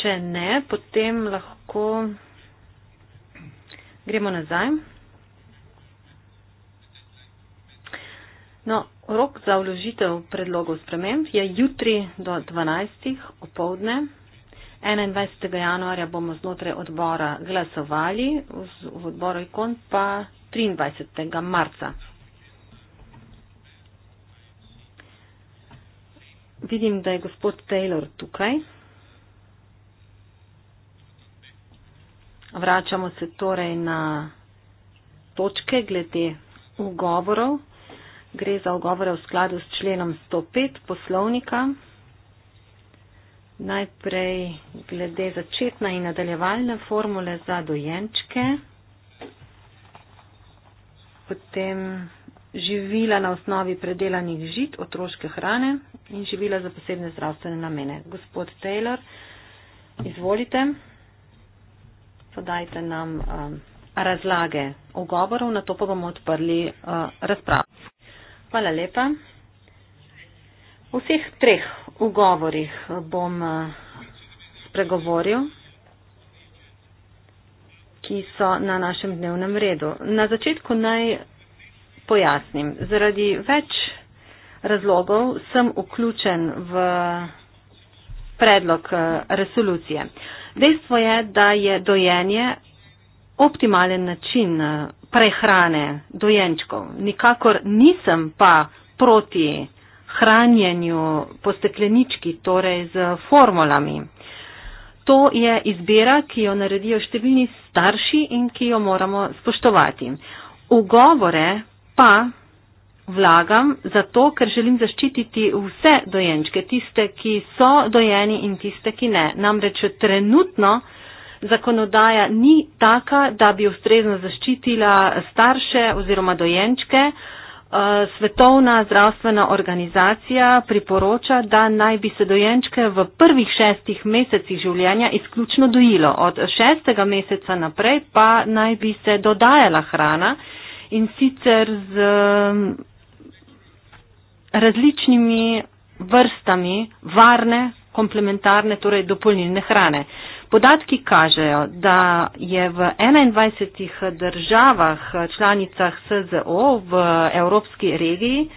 Če ne, potem lahko gremo nazaj. No, Rok za vložitev predlogov sprememb je jutri do 12. opovdne. 21. januarja bomo znotraj odbora glasovali, v odboru ikon pa 23. marca. Vidim, da je gospod Taylor tukaj. Vračamo se torej na točke glede ugovorov gre za ogovore v skladu s členom 105 poslovnika. Najprej glede začetne in nadaljevalne formule za dojenčke, potem živila na osnovi predelanih žit, otroške hrane in živila za posebne zdravstvene namene. Gospod Taylor, izvolite, podajte nam um, razlage ogovorov, na to pa bomo odprli uh, razpravo. Hvala lepa. V vseh treh ugovorih bom eh, spregovoril, ki so na našem dnevnem redu. Na začetku naj pojasnim. Zaradi več razlogov sem vključen v predlog eh, resolucije. Dejstvo je, da je dojenje optimalen način eh, prehrane dojenčkov. Nikakor nisem pa proti hranjenju po steklenički, torej z formulami. To je izbira, ki jo naredijo številni starši in ki jo moramo spoštovati. Ugovore pa vlagam zato, ker želim zaščititi vse dojenčke, tiste, ki so dojeni in tiste, ki ne. Namreč trenutno zakonodaja ni taka, da bi ustrezno zaščitila starše oziroma dojenčke. Eh, Svetovna zdravstvena organizacija priporoča, da naj bi se dojenčke v prvih šestih mesecih življenja izključno dojilo. Od šestega meseca naprej pa naj bi se dodajala hrana in sicer z mm, različnimi vrstami varne, komplementarne, torej dopolnilne hrane. Uh, Podatki kažejo, da je v 21 državah članicah SZO v Evropski regiji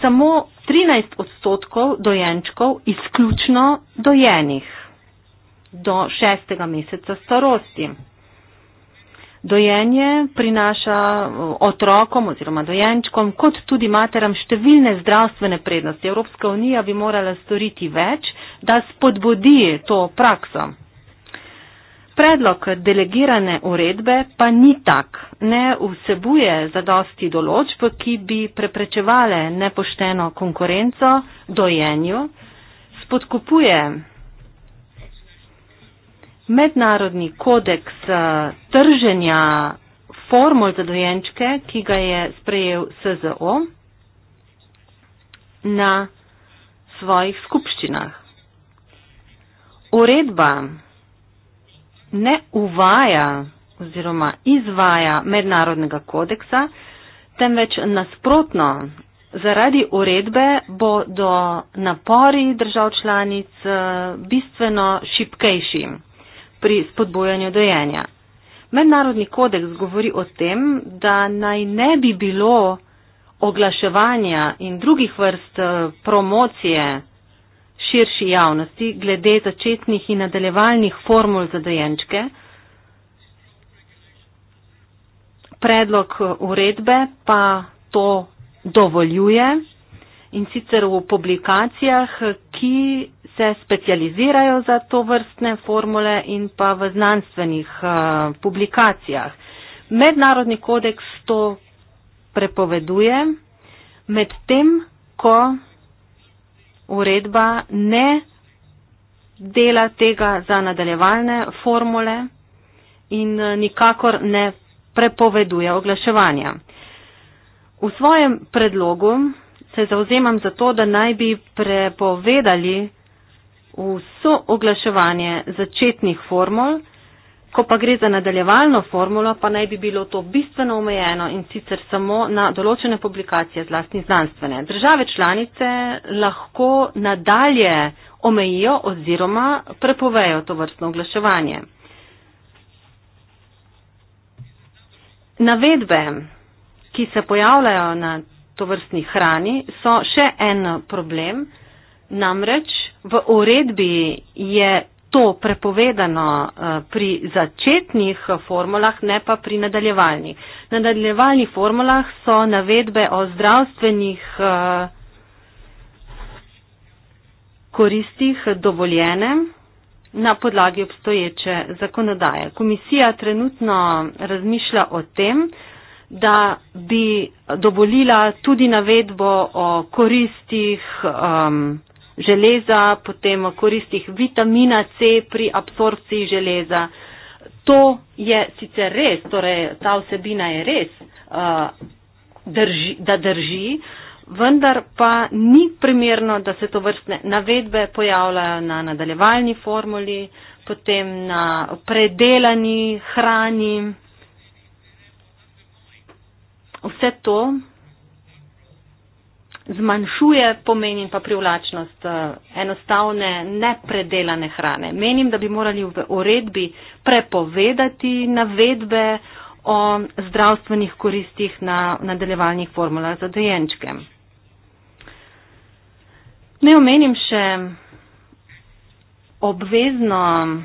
samo 13 odstotkov dojenčkov izključno dojenih do šestega meseca starosti. Dojenje prinaša otrokom oziroma dojenčkom kot tudi materam številne zdravstvene prednosti. Evropska unija bi morala storiti več, da spodbudi to prakso. Predlog delegirane uredbe pa ni tak, ne vsebuje zadosti določb, ki bi preprečevale nepošteno konkurenco, dojenju, spodkupuje mednarodni kodeks eh, trženja formul za dojenčke, ki ga je sprejel SZO na svojih skupščinah. Uredba ne uvaja oziroma izvaja mednarodnega kodeksa, temveč nasprotno, zaradi uredbe bodo napori držav članic eh, bistveno šipkejši pri spodbojanju dojenja. Mednarodni kodeks govori o tem, da naj ne bi bilo oglaševanja in drugih vrst eh, promocije širši javnosti glede začetnih in nadaljevalnih formul za dojenčke. Predlog uredbe pa to dovoljuje in sicer v publikacijah, ki se specializirajo za to vrstne formule in pa v znanstvenih eh, publikacijah. Mednarodni kodeks to prepoveduje med tem, ko uredba ne dela tega za nadaljevalne formule in eh, nikakor ne prepoveduje oglaševanja. V svojem predlogu se zauzemam za to, da naj bi prepovedali vso oglaševanje začetnih formul, Ko pa gre za nadaljevalno formulo, pa naj bi bilo to bistveno omejeno in sicer samo na določene publikacije z lastni znanstvene. Države članice lahko nadalje omejijo oziroma prepovejo to vrstno oglaševanje. Navedbe, ki se pojavljajo na to vrstni hrani, so še en problem, namreč v uredbi je to prepovedano eh, pri začetnih formulah, ne pa pri nadaljevalnih. Na nadaljevalnih formulah so navedbe o zdravstvenih eh, koristih dovoljene na podlagi obstoječe zakonodaje. Komisija trenutno razmišlja o tem, da bi dovolila tudi navedbo o koristih um, železa, potem v koristih vitamina C pri absorpciji železa. To je sicer res, torej ta vsebina je res, uh, da drži, vendar pa ni primerno, da se to vrstne navedbe pojavljajo na nadaljevalni formuli, potem na predelani hrani. Vse to zmanjšuje pomen in pa privlačnost eh, enostavne nepredelane hrane. Menim, da bi morali v uredbi prepovedati navedbe o zdravstvenih koristih na nadaljevalnih formulah za dojenčke. Ne omenim še obvezno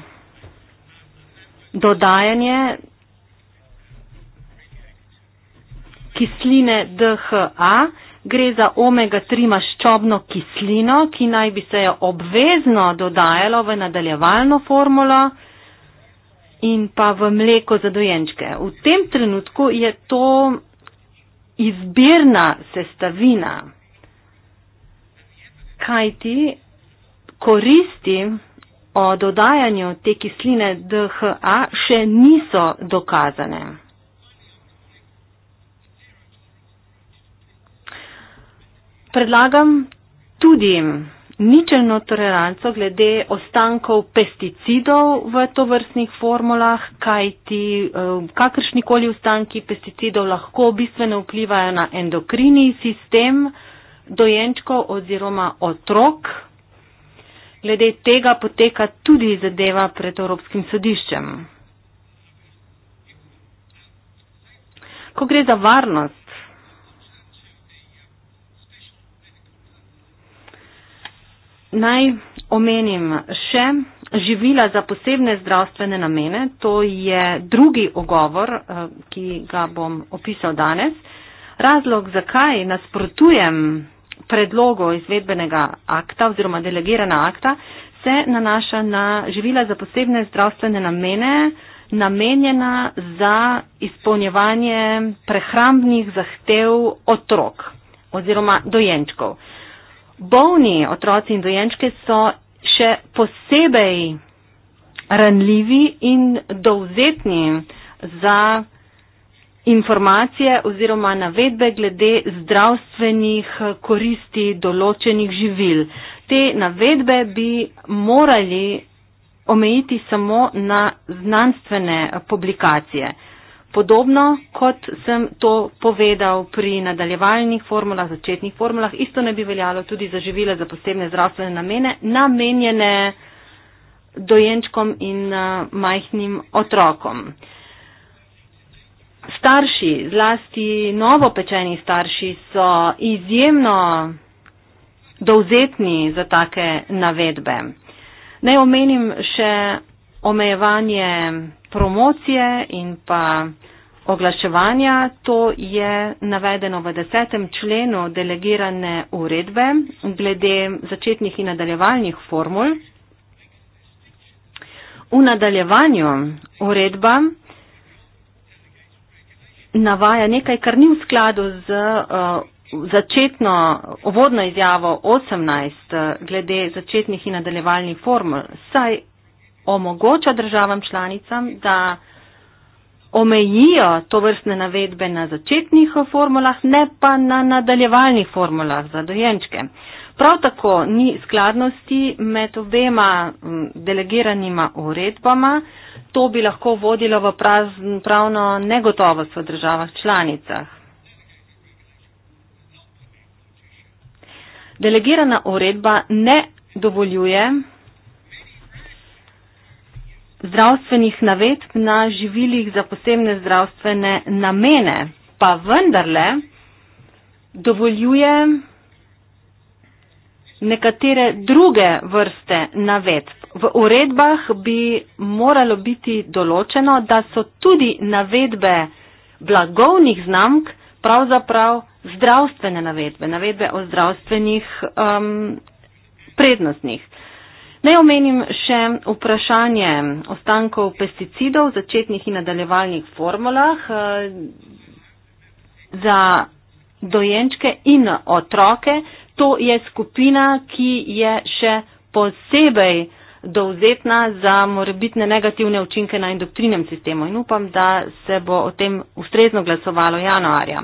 dodajanje kisline DHA, Gre za omega-3 maščobno kislino, ki naj bi se jo obvezno dodajalo v nadaljevalno formulo in pa v mleko za dojenčke. V tem trenutku je to izbirna sestavina, kaj ti koristi o dodajanju te kisline DHA še niso dokazane. predlagam tudi ničelno toleranco glede ostankov pesticidov v tovrstnih formulah, kaj ti eh, kakršnikoli ostanki pesticidov lahko bistveno vplivajo na endokrini sistem dojenčkov oziroma otrok. Glede tega poteka tudi zadeva pred Evropskim sodiščem. Ko gre za varnost, Naj omenim še živila za posebne zdravstvene namene. To je drugi ogovor, eh, ki ga bom opisal danes. Razlog, zakaj nasprotujem predlogu izvedbenega akta oziroma delegirana akta, se nanaša na živila za posebne zdravstvene namene, namenjena za izpolnjevanje prehrambnih zahtev otrok oziroma dojenčkov bolni otroci in dojenčke so še posebej ranljivi in dovzetni za informacije oziroma navedbe glede zdravstvenih koristi določenih živil. Te navedbe bi morali omejiti samo na znanstvene publikacije. Podobno, kot sem to povedal pri nadaljevalnih formulah, začetnih formulah, isto ne bi veljalo tudi za živile za posebne zdravstvene namene, namenjene dojenčkom in eh, majhnim otrokom. Starši, zlasti novopečeni starši, so izjemno dovzetni za take navedbe. Naj omenim še omejevanje promocije in pa oglaševanja. To je navedeno v desetem členu delegirane uredbe glede začetnih in nadaljevalnih formul. V nadaljevanju uredba navaja nekaj, kar ni v skladu z uh, začetno uvodno izjavo 18 uh, glede začetnih in nadaljevalnih formul. Saj omogoča državam članicam, da omejijo to vrstne navedbe na začetnih formulah, ne pa na nadaljevalnih formulah za dojenčke. Prav tako ni skladnosti med obema delegiranima uredbama, to bi lahko vodilo v prazn, pravno negotovost v državah članicah. Delegirana uredba ne dovoljuje zdravstvenih navedb na živilih za posebne zdravstvene namene, pa vendarle dovoljuje nekatere druge vrste navedb. V uredbah bi moralo biti določeno, da so tudi navedbe blagovnih znamk pravzaprav zdravstvene navedbe, navedbe o zdravstvenih um, prednostnih. Ne omenim še vprašanje ostankov pesticidov v začetnih in nadaljevalnih formulah eh, za dojenčke in otroke. To je skupina, ki je še posebej dovzetna za morebitne negativne učinke na endoktrinem sistemu in upam, da se bo o tem ustrezno glasovalo januarja.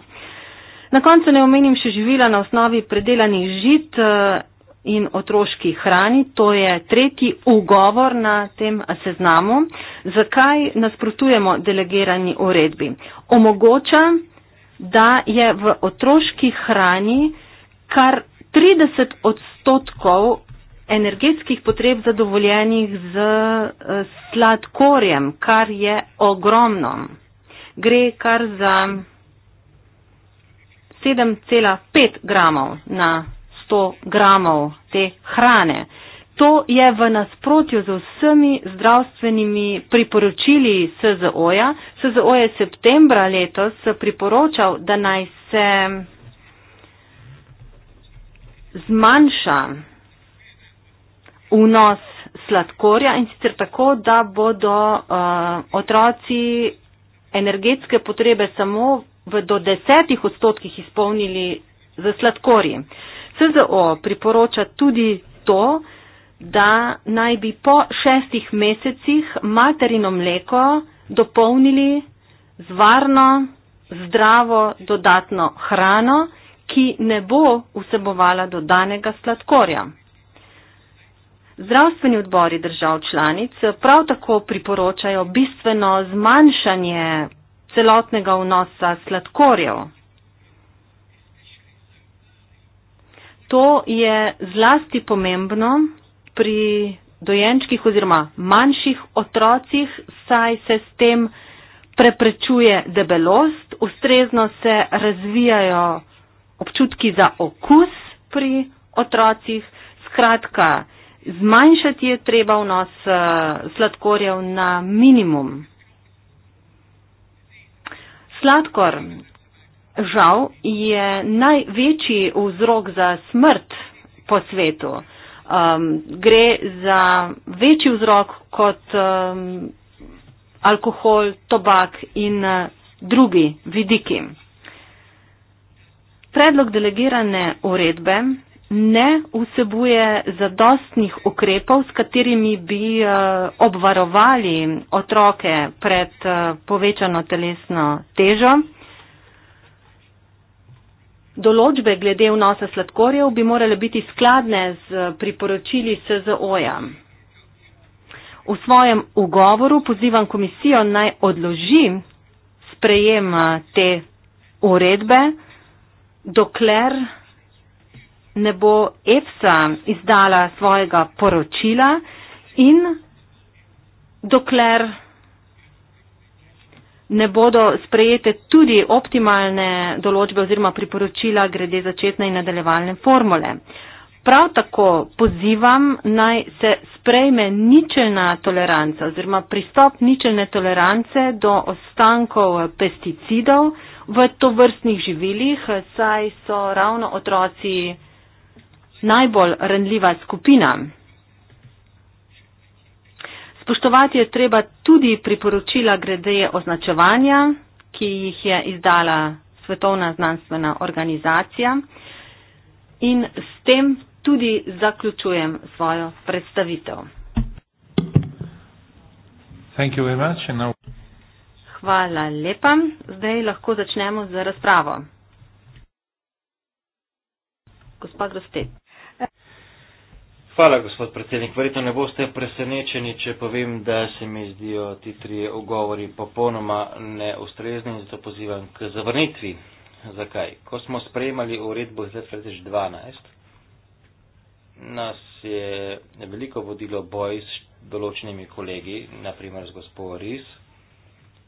Na koncu ne omenim še živila na osnovi predelanih žit eh, in otroški hrani. To je tretji ugovor na tem seznamu. Zakaj nasprotujemo delegirani uredbi? Omogoča, da je v otroški hrani kar 30 odstotkov energetskih potreb zadovoljenih z eh, sladkorjem, kar je ogromno. Gre kar za 7,5 gramov na 100 gramov te hrane. To je v nasprotju z vsemi zdravstvenimi priporočili SZO-ja. SZO je septembra letos priporočal, da naj se zmanjša vnos sladkorja in sicer tako, da bodo uh, otroci energetske potrebe samo v do desetih odstotkih izpolnili z sladkorji. Uh, CZO priporoča tudi to, da naj bi po šestih mesecih materino mleko dopolnili z varno, zdravo dodatno hrano, ki ne bo vsebovala dodanega sladkorja. Zdravstveni odbori držav članic prav tako priporočajo bistveno zmanjšanje celotnega vnosa sladkorjev. To je zlasti pomembno pri dojenčkih oziroma manjših otrocih, saj se s tem preprečuje debelost, ustrezno se razvijajo občutki za okus pri otrocih, skratka, zmanjšati je treba vnos eh, sladkorjev na minimum. Sladkor žal je največji vzrok za smrt po svetu. Um, gre za večji vzrok kot um, alkohol, tobak in uh, drugi vidiki. Predlog delegirane uredbe ne vsebuje zadostnih ukrepov, s katerimi bi uh, obvarovali otroke pred uh, povečano telesno težo. Določbe glede vnosa sladkorjev bi morale biti skladne z eh, priporočili SZO-ja. V svojem ugovoru pozivam komisijo naj odloži sprejem eh, te uredbe, dokler ne bo EFSA izdala svojega poročila in dokler ne bodo sprejete tudi optimalne določbe oziroma priporočila grede začetne in nadaljevalne formule. Prav tako pozivam naj se sprejme ničelna toleranca oziroma pristop ničelne tolerance do ostankov pesticidov v tovrstnih živilih, saj so ravno otroci najbolj ranljiva skupina. Spoštovati je treba tudi priporočila grede označevanja, ki jih je izdala Svetovna znanstvena organizacija. In s tem tudi zaključujem svojo predstavitev. Hvala lepa. Zdaj lahko začnemo z razpravo. Gospod Grostet. Hvala, gospod predsednik. Verjetno ne boste presenečeni, če povem, da se mi zdijo ti tri ogovori popolnoma neustrezni in zato pozivam k zavrnitvi. Zakaj? Ko smo sprejemali uredbo iz leta 2012, nas je veliko vodilo boj s določenimi kolegi, naprimer z gospod Riz,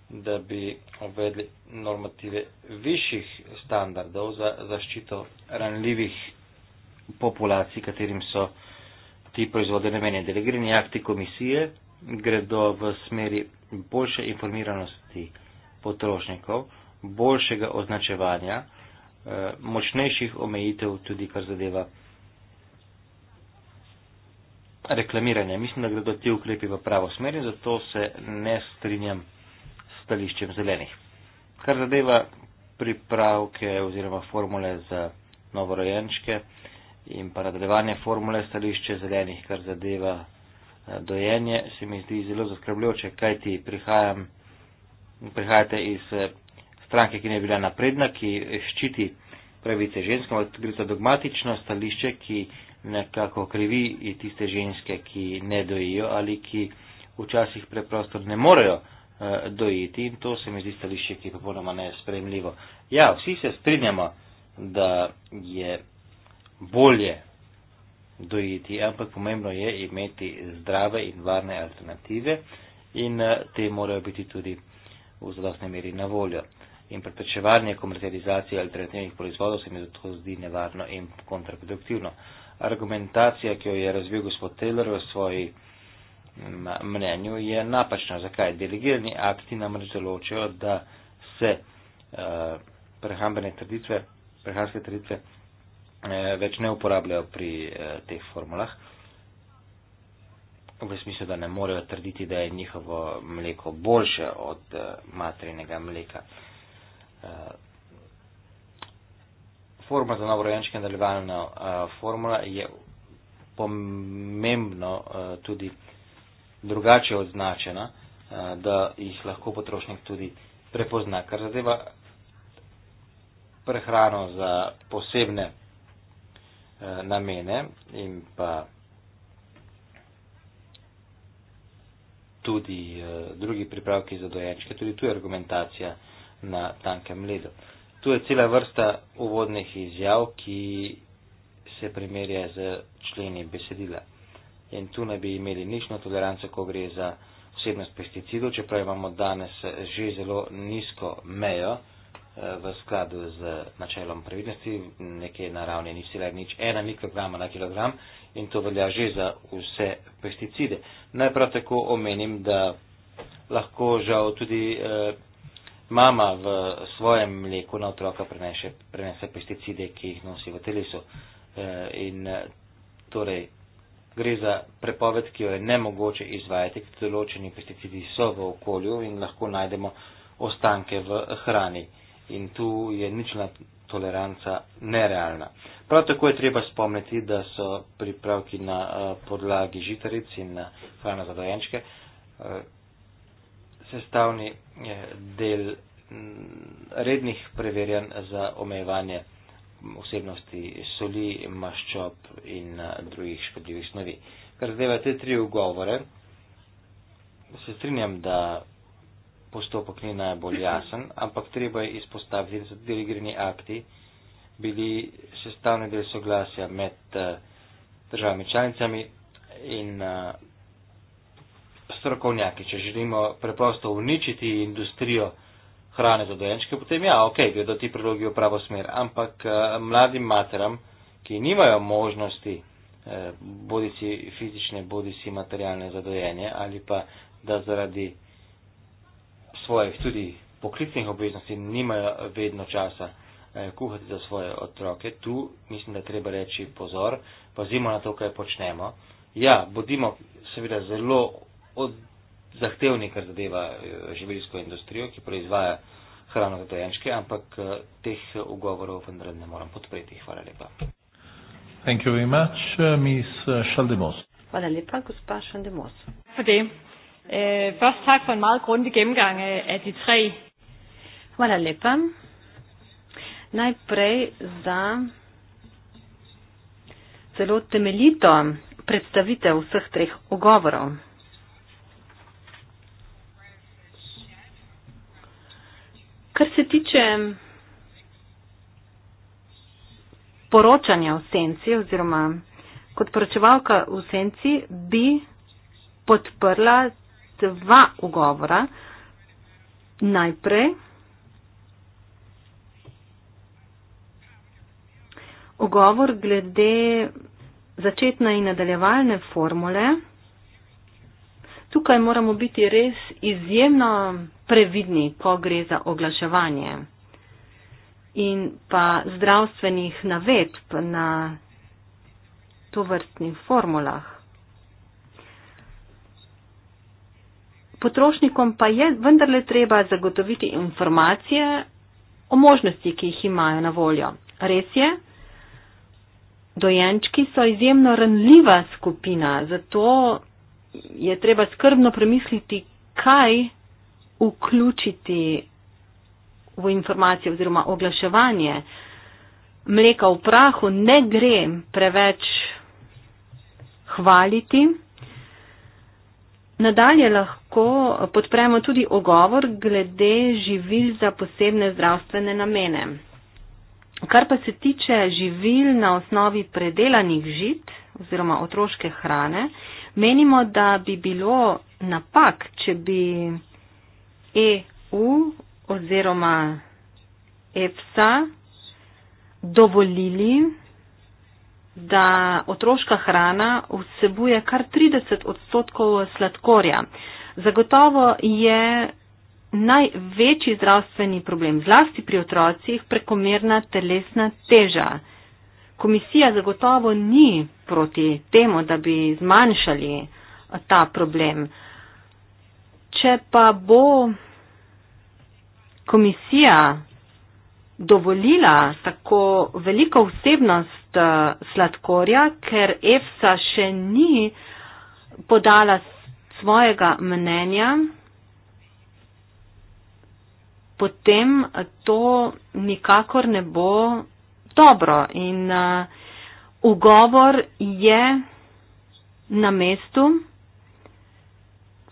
da bi uvedli normative višjih standardov za zaščito ranljivih populacij, katerim so ti proizvode namenjeni. Delegirani akti komisije gredo v smeri boljše informiranosti potrošnikov, boljšega označevanja, eh, močnejših omejitev tudi kar zadeva reklamiranje. Mislim, da gredo ti ukrepi v pravo smer in zato se ne strinjam s stališčem zelenih. Kar zadeva pripravke oziroma formule za novorojenčke, in pa nadaljevanje formule stališče zelenih, kar zadeva eh, dojenje, se mi zdi zelo zaskrbljujoče, kaj ti prihajam, prihajate iz eh, stranke, ki ne je bila napredna, ki ščiti pravice ženske, ampak gre za dogmatično stališče, ki nekako krivi tiste ženske, ki ne dojijo ali ki včasih preprosto ne morejo eh, dojiti in to se mi zdi stališče, ki je popolnoma nespremljivo. Ja, vsi se strinjamo, da je bolje dojiti, ampak pomembno je imeti zdrave in varne alternative in eh, te morajo biti tudi v zadostni meri na voljo. In preprečevanje komercializacije alternativnih proizvodov se mi zato zdi nevarno in kontraproduktivno. Argumentacija, ki jo je razvil gospod Taylor v svoji mm, mnenju, je napačna. Zakaj? Delegirani akti namreč določajo, da se uh, prehrambene trditve, prehranske trditve, Eh, več ne uporabljajo pri eh, teh formulah, v smislu, da ne morejo trditi, da je njihovo mleko boljše od eh, materinega mleka. Forma za novorojenčke in nadaljevalna formula je pomembno tudi drugače označena, da jih lahko potrošnik tudi prepozna. Kar zadeva prehrano za posebne Eh, namene in pa tudi eh, drugi pripravki za dojenčke. Tudi tu je argumentacija na tankem ledu. Tu je cela vrsta uvodnih izjav, ki se primerja z členi besedila. In tu ne bi imeli nično toleranco, ko gre za vsebnost pesticidov, čeprav imamo danes že zelo nizko mejo, v skladu z načelom previdnosti, nekje na ravni ni sila nič, ena mikrograma na kilogram in to velja že za vse pesticide. Najprav tako omenim, da lahko žal tudi eh, mama v svojem mleku na otroka prenese, prenese pesticide, ki jih nosi v telesu. Eh, in eh, torej gre za prepoved, ki jo je nemogoče izvajati, ker določeni pesticidi so v okolju in lahko najdemo ostanke v hrani in tu je nična toleranca nerealna. Prav tako je treba spomniti, da so pripravki na eh, podlagi žitaric in na eh, hrano za dojenčke eh, sestavni del mm, rednih preverjanj za omejevanje osebnosti soli, maščob in drugih škodljivih snovi. Kar zadeva te tri ugovore, se strinjam, da postopek ni najbolj jasen, ampak treba je izpostaviti, da so delegirani akti bili sestavni del soglasja med eh, državami članicami in eh, strokovnjaki. Če želimo preprosto uničiti industrijo hrane za dojenčke, potem ja, ok, gredo ti predlogi v pravo smer, ampak eh, mladim materam, ki nimajo možnosti bodi si fizične, bodi si materialne zadojenje ali pa da zaradi svojih tudi poklicnih obveznosti nimajo vedno časa eh, kuhati za svoje otroke. Tu mislim, da treba reči pozor, pazimo na to, kaj počnemo. Ja, bodimo seveda zelo od, zahtevni, kar zadeva eh, živilsko industrijo, ki proizvaja hrano za dojenčke, ampak eh, teh ugovorov vendar ne moram podpreti. Hvala lepa. Hvala lepa, gospa Šaldemos. Hvala lepa, gospa Šaldemos. Øh, først tak for en meget grundig gennemgang af, af de tre. Hvala lepa. Najprej za zelo temeljito predstavitev vseh treh ogovorov. Kar se tiče poročanja v senci oziroma kot poročevalka v senci bi podprla dva ugovora. Najprej ugovor glede začetne in nadaljevalne formule. Tukaj moramo biti res izjemno previdni, ko gre za oglaševanje in pa zdravstvenih navedb na tovrstnih formulah. potrošnikom pa je vendarle treba zagotoviti informacije o možnosti, ki jih imajo na voljo. Res je, dojenčki so izjemno ranljiva skupina, zato je treba skrbno premisliti, kaj vključiti v informacije oziroma oglaševanje. Mleka v prahu ne gre preveč hvaliti. Nadalje lahko podpremo tudi ogovor glede živil za posebne zdravstvene namene. Kar pa se tiče živil na osnovi predelanih žit oziroma otroške hrane, menimo, da bi bilo napak, če bi EU oziroma EFSA dovolili da otroška hrana vsebuje kar 30 odstotkov sladkorja. Zagotovo je največji zdravstveni problem, zlasti pri otrocih, prekomerna telesna teža. Komisija zagotovo ni proti temu, da bi zmanjšali ta problem. Če pa bo komisija dovolila tako veliko vsebnost uh, sladkorja, ker EFSA še ni podala svojega mnenja, potem to nikakor ne bo dobro. In uh, ugovor je na mestu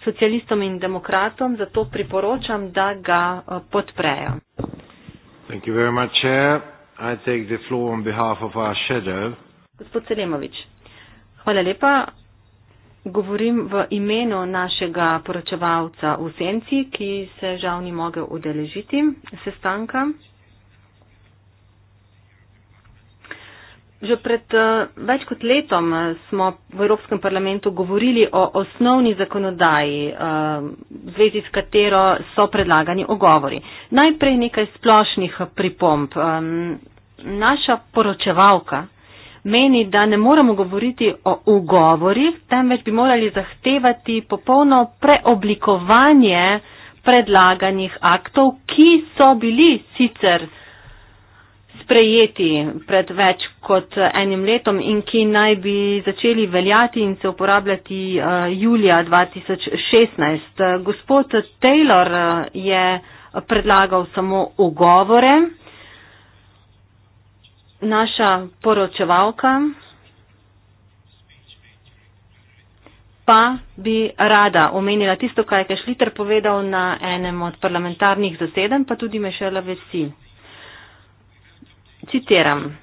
socialistom in demokratom, zato priporočam, da ga uh, podprejo. Thank you very much, Chair. Gospod Selemovič, hvala lepa. Govorim v imenu našega poročevalca v Senci, ki se žal ni mogel udeležiti sestanka. Že pred eh, več kot letom eh, smo v Evropskem parlamentu govorili o osnovni zakonodaji, eh, v zvezi s katero so predlagani ogovori. Najprej nekaj splošnih pripomb. Naša poročevalka meni, da ne moramo govoriti o ugovorih, temveč bi morali zahtevati popolno preoblikovanje predlaganih aktov, ki so bili sicer sprejeti pred več kot enim letom in ki naj bi začeli veljati in se uporabljati eh, julija 2016. Gospod Taylor eh, je predlagal samo ogovore. Naša poročevalka pa bi rada omenila tisto, kaj je Kešliter povedal na enem od parlamentarnih zaseden, pa tudi me še la vesi citiram,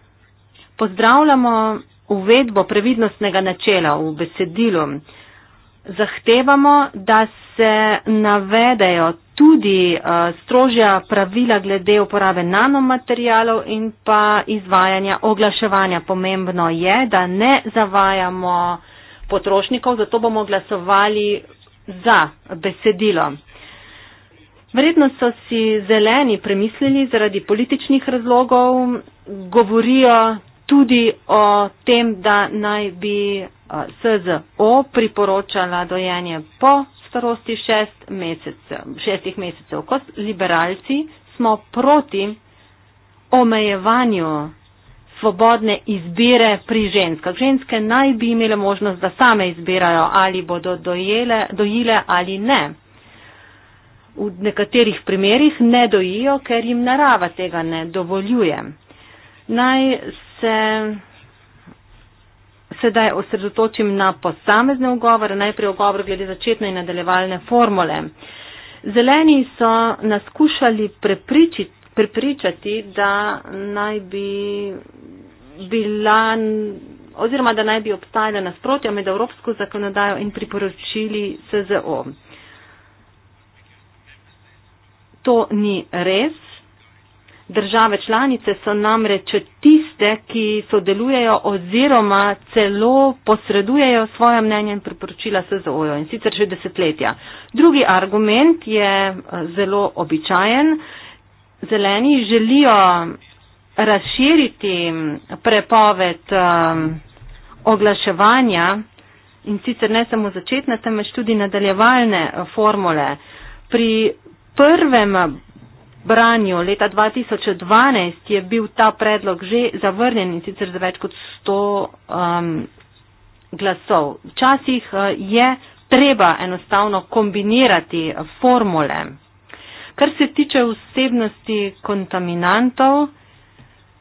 pozdravljamo uvedbo previdnostnega načela v besedilu. Zahtevamo, da se navedejo tudi eh, strožja pravila glede uporabe nanomaterjalov in pa izvajanja oglaševanja. Pomembno je, da ne zavajamo potrošnikov, zato bomo glasovali za besedilo. Verjetno so si zeleni premislili zaradi političnih razlogov, govorijo tudi o tem, da naj bi SZO priporočala dojenje po starosti šest mesecev, šestih mesecev. Kot liberalci smo proti omejevanju svobodne izbire pri ženskah. Ženske naj bi imele možnost, da same izbirajo, ali bodo dojele, dojile ali ne v nekaterih primerjih ne dojijo, ker jim narava tega ne dovoljuje. Naj se sedaj osredotočim na posamezne ogovore, najprej ogovor glede začetne in nadaljevalne formule. Zeleni so nas skušali prepričati, prepričati da naj bi bila oziroma da naj bi obstajala nasprotja med evropsko zakonodajo in priporočili SZO to ni res. Države članice so namreč tiste, ki sodelujejo oziroma celo posredujejo svoja mnenja in priporočila SZO-jo in sicer že desetletja. Drugi argument je eh, zelo običajen. Zeleni želijo razširiti prepoved eh, oglaševanja in sicer ne samo začetne, temveč tudi nadaljevalne eh, formule. Pri prvem branju leta 2012 je bil ta predlog že zavrnjen in sicer za več kot 100 um, glasov. Včasih uh, je treba enostavno kombinirati formule. Kar se tiče vsebnosti kontaminantov,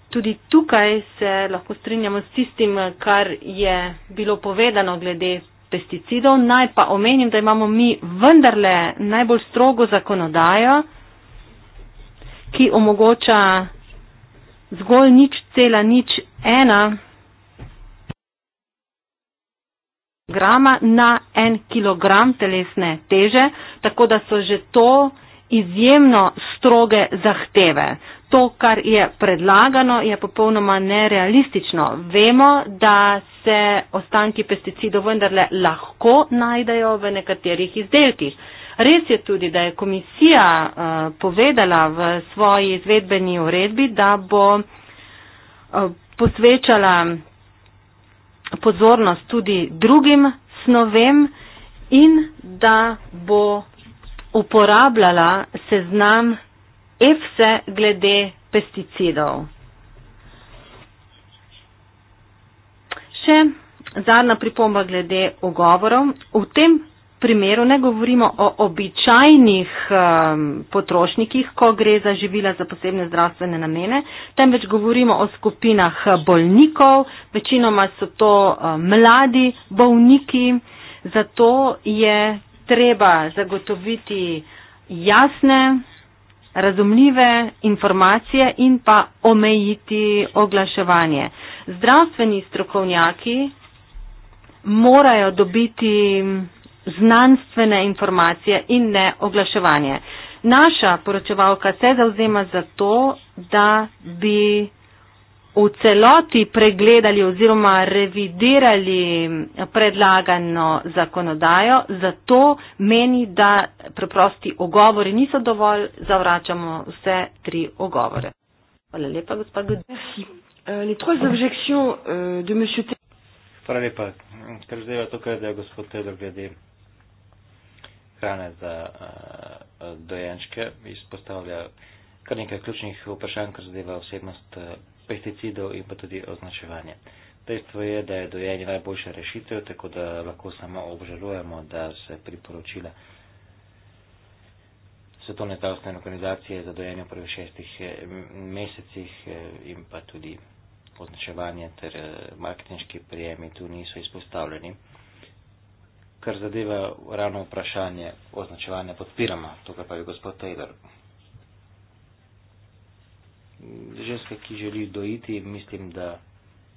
tudi tukaj se lahko strinjamo s tistim, kar je bilo povedano glede pesticidov. Naj pa omenim, da imamo mi vendarle najbolj strogo zakonodajo, ki omogoča zgolj nič cela nič ena grama na en kilogram telesne teže, tako da so že to izjemno stroge zahteve to, kar je predlagano, je popolnoma nerealistično. Vemo, da se ostanki pesticidov vendarle lahko najdejo v nekaterih izdelkih. Res je tudi, da je komisija uh, povedala v svoji izvedbeni uredbi, da bo uh, posvečala pozornost tudi drugim snovem in da bo uporabljala seznam EFSE glede pesticidov. Še zadnja pripomba glede ugovorov. V tem primeru ne govorimo o običajnih um, potrošnikih, ko gre za živila za posebne zdravstvene namene, temveč govorimo o skupinah bolnikov, večinoma so to um, mladi bolniki, zato je treba zagotoviti jasne razumljive informacije in pa omejiti oglaševanje. Zdravstveni strokovnjaki morajo dobiti znanstvene informacije in ne oglaševanje. Naša poročevalka se zauzema za to, da bi v celoti pregledali oziroma revidirali predlagano zakonodajo, zato meni, da preprosti ogovori niso dovolj, zavračamo vse tri ogovore. Hvala lepa, gospa Gudi. Euh, euh, Hvala lepa, ker zdaj to, kar je gospod Tedor glede hrane za uh, dojenčke, izpostavlja kar nekaj ključnih vprašanj, kar zadeva osebnost uh, pesticidov in pa tudi označevanje. Dejstvo je, da je dojenje najboljša rešitev, tako da lahko samo obžalujemo, da se priporočila Svetovne zdravstvene organizacije za dojenje v prvih šestih eh, mesecih eh, in pa tudi označevanje ter eh, marketinški prijemi tu niso izpostavljeni. Kar zadeva ravno vprašanje označevanja, podpiramo, tukaj pa je gospod Taylor ženska, ki želi dojiti, mislim, da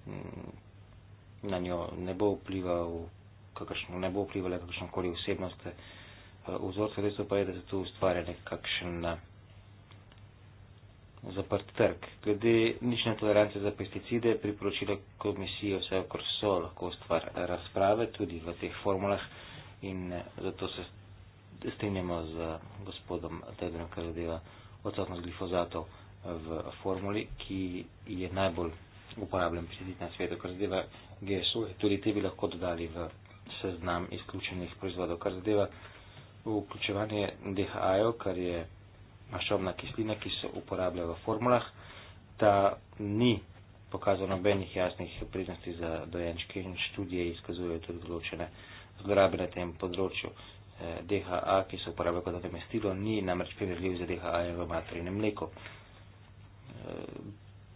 mm, na njo ne bo, vplival, kakršno, ne bo vplivala kakršnokoli osebnost. Eh, vzorce res pa je, da se tu ustvarja nekakšen eh, zaprt trg. Glede nične tolerance za pesticide, priporočila komisije vse, kar so lahko stvar razprave, tudi v teh formulah in eh, zato se strinjamo z gospodom Tedrom, kar zadeva odsotnost glifozatov v formuli, ki je najbolj uporabljen pesticid na svetu, kar zadeva GSO, tudi te bi lahko dodali v seznam izključenih proizvodov, kar zadeva vključevanje DHA-jev, kar je maščobna kislina, ki se uporablja v formulah, ta ni pokazal nobenih jasnih priznosti za dojenčke in študije izkazujejo tudi določene zlorabe na tem področju. Eh, DHA, ki se uporablja kot nadomestilo, ni namreč primerljiv z DHA-jem v materinem mleku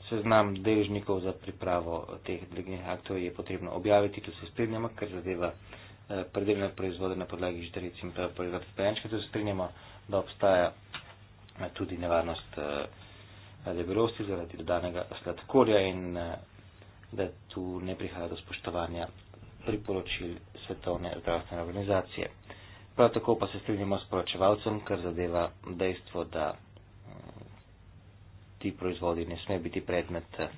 seznam deležnikov za pripravo teh delegnih aktov je potrebno objaviti, tu se strinjamo, ker zadeva eh, predeljne proizvode na podlagi žitaric in proizvodov pečenčka, tu se strinjamo, da obstaja eh, tudi nevarnost eh, debelosti zaradi dodanega sladkorja in da tu ne prihaja do spoštovanja priporočil Svetovne zdravstvene organizacije. Prav tako pa se strinjamo s poročevalcem, kar zadeva dejstvo, da ti proizvodi ne sme biti predmet eh,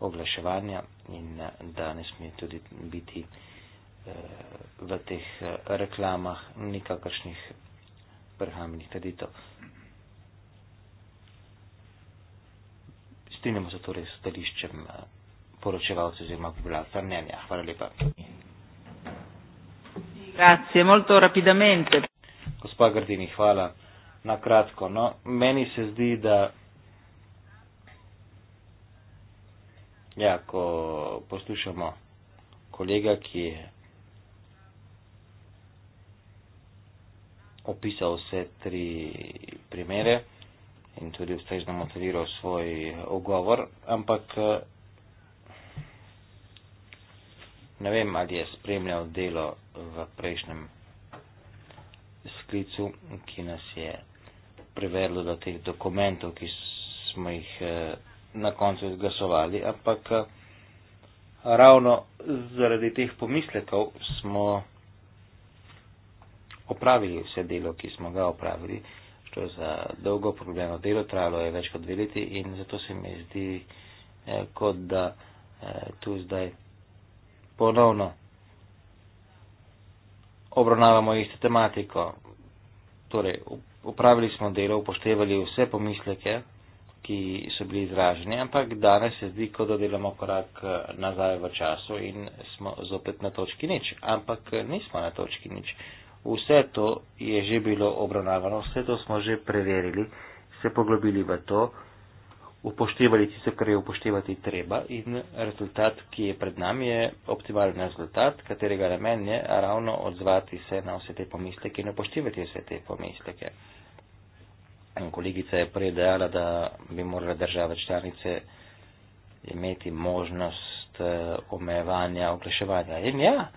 oglaševanja in eh, da ne sme tudi biti eh, v teh reklamah nikakršnih prehamnih kreditov. Strinjamo se torej s stališčem poročevalcev oziroma populacija mnenja. Hvala lepa. Grazie, molto rapidamente. Gospa Gardini, hvala. Na kratko, no, meni se zdi, da Ja, ko poslušamo kolega, ki je opisal vse tri primere in tudi ustrežno motiviral svoj ogovor, ampak eh, ne vem, ali je spremljal delo v prejšnjem sklicu, ki nas je privedlo do teh dokumentov, ki smo jih. Eh, na koncu izglasovali, ampak eh, ravno zaradi teh pomislekov smo opravili vse delo, ki smo ga opravili. Što je za dolgo problemno delo, trajalo je več kot dve leti in zato se mi zdi, eh, kot da eh, tu zdaj ponovno obravnavamo isto tematiko. Torej, upravili smo delo, upoštevali vse pomisleke, ki so bili izraženi, ampak danes se zdi, kot da delamo korak eh, nazaj v času in smo zopet na točki nič. Ampak eh, nismo na točki nič. Vse to je že bilo obravnavano, vse to smo že preverili, se poglobili v to, upoštevali tisto, kar je upoštevati treba in rezultat, ki je pred nami, je optimalen rezultat, katerega namen je ravno odzvati se na vse te pomisleke in upoštevati vse te pomisleke. Kolegica je prej dejala, da bi morale države članice imeti možnost eh, omejevanja oglaševanja. In ja,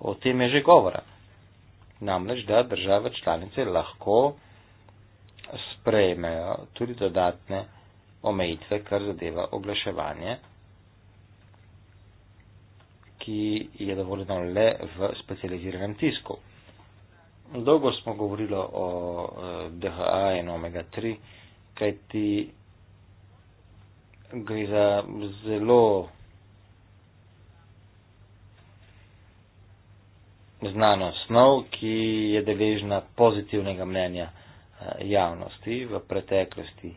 o tem je že govora. Namreč, da države članice lahko sprejmejo tudi dodatne omejitve, kar zadeva oglaševanje, ki je dovoljeno le v specializiranem tisku. Dolgo smo govorili o eh, DHA in omega-3, kaj ti gre za zelo znano snov, ki je deležna pozitivnega mnenja eh, javnosti. V preteklosti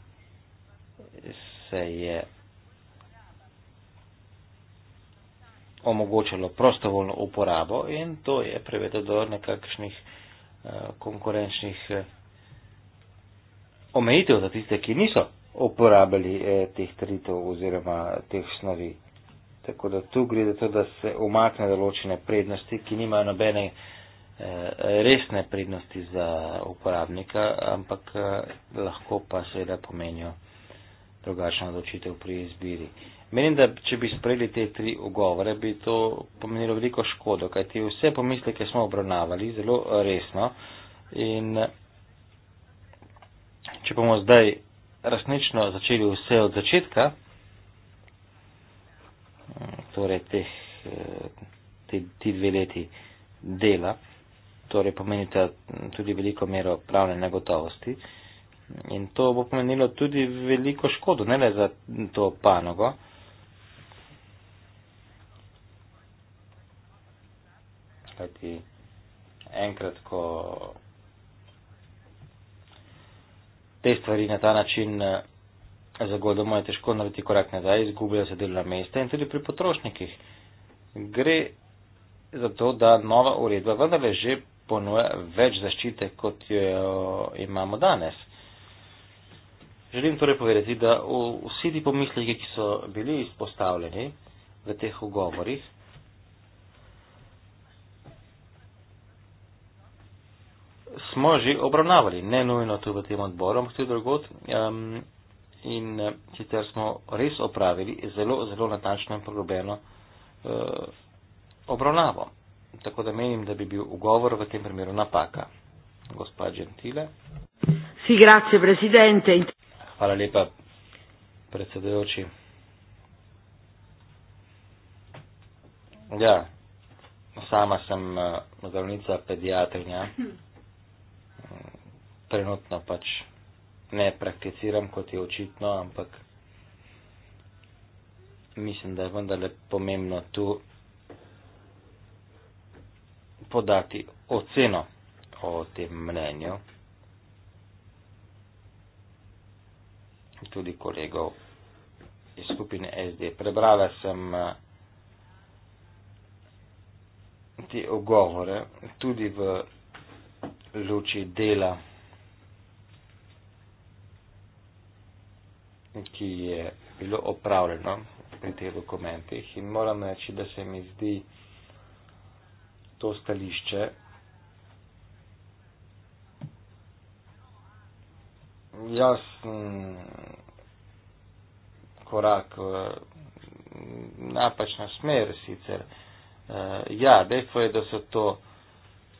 se je omogočalo prostovoljno uporabo in to je prevedo do nekakšnih konkurenčnih eh, omejitev za tiste, ki niso uporabili eh, teh tritev oziroma teh snovi. Tako da tu gre za to, da se umakne določene prednosti, ki nimajo nobene eh, resne prednosti za uporabnika, ampak lahko pa seveda pomenijo drugačno odločitev pri izbiri. Menim, da če bi sprejeli te tri ugovore, bi to pomenilo veliko škodo, kajti vse pomisleke smo obravnavali zelo resno in če bomo zdaj resnično začeli vse od začetka, torej teh, te, ti dve leti dela, torej pomenita tudi veliko mero pravne negotovosti in to bo pomenilo tudi veliko škodo, ne le za to panogo, kajti enkrat, ko te stvari na ta način eh, zagodamo, je težko narediti korak nazaj, izgubljajo se delna mesta in tudi pri potrošnikih. Gre za to, da nova uredba vendarle že ponuja več zaščite, kot jo imamo danes. Želim torej povedati, da vsi ti pomisleki, ki so bili izpostavljeni v teh ugovorih, smo že obravnavali, ne nujno tudi v tem odboru, ampak tudi drugot. Um, in eh, sicer smo res opravili zelo, zelo natančno in poglobljeno uh, obravnavo. Tako da menim, da bi bil ugovor v tem primeru napaka. Gospa Gentile. Si, grazie, presidente. Hvala lepa, predsedujoči. Ja, sama sem eh, zdravnica, pediatrinja. Hm trenutno pač ne prakticiram, kot je očitno, ampak mislim, da je vendarle pomembno tu podati oceno o tem mnenju tudi kolegov iz skupine SD. Prebrala sem eh, te ogovore tudi v luči dela ki je bilo opravljeno pri teh dokumentih in moram reči, da se mi zdi to stališče jasen korak v napačno smer sicer. Eh, ja, dejstvo je, da so to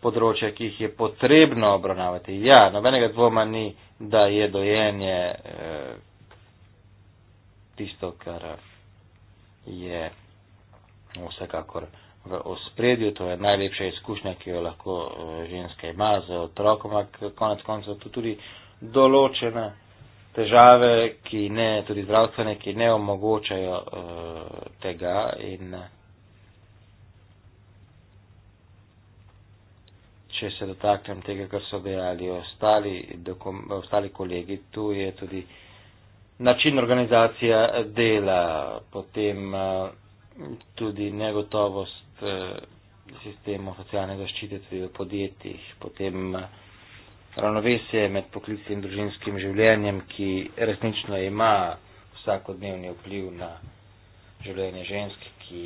področja, ki jih je potrebno obravnavati. Ja, nobenega dvoma ni, da je dojenje eh, tisto, kar je vsekakor v ospredju, to je najlepša izkušnja, ki jo lahko eh, ženska ima z otrokom, konec koncev to tudi določene težave, ki ne, tudi zdravstvene, ki ne omogočajo uh, tega in eh, če se dotaknem tega, kar so dejali ostali, dokum, ostali kolegi, tu je tudi uh, način organizacija dela, potem eh, tudi negotovost eh, sistemu socialne zaščite tudi v podjetjih, potem eh, ravnovesje med poklicnim in družinskim življenjem, ki resnično ima vsakodnevni vpliv na življenje žensk, ki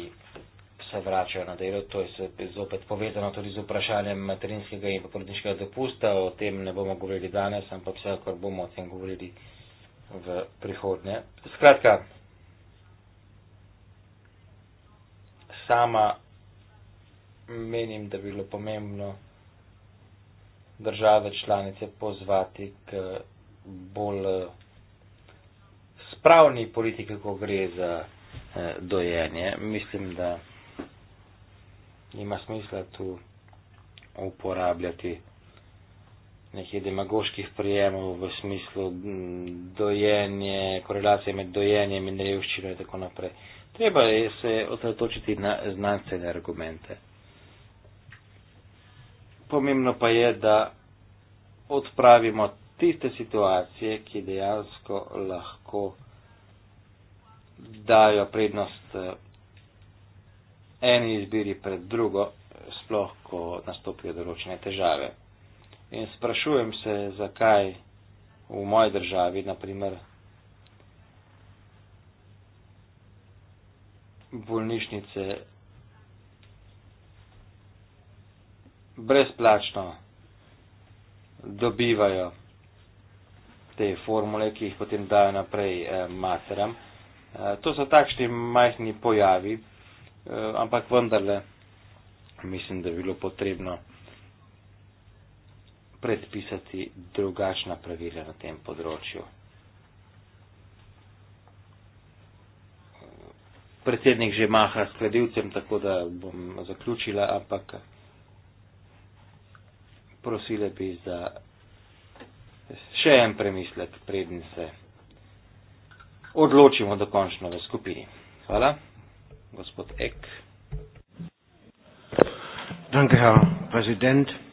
se vračajo na delo. To je zopet povezano tudi z vprašanjem materinskega in porodniškega dopusta. O tem ne bomo govorili danes, ampak vsekakor bomo o tem govorili v prihodnje. Skratka, sama menim, da bi bilo pomembno države članice pozvati k bolj eh, spravni politiki, ko gre za eh, dojenje. Mislim, da ima smisla tu uporabljati nekih demagoških prijemov v smislu dojenje, korelacije med dojenjem in revščino in tako naprej. Treba je se osredotočiti na znanstvene argumente. Pomembno pa je, da odpravimo tiste situacije, ki dejansko lahko dajo prednost eh, eni izbiri pred drugo, sploh ko nastopijo določene težave. In sprašujem se, zakaj v moji državi, naprimer, bolnišnice brezplačno dobivajo te formule, ki jih potem dajo naprej eh, materam. Eh, to so takšni majhni pojavi, eh, ampak vendarle mislim, da je bilo potrebno predpisati drugačna pravila na tem področju. Predsednik že maha s kladivcem, tako da bom zaključila, ampak prosile bi za še en premislek, preden se odločimo dokončno v skupini. Hvala, gospod Ek. Danke, Herr Präsident.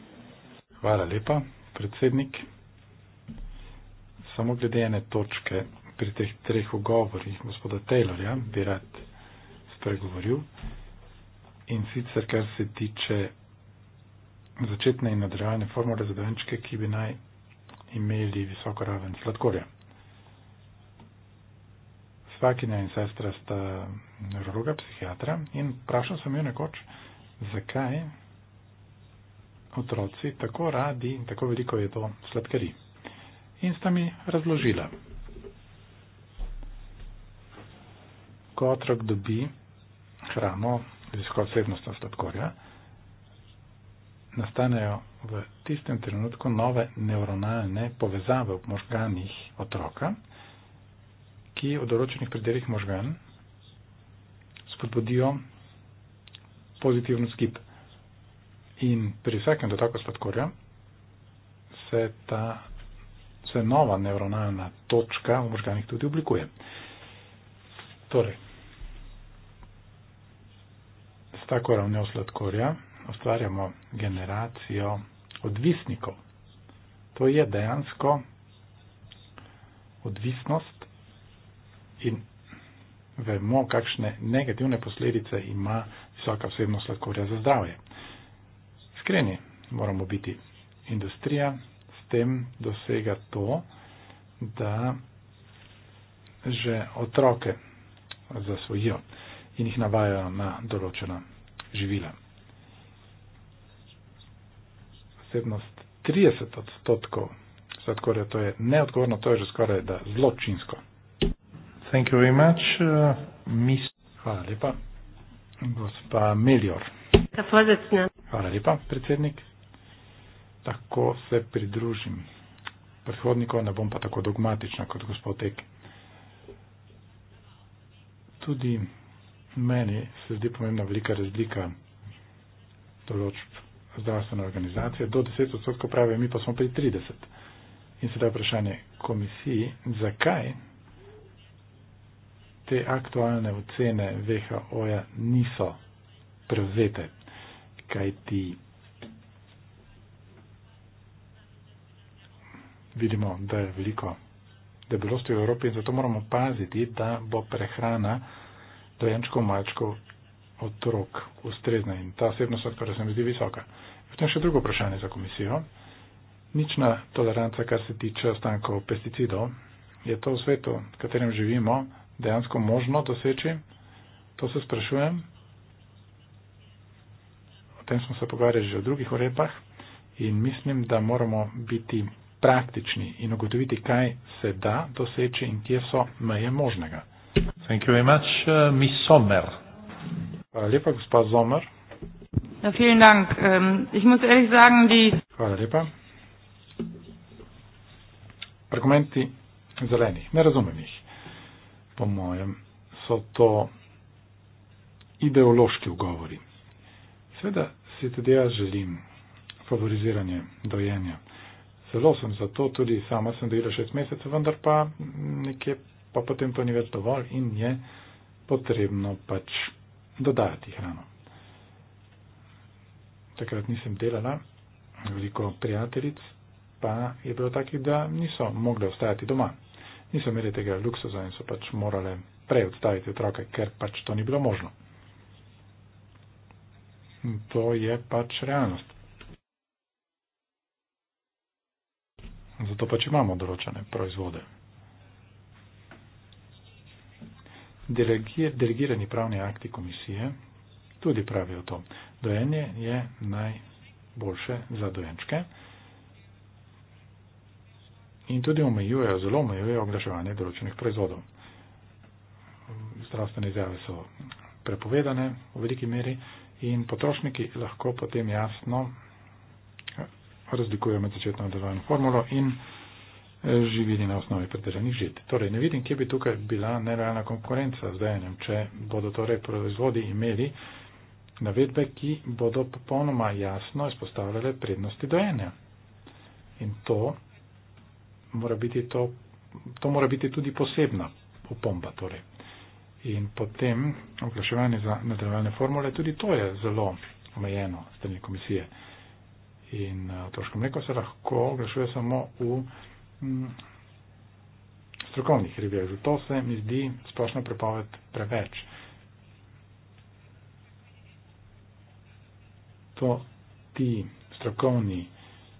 Hvala lepa, predsednik. Samo glede ene točke pri teh treh ugovorih gospoda Taylorja bi rad spregovoril. In sicer, kar se tiče začetne in nadaljevanje formule za dojenčke, ki bi naj imeli visoko raven sladkorja. Svakinja in sestra sta neurologa, psihiatra in vprašal sem jo nekoč, zakaj otroci tako radi in tako veliko jedo sladkari. In sta mi razložila. Ko otrok dobi hrano z visokosebnostjo sladkorja, nastanejo v tistem trenutku nove neuronalne povezave v možganih otroka, ki v določenih predeljih možgan spodbudijo pozitivno skip. In pri vsakem dotaku sladkorja se ta se nova neuronalna točka v možganih tudi oblikuje. Torej, s tako ravnjo sladkorja ustvarjamo generacijo odvisnikov. To je dejansko odvisnost in vemo, kakšne negativne posledice ima visoka vsebnost sladkorja za zdravje iskreni, moramo biti. Industrija s tem dosega to, da že otroke zasvojijo in jih navajajo na določena živila. Vsebnost 30 odstotkov sladkorja, to je neodgovorno, to je že skoraj da zločinsko. Thank you very much, uh, Hvala lepa, gospa Melior. Hvala, predsednik. Hvala lepa, predsednik. Tako se pridružim. Predhodnikov ne bom pa tako dogmatična kot gospod Ek. Tudi meni se zdi pomembna velika razlika določb zdravstvene organizacije. Do 10 odstotkov pravijo, mi pa smo pri 30. In sedaj vprašanje komisiji, zakaj te aktualne ocene VHO-ja niso prevzete kaj ti vidimo, da je veliko debelosti v Evropi in zato moramo paziti, da bo prehrana dojenčkov, malčkov, otrok ustrezna in ta osebna sladkorja se mi zdi visoka. Potem še drugo vprašanje za komisijo. Nična toleranca, kar se tiče ostankov pesticidov, je to v svetu, v katerem živimo, dejansko možno doseči? To se sprašujem tem smo se pogovarjali že o drugih uredbah in mislim, da moramo biti praktični in ugotoviti, kaj se da doseči in kje so meje možnega. Thank you very much, uh, Miss Sommer. Hvala lepa, gospa Sommer. Ja, vielen Dank. Um, ich muss ehrlich sagen, die... Hvala lepa. Argumenti zelenih, nerazumenih, po mojem, so to ideološki ugovori. Seveda si tudi jaz želim favoriziranje dojenja. Zelo sem za to, tudi sama sem dojela šest mesecev, vendar pa nekje pa potem to ni več dovolj in je potrebno pač dodajati hrano. Takrat nisem delala, veliko prijateljic pa je bilo takih, da niso mogli ostajati doma. Niso imeli tega luksuza in so pač morale prej odstaviti otroke, ker pač to ni bilo možno to je pač realnost. Zato pač imamo določene proizvode. Delegir, delegirani pravni akti komisije tudi pravijo to. Dojenje je najboljše za dojenčke in tudi omejujejo, zelo omejujejo oglaševanje določenih proizvodov. Zdravstvene izjave so prepovedane v veliki meri, in potrošniki lahko potem jasno eh, razlikujejo med začetno nadaljevanjem formulo in eh, živili na osnovi pridržanih žit. Torej, ne vidim, kje bi tukaj bila nerealna konkurenca z dajanjem, če bodo torej proizvodi imeli navedbe, ki bodo popolnoma jasno izpostavljale prednosti dojenja. In to mora biti, to, to mora biti tudi posebna opomba. Torej in potem oglaševanje za nadaljevanje formule, tudi to je zelo omejeno strani komisije. In eh, otroško mleko se lahko oglašuje samo v m, mm, strokovnih revijah. Zato se mi zdi splošna prepoved preveč. To, ti strokovni,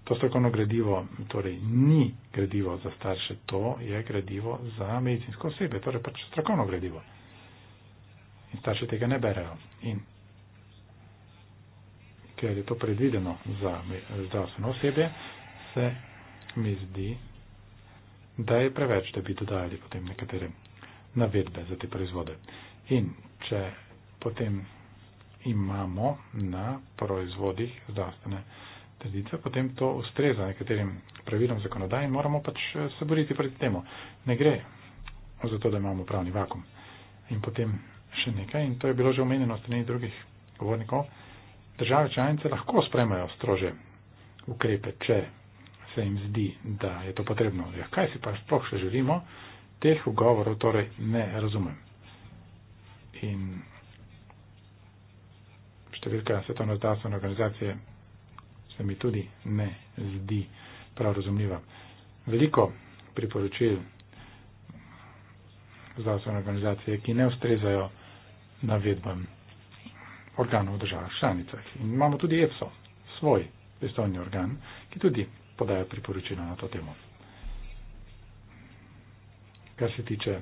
to strokovno gradivo torej, ni gradivo za starše, to je gradivo za medicinsko osebe, torej pač strokovno gradivo in starši tega ne berejo. In ker je to predvideno za zdravstveno osebje, se mi zdi, da je preveč, da bi dodajali potem nekatere navedbe za te proizvode. In če potem imamo na proizvodih zdravstvene trditve, potem to ustreza nekaterim pravilom zakonodaje in moramo pač eh, se boriti proti temu. Ne gre za to, da imamo pravni vakum. In potem še nekaj in to je bilo že omenjeno strani drugih govornikov. Države članice lahko spremajo strože ukrepe, če se jim zdi, da je to potrebno. Ja, kaj si pa sploh še želimo, teh ugovorov torej ne razumem. In številka svetovne zdravstvene organizacije se mi tudi ne zdi prav razumljiva. Veliko priporočil zdravstvene organizacije, ki ne ustrezajo navedbam organov v državah članicah. In imamo tudi EFSO, svoj pristojni organ, ki tudi podaja priporočila na to temo. Kar se tiče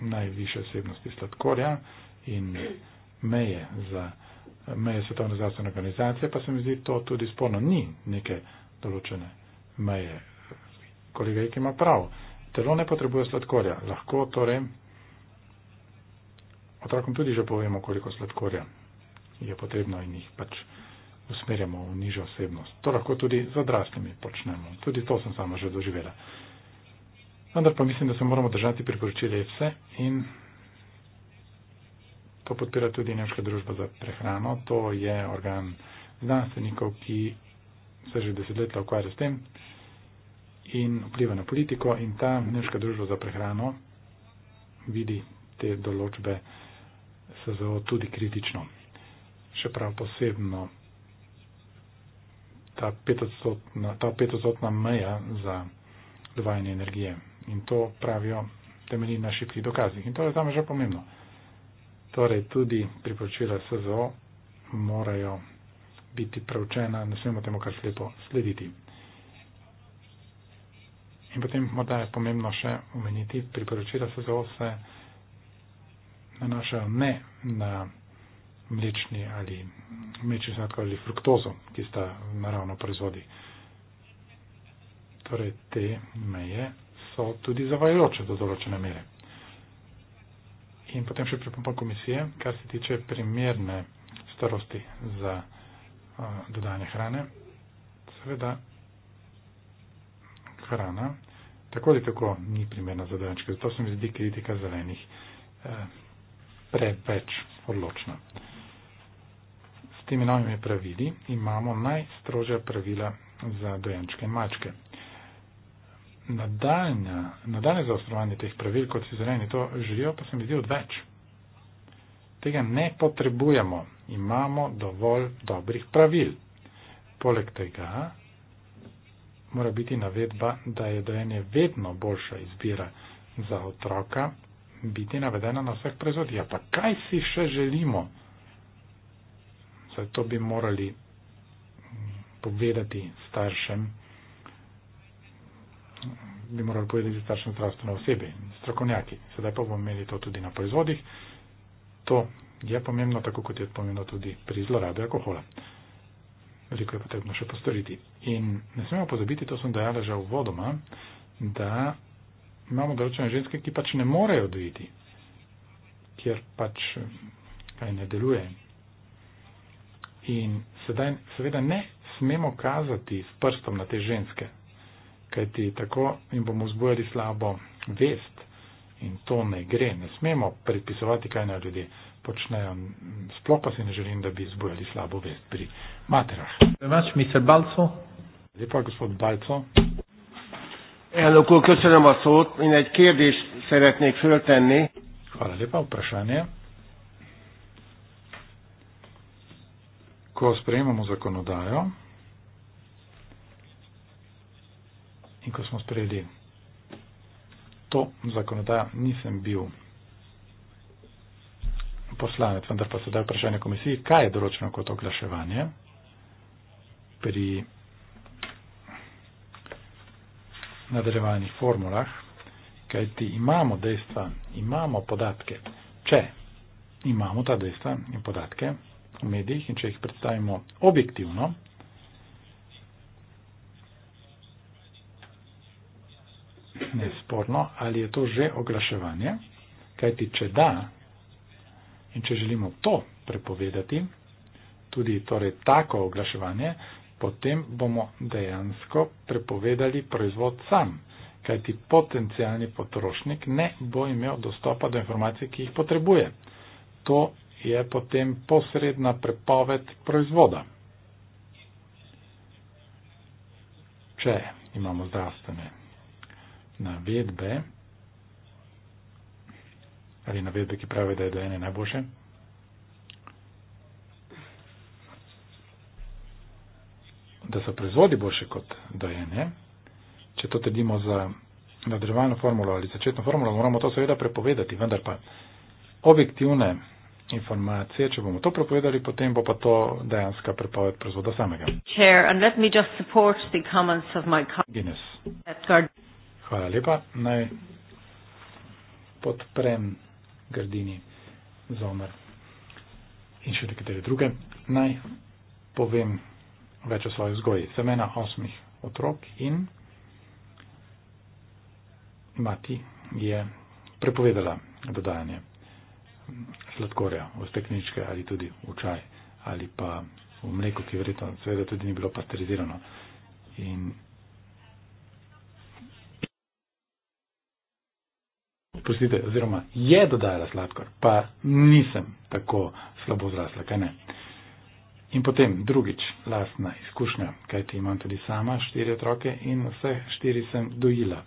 najviše osebnosti sladkorja in meje za meje Svetovne zdravstvene organizacije, pa se mi zdi to tudi sporno. Ni neke določene meje. Kolega Ike ima prav. Telo ne potrebuje sladkorja. Lahko torej otrokom tudi že povemo, koliko sladkorja je potrebno in jih pač usmerjamo v nižjo osebnost. To lahko tudi z odraslimi počnemo. Tudi to sem sama že doživela. Vendar pa mislim, da se moramo držati priporočila vse in to podpira tudi Nemška družba za prehrano. To je organ znanstvenikov, ki se že desetletja ukvarja s tem in vpliva na politiko in ta Nemška družba za prehrano vidi te določbe zelo tudi kritično. Še prav posebno ta petodstotna meja za dovajanje energije. In to pravijo temelji na šipkih dokazih. In to je tam že pomembno. Torej, tudi priporočila SZO morajo biti preučena, ne smemo temu kar slepo slediti. In potem morda je pomembno še omeniti, priporočila SZO se nanašajo ne na mlečni ali mlečni sladkor ali fruktozo, ki sta naravno proizvodi. Torej, te meje so tudi zavajajoče do določene mere. In potem še pripomba komisije, kar se tiče primerne starosti za uh, dodanje hrane. Seveda, hrana tako ali tako ni primerna za dojenčke, zato se mi zdi kritika zelenih. Uh, preveč odločna. S temi novimi pravili imamo najstrožja pravila za dojenčke in mačke. Nadaljnja, nadaljne zaostrovanje teh pravil, kot si zeleni to želijo, pa se mi zdi odveč. Tega ne potrebujemo. Imamo dovolj dobrih pravil. Poleg tega mora biti navedba, da je dojenje vedno boljša izbira za otroka, biti navedena na vseh proizvodih. Pa kaj si še želimo? Zato bi morali povedati staršem, bi morali povedati staršem zdravstveno osebi, strokovnjaki. Sedaj pa bomo imeli to tudi na proizvodih. To je pomembno, tako kot je pomembno tudi pri zlorabi alkohola. Veliko je potrebno še postoriti. In ne smemo pozabiti, to sem dejala že v vodoma, da imamo določene ženske, ki pač ne morejo dojiti, ker pač kaj ne deluje. In sedaj seveda ne smemo kazati s prstom na te ženske, kajti tako jim bomo vzbujali slabo vest in to ne gre. Ne smemo predpisovati, kaj naj ljudje počnejo. Sploh pa si ne želim, da bi vzbujali slabo vest pri materah. Hvala, gospod Balco. Elnök úr, köszönöm a szót. Én egy kérdést szeretnék föltenni. Hvala lepa, vprašanje. Ko sprejemamo zakonodajo in ko smo sprejeli to zakonodajo, nisem bil poslanec, vendar pa se da vprašanje komisiji, kaj je določeno kot oglaševanje pri nadaljevanih formulah, kaj ti imamo dejstva, imamo podatke. Če imamo ta dejstva in podatke v medijih in če jih predstavimo objektivno, nesporno, ali je to že oglaševanje, kaj ti če da in če želimo to prepovedati, tudi torej tako oglaševanje, potem bomo dejansko prepovedali proizvod sam, kajti potencijalni potrošnik ne bo imel dostopa do informacij, ki jih potrebuje. To je potem posredna prepoved proizvoda. Če imamo zdravstvene navedbe ali navedbe, ki pravijo, da je dojenje najboljše, da so proizvodi boljši kot dojenje, če to trdimo za nadrevalno formulo ali začetno formulo, moramo to seveda prepovedati, vendar pa objektivne informacije, če bomo to prepovedali, potem bo pa to dejanska prepoved proizvoda samega. Chair, Guinness. Hvala lepa, naj podprem Gardini, Zomer in še nekatere druge. Naj povem več o svoji vzgoji. Sem ena osmih otrok in mati je prepovedala dodajanje sladkorja v stekničke ali tudi v čaj ali pa v mleko, ki verjetno seveda tudi ni bilo pasterizirano. In Pustite, oziroma je dodajala sladkor, pa nisem tako slabo zrasla, kaj ne. In potem drugič, lastna izkušnja, kajti imam tudi sama štiri otroke in vse štiri sem dojila,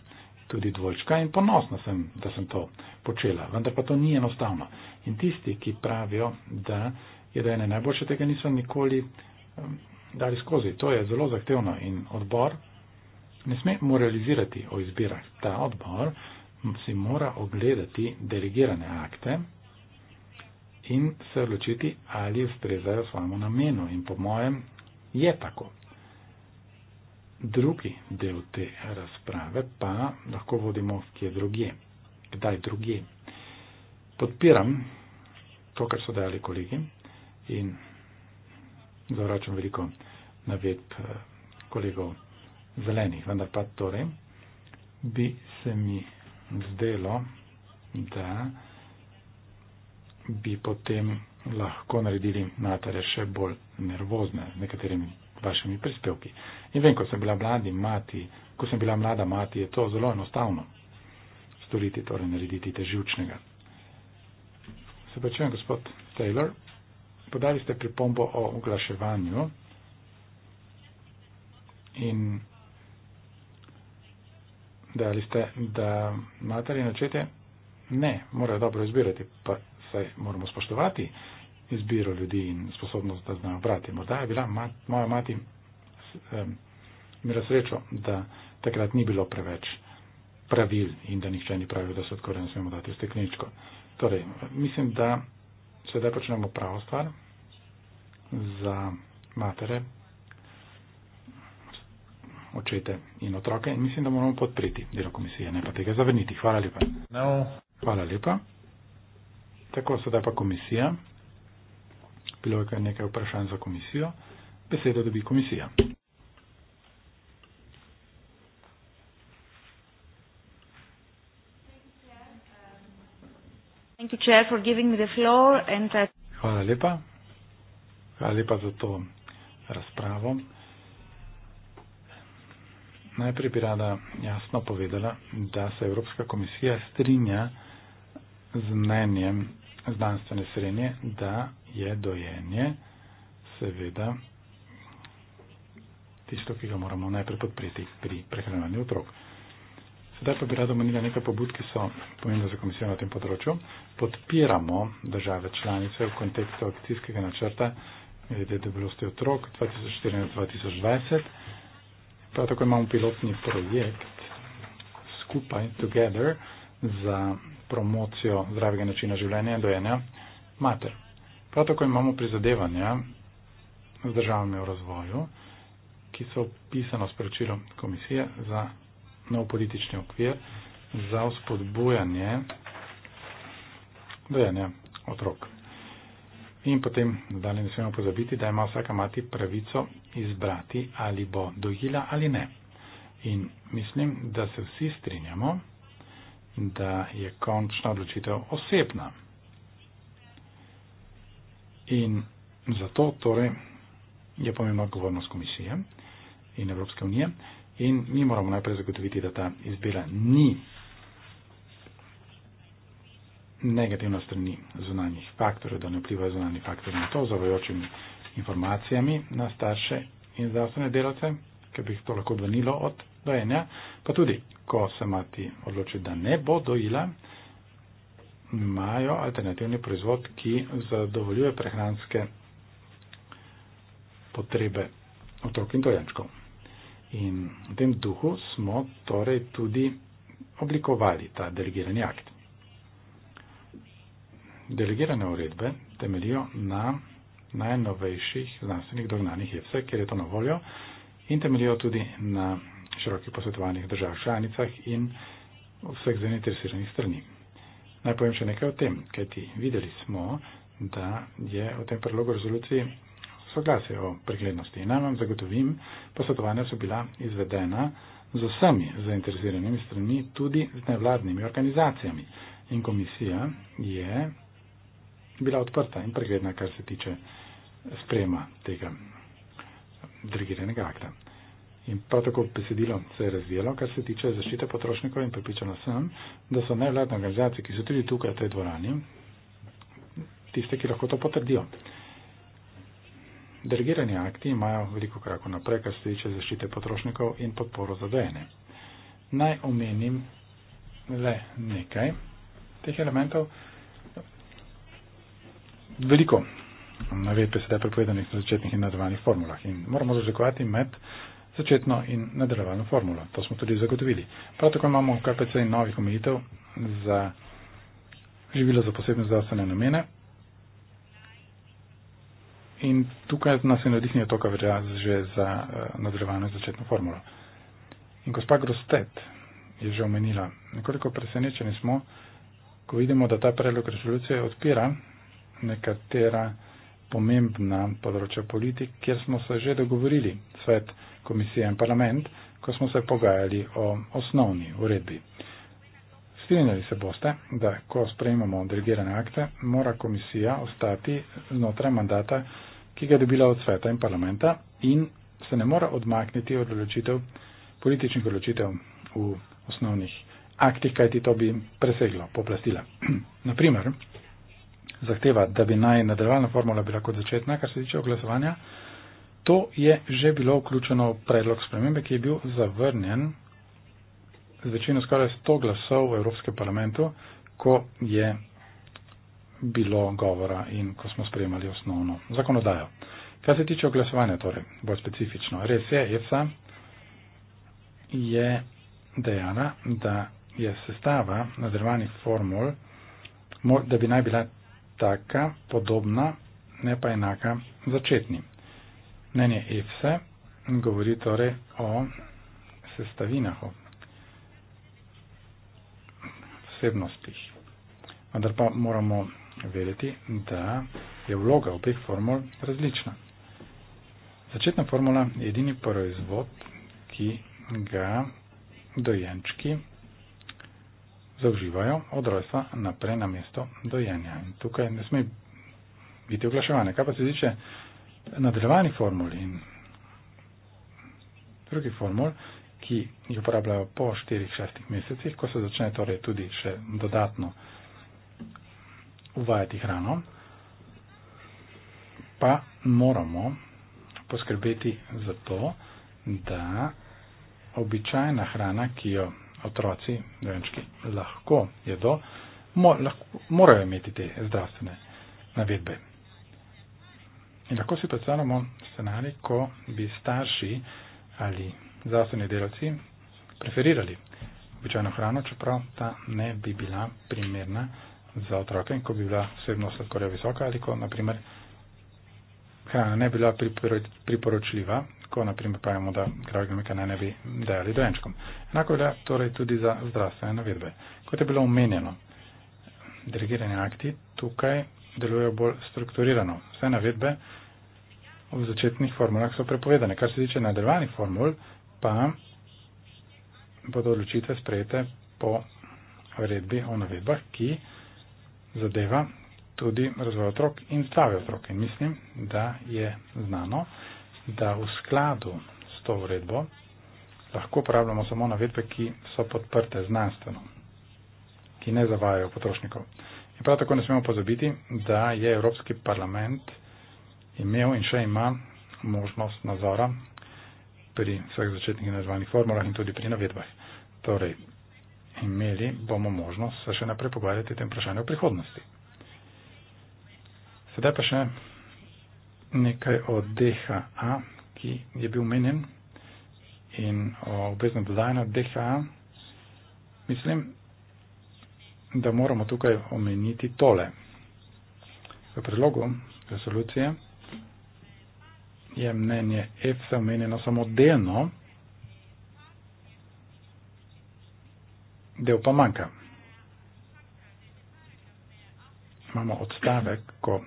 tudi dvojčka in ponosna sem, da sem to počela, vendar pa to ni enostavno. In tisti, ki pravijo, da je da ene najboljše, tega niso nikoli um, dali skozi. To je zelo zahtevno in odbor ne sme moralizirati o izbirah. Ta odbor si mora ogledati delegirane akte in se odločiti, ali ustrezajo svojemu namenu. In po mojem je tako. Drugi del te razprave pa lahko vodimo kje drugje. Kdaj drugje? Podpiram to, kar so dejali kolegi in zavračam veliko navet eh, kolegov zelenih, vendar pa torej bi se mi zdelo, da bi potem lahko naredili matere še bolj nervozne z nekaterimi vašimi prispevki. In vem, ko sem bila mladi mati, ko sem bila mlada mati, je to zelo enostavno storiti, torej narediti te živčnega. Se pa čujem, gospod Taylor, podali ste pripombo o oglaševanju in dejali ste, da matere in očete ne, morajo dobro izbirati saj moramo spoštovati izbiro ljudi in sposobnost, da znajo brati. Morda je bila mat, moja mati imela srečo, da takrat ni bilo preveč pravil in da nihče ni pravil, da se odkore ne smemo dati v stekličko. Torej, mislim, da sedaj počnemo pravo stvar za matere, očete in otroke in mislim, da moramo podpreti delo komisije, ne pa tega zavrniti. Hvala lepa. No. Hvala lepa. Tako sedaj pa komisija. Bilo je kar nekaj vprašanj za komisijo. Besedo dobi komisija. Hvala lepa. Hvala lepa za to razpravo. Najprej bi rada jasno povedala, da se Evropska komisija strinja z mnenjem znanstvene srednje, da je dojenje seveda tisto, ki ga moramo najprej podpreti pri prehranjevanju otrok. Sedaj pa bi rada omenila nekaj pobud, ki so pomembne za komisijo na tem področju. Podpiramo države članice v kontekstu akcijskega načrta glede debelosti otrok 2014-2020. Prav tako imamo pilotni projekt skupaj, together, za promocijo zdravega načina življenja in dojenja mater. Prav tako imamo prizadevanja z državami v razvoju, ki so opisano sporočilo komisije za nov politični okvir za vzpodbujanje dojenja otrok. In potem, da ne smemo pozabiti, da ima vsaka mati pravico izbrati, ali bo dojila ali ne. In mislim, da se vsi strinjamo, da je končna odločitev osebna. In zato torej je pomembna odgovornost komisije in Evropske unije in mi moramo najprej zagotoviti, da ta izbira ni negativna strani zunanjih faktorjev, da ne vplivajo zunanji faktorji na to, zavajočimi informacijami na starše in zdravstvene delavce, ker bi jih to lahko dvanilo od dojenja, pa tudi, ko se mati odloči, da ne bo dojila, imajo alternativni proizvod, ki zadovoljuje prehranske potrebe otrok in dojenčkov. In v tem duhu smo torej tudi oblikovali ta delegirani akt. Delegirane uredbe temelijo na najnovejših znanstvenih dognanjih, je vse, ker je to na voljo, in temeljijo tudi na širokih posvetovanjih držav članicah in vseh zainteresiranih strani. Naj povem še nekaj o tem, kaj ti videli smo, da je v tem predlogu rezoluciji soglasje o preglednosti. Naj vam zagotovim, posvetovanja so bila izvedena z vsemi zainteresiranimi strani, tudi z nevladnimi organizacijami. In komisija je bila odprta in pregledna, kar se tiče sprejema tega dirigiran akta. In prav tako besedilo se je razvijalo, kar se tiče zaščite potrošnikov in pripričano sem, da so nevladne organizacije, ki so tudi tukaj v tej dvorani, tiste, ki lahko to potrdijo. Delegirani akti imajo veliko krako naprej, kar se tiče zaščite potrošnikov in podporo za dojene. Naj omenim le nekaj teh elementov. Veliko navedbe sedaj prepovedanih na začetnih in nadaljevanih formulah. In moramo razlikovati med začetno in nadaljevalno formulo. To smo tudi zagotovili. Prav tako imamo kar precej novih omejitev za živilo za posebne zdravstvene namene. In tukaj nas je navdihnilo to, kar velja že za eh, nadaljevanje začetno formulo. In gospa Grostet je že omenila, nekoliko presenečeni smo, ko vidimo, da ta predlog resolucije odpira nekatera pomembna področja politik, kjer smo se že dogovorili, svet, komisija in parlament, ko smo se pogajali o osnovni uredbi. Strinjali se boste, da ko sprejmemo delegirane akte, mora komisija ostati znotraj mandata, ki ga je dobila od sveta in parlamenta in se ne mora odmakniti od odločitev, političnih odločitev v osnovnih aktih, kajti to bi preseglo poplastila. Naprimer, zahteva, da bi naj nadaljevalna formula bila kot začetna, kar se tiče oglasovanja, to je že bilo vključeno v predlog spremembe, ki je bil zavrnjen z večino skoraj 100 glasov v Evropskem parlamentu, ko je bilo govora in ko smo sprejemali osnovno zakonodajo. Kar se tiče oglasovanja, torej bolj specifično, res je, ECA je dejala, da je sestava nadrevanih formul, da bi naj bila taka, podobna, ne pa enaka začetni. Mnenje EFSE govori torej o sestavinah, o vsebnostih. Vendar pa moramo vedeti, da je vloga obeh formul različna. Začetna formula je edini proizvod, ki ga dojenčki zaužívajo od rojstva naprej na mesto dojenja. In tukaj ne sme biti oglaševanje. Kaj pa se tiče nadaljevanih formul in drugih formul, ki jih uporabljajo po 4-6 mesecih, ko se začne torej tudi še dodatno uvajati hrano, pa moramo poskrbeti za to, da običajna hrana, ki jo otroci, dojenčki, lahko jedo, mo, lahko, morajo imeti te zdravstvene navedbe. In lahko si predstavljamo scenarij, ko bi starši ali zdravstveni delavci preferirali običajno hrano, čeprav ta ne bi bila primerna za otroke, ko bi bila vsebno sladkorja visoka ali ko, naprimer, hrana ne bi bila priporočljiva lahko, naprimer, pravimo, da kravjomika naj ne bi dajali dojenčkom. Enako velja torej tudi za zdravstvene navedbe. Kot je bilo omenjeno, dirigirani akti tukaj delujejo bolj strukturirano. Vse navedbe v začetnih formulah so prepovedane. Kar se tiče nadaljevanih formul, pa bodo odločitve sprejete po vredbi o navedbah, ki zadeva tudi razvoj otrok in zdravje otrok. In mislim, da je znano, da v skladu s to uredbo lahko uporabljamo samo navedbe, ki so podprte znanstveno, ki ne zavajajo potrošnikov. In prav tako ne smemo pozabiti, da je Evropski parlament imel in še ima možnost nazora pri vseh začetnih in razvojnih formulah in tudi pri navedbah. Torej, imeli bomo možnost se še naprej pogovarjati o tem vprašanju v prihodnosti. Sedaj pa še nekaj o DHA, ki je bil menjen in o obveznem dodajanju DHA. Mislim, da moramo tukaj omeniti tole. V predlogu resolucije je mnenje EFSA omenjeno samo delno, del pa manjka. Imamo odstavek, ko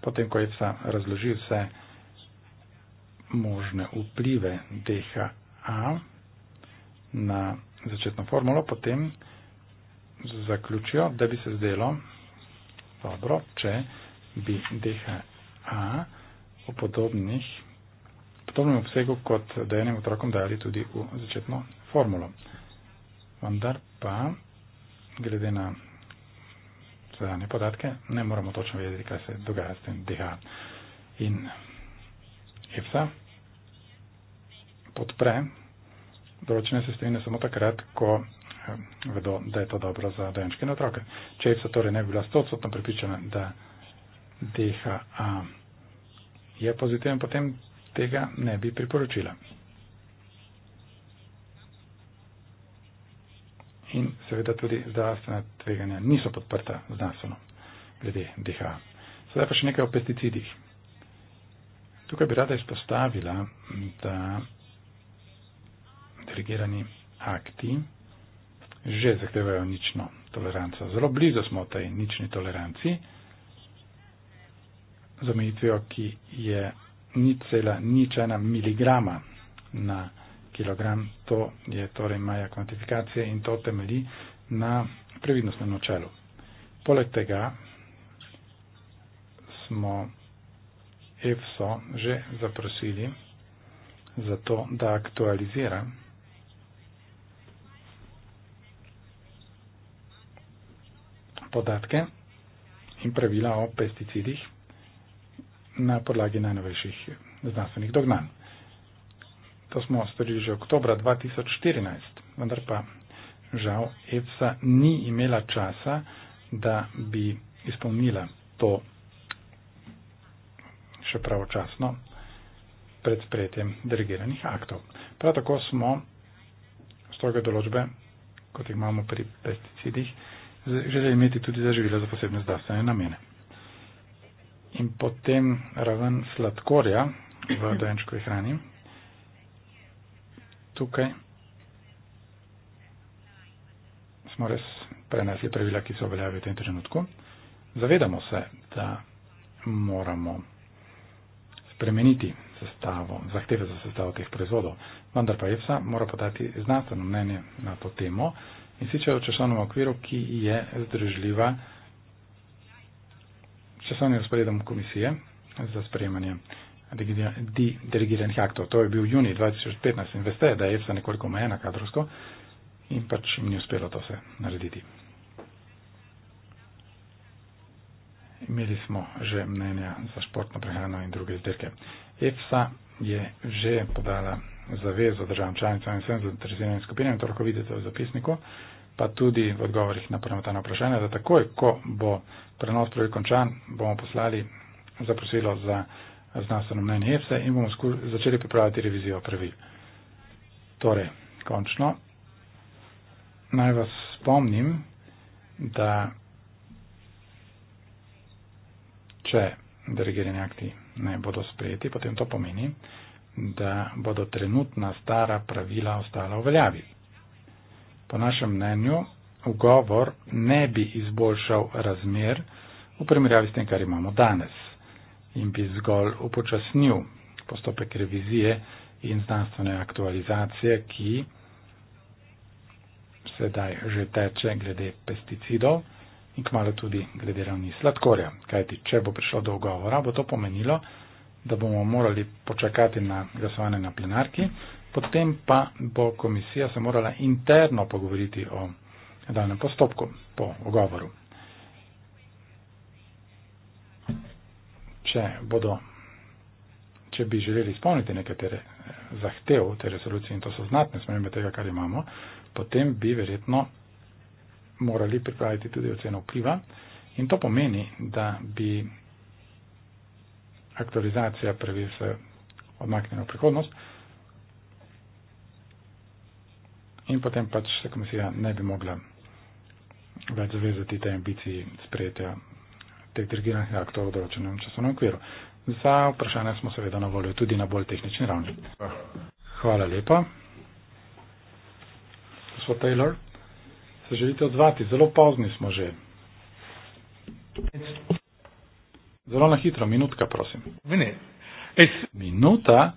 potem ko Epsa razloži vse možne vplive DHA na začetno formulo, potem zaključijo, da bi se zdelo dobro, če bi DHA v podobnih podobnem obsegu kot dajenim otrokom dali tudi v začetno formulo. Vendar pa, glede na zadane podatke, ne moramo točno vedeti, kaj se dogaja s tem DH in EFSA podpre določene sestavine samo takrat, ko eh, vedo, da je to dobro za dojenčke in otroke. Če EFSA torej ne bi bila stotsotno pripričana, da DHA je pozitiven, potem tega ne bi priporočila. in seveda tudi zdravstvena tveganja niso podprta znanstveno glede DH. Sedaj pa še nekaj o pesticidih. Tukaj bi rada izpostavila, da delegirani akti že zahtevajo nično toleranco. Zelo blizu smo tej nični toleranci z omejitvijo, ki je ni cela nič ena miligrama na kilogram, to je torej maja kvantifikacije in to temelji na previdnostnem načelu. Poleg tega smo EFSO že zaprosili za to, da aktualizira podatke in pravila o pesticidih na podlagi najnovejših znanstvenih dognanj. To smo storili že oktobra 2014, vendar pa žal EFSA ni imela časa, da bi izpolnila to še pravočasno pred sprejetjem delegiranih aktov. Prav tako smo z toga določbe, kot jih imamo pri pesticidih, želeli imeti tudi za živila za posebne zdravstvene namene. In potem raven sladkorja v dojenčkovi hrani, tukaj. Smo res prenesli pravila, ki so veljavi v tem trenutku. Zavedamo se, da moramo spremeniti sestavo, zahteve za sestavo teh proizvodov. Vendar pa EFSA mora podati znanstveno mnenje na to temo in sicer v časovnem okviru, ki je združljiva časovnim usporedom komisije za sprejemanje dirigiranih aktov. To je bil juni 2015 in veste, da je EFSA nekoliko omejena kadrovsko in pač jim ni uspelo to vse narediti. Imeli smo že mnenja za športno prehrano in druge izdelke. EFSA je že podala zavezo državam članicam in vsem zainteresiranim skupinam, to lahko vidite v zapisniku, pa tudi v odgovorih na prometano vprašanje, da takoj, ko bo prenos projekt končan, bomo poslali zaprosilo za, prosilo za znanstveno mnenje EFSA in bomo skur, začeli pripravljati revizijo pravil. Torej, končno, naj vas spomnim, da če dirigirani akti ne bodo sprejeti, potem to pomeni, da bodo trenutna stara pravila ostala v veljavi. Po našem mnenju, ugovor ne bi izboljšal razmer v primerjavi s tem, kar imamo danes in bi zgolj upočasnil postopek revizije in znanstvene aktualizacije, ki sedaj že teče glede pesticidov in kmalo tudi glede ravni sladkorja. Kajti, če bo prišlo do ogovora, bo to pomenilo, da bomo morali počakati na glasovanje na plenarki, potem pa bo komisija se morala interno pogovoriti o daljem postopku po ogovoru. če, bodo, če bi želeli izpolniti nekatere eh, zahtev te resolucije, in to so znatne spremembe tega, kar imamo, potem bi verjetno morali pripraviti tudi oceno vpliva. In to pomeni, da bi aktualizacija pravil se odmaknila v prihodnost in potem pač se komisija ne bi mogla več zavezati tej ambiciji sprejetja teh dirigiranih aktov v določenem časovnem okviru. Za vprašanje smo seveda na voljo tudi na bolj tehnični ravni. Hvala lepa. Gospod Taylor, se želite odzvati? Zelo pozni smo že. Zelo na hitro, minutka, prosim. Minuta.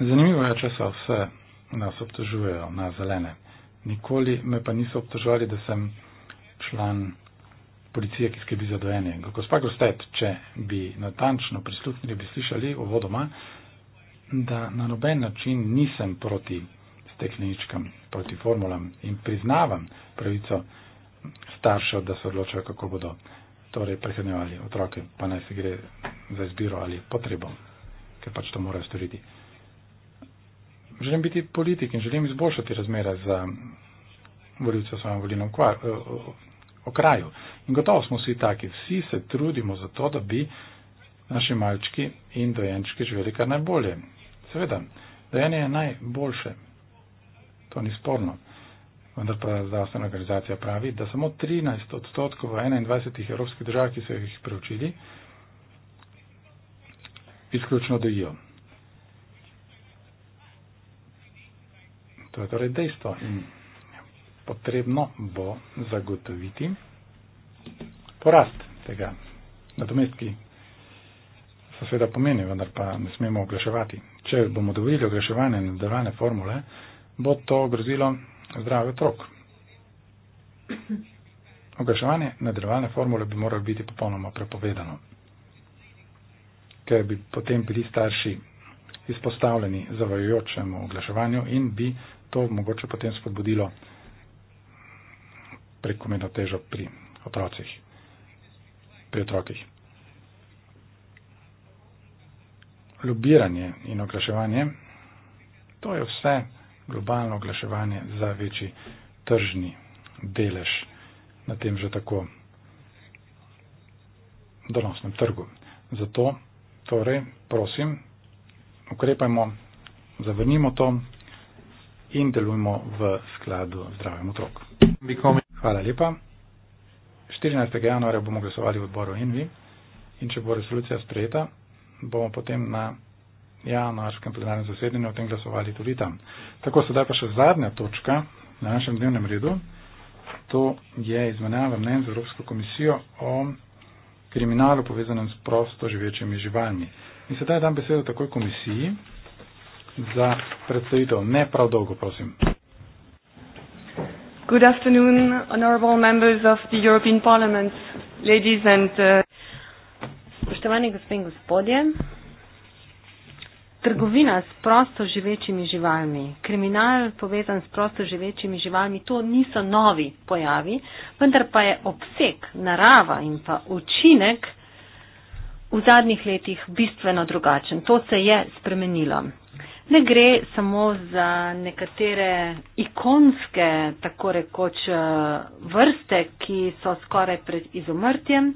Zanimivo je, če se vse nas obtožujejo na zelene. Nikoli me pa niso obtožovali, da sem član policije, ki skrbi za dojenje. Gospa Grostet, če bi natančno prisluhnili, bi slišali uvodoma, da na noben način nisem proti stekleničkam, proti formulam in priznavam pravico staršev, da se odločajo, kako bodo torej prehranjevali otroke, pa naj se gre za izbiro ali potrebo, ker pač to morajo storiti. Želim biti politik in želim izboljšati razmere za voljivce v svojem volilnem eh, okraju. In gotovo smo vsi taki, vsi se trudimo za to, da bi naši malčki in dojenčki živeli kar najbolje. Seveda, dojenje je najboljše, to ni sporno. Vendar pa zdravstvena organizacija pravi, da samo 13 odstotkov v 21 evropskih držav, ki so jih preučili, izključno dojijo. To je torej dejstvo. In potrebno bo zagotoviti porast tega. Nadomestki so seveda pomeni, vendar pa ne smemo oglaševati. Če bomo dovolili oglaševanje nadaljne formule, bo to grozilo zdravje otrok. Oglaševanje nadaljne formule bi moralo biti popolnoma prepovedano, ker bi potem bili starši izpostavljeni zavajojočemu oglaševanju in bi to mogoče potem spodbudilo prekomerno težo pri otrocih, pri otrokih. Lubiranje in oglaševanje, to je vse globalno oglaševanje za večji tržni delež na tem že tako donosnem trgu. Zato torej prosim, ukrepajmo, zavrnimo to in delujmo v skladu zdravim otrok. Hvala lepa. 14. januarja bomo glasovali v odboru Envi in če bo resolucija sprejeta, bomo potem na januarskem plenarnem zasedanju o tem glasovali tudi tam. Tako sedaj pa še zadnja točka na našem dnevnem redu. To je izmenjava mnen z Evropsko komisijo o kriminalu povezanem s prosto živečimi živalmi. In sedaj dam besedo takoj komisiji za predstavitev. Ne prav dolgo, prosim. Good afternoon, honorable members of the European Parliament, ladies and. Uh, Spoštovani gospe in gospodje, trgovina s prosto živečimi živalmi, kriminal povezan s prosto živečimi živalmi, to niso novi pojavi, vendar pa je obseg, narava in pa učinek v zadnjih letih bistveno drugačen. To se je spremenilo ne gre samo za nekatere ikonske, tako rekoč, eh, vrste, ki so skoraj pred izumrtjem,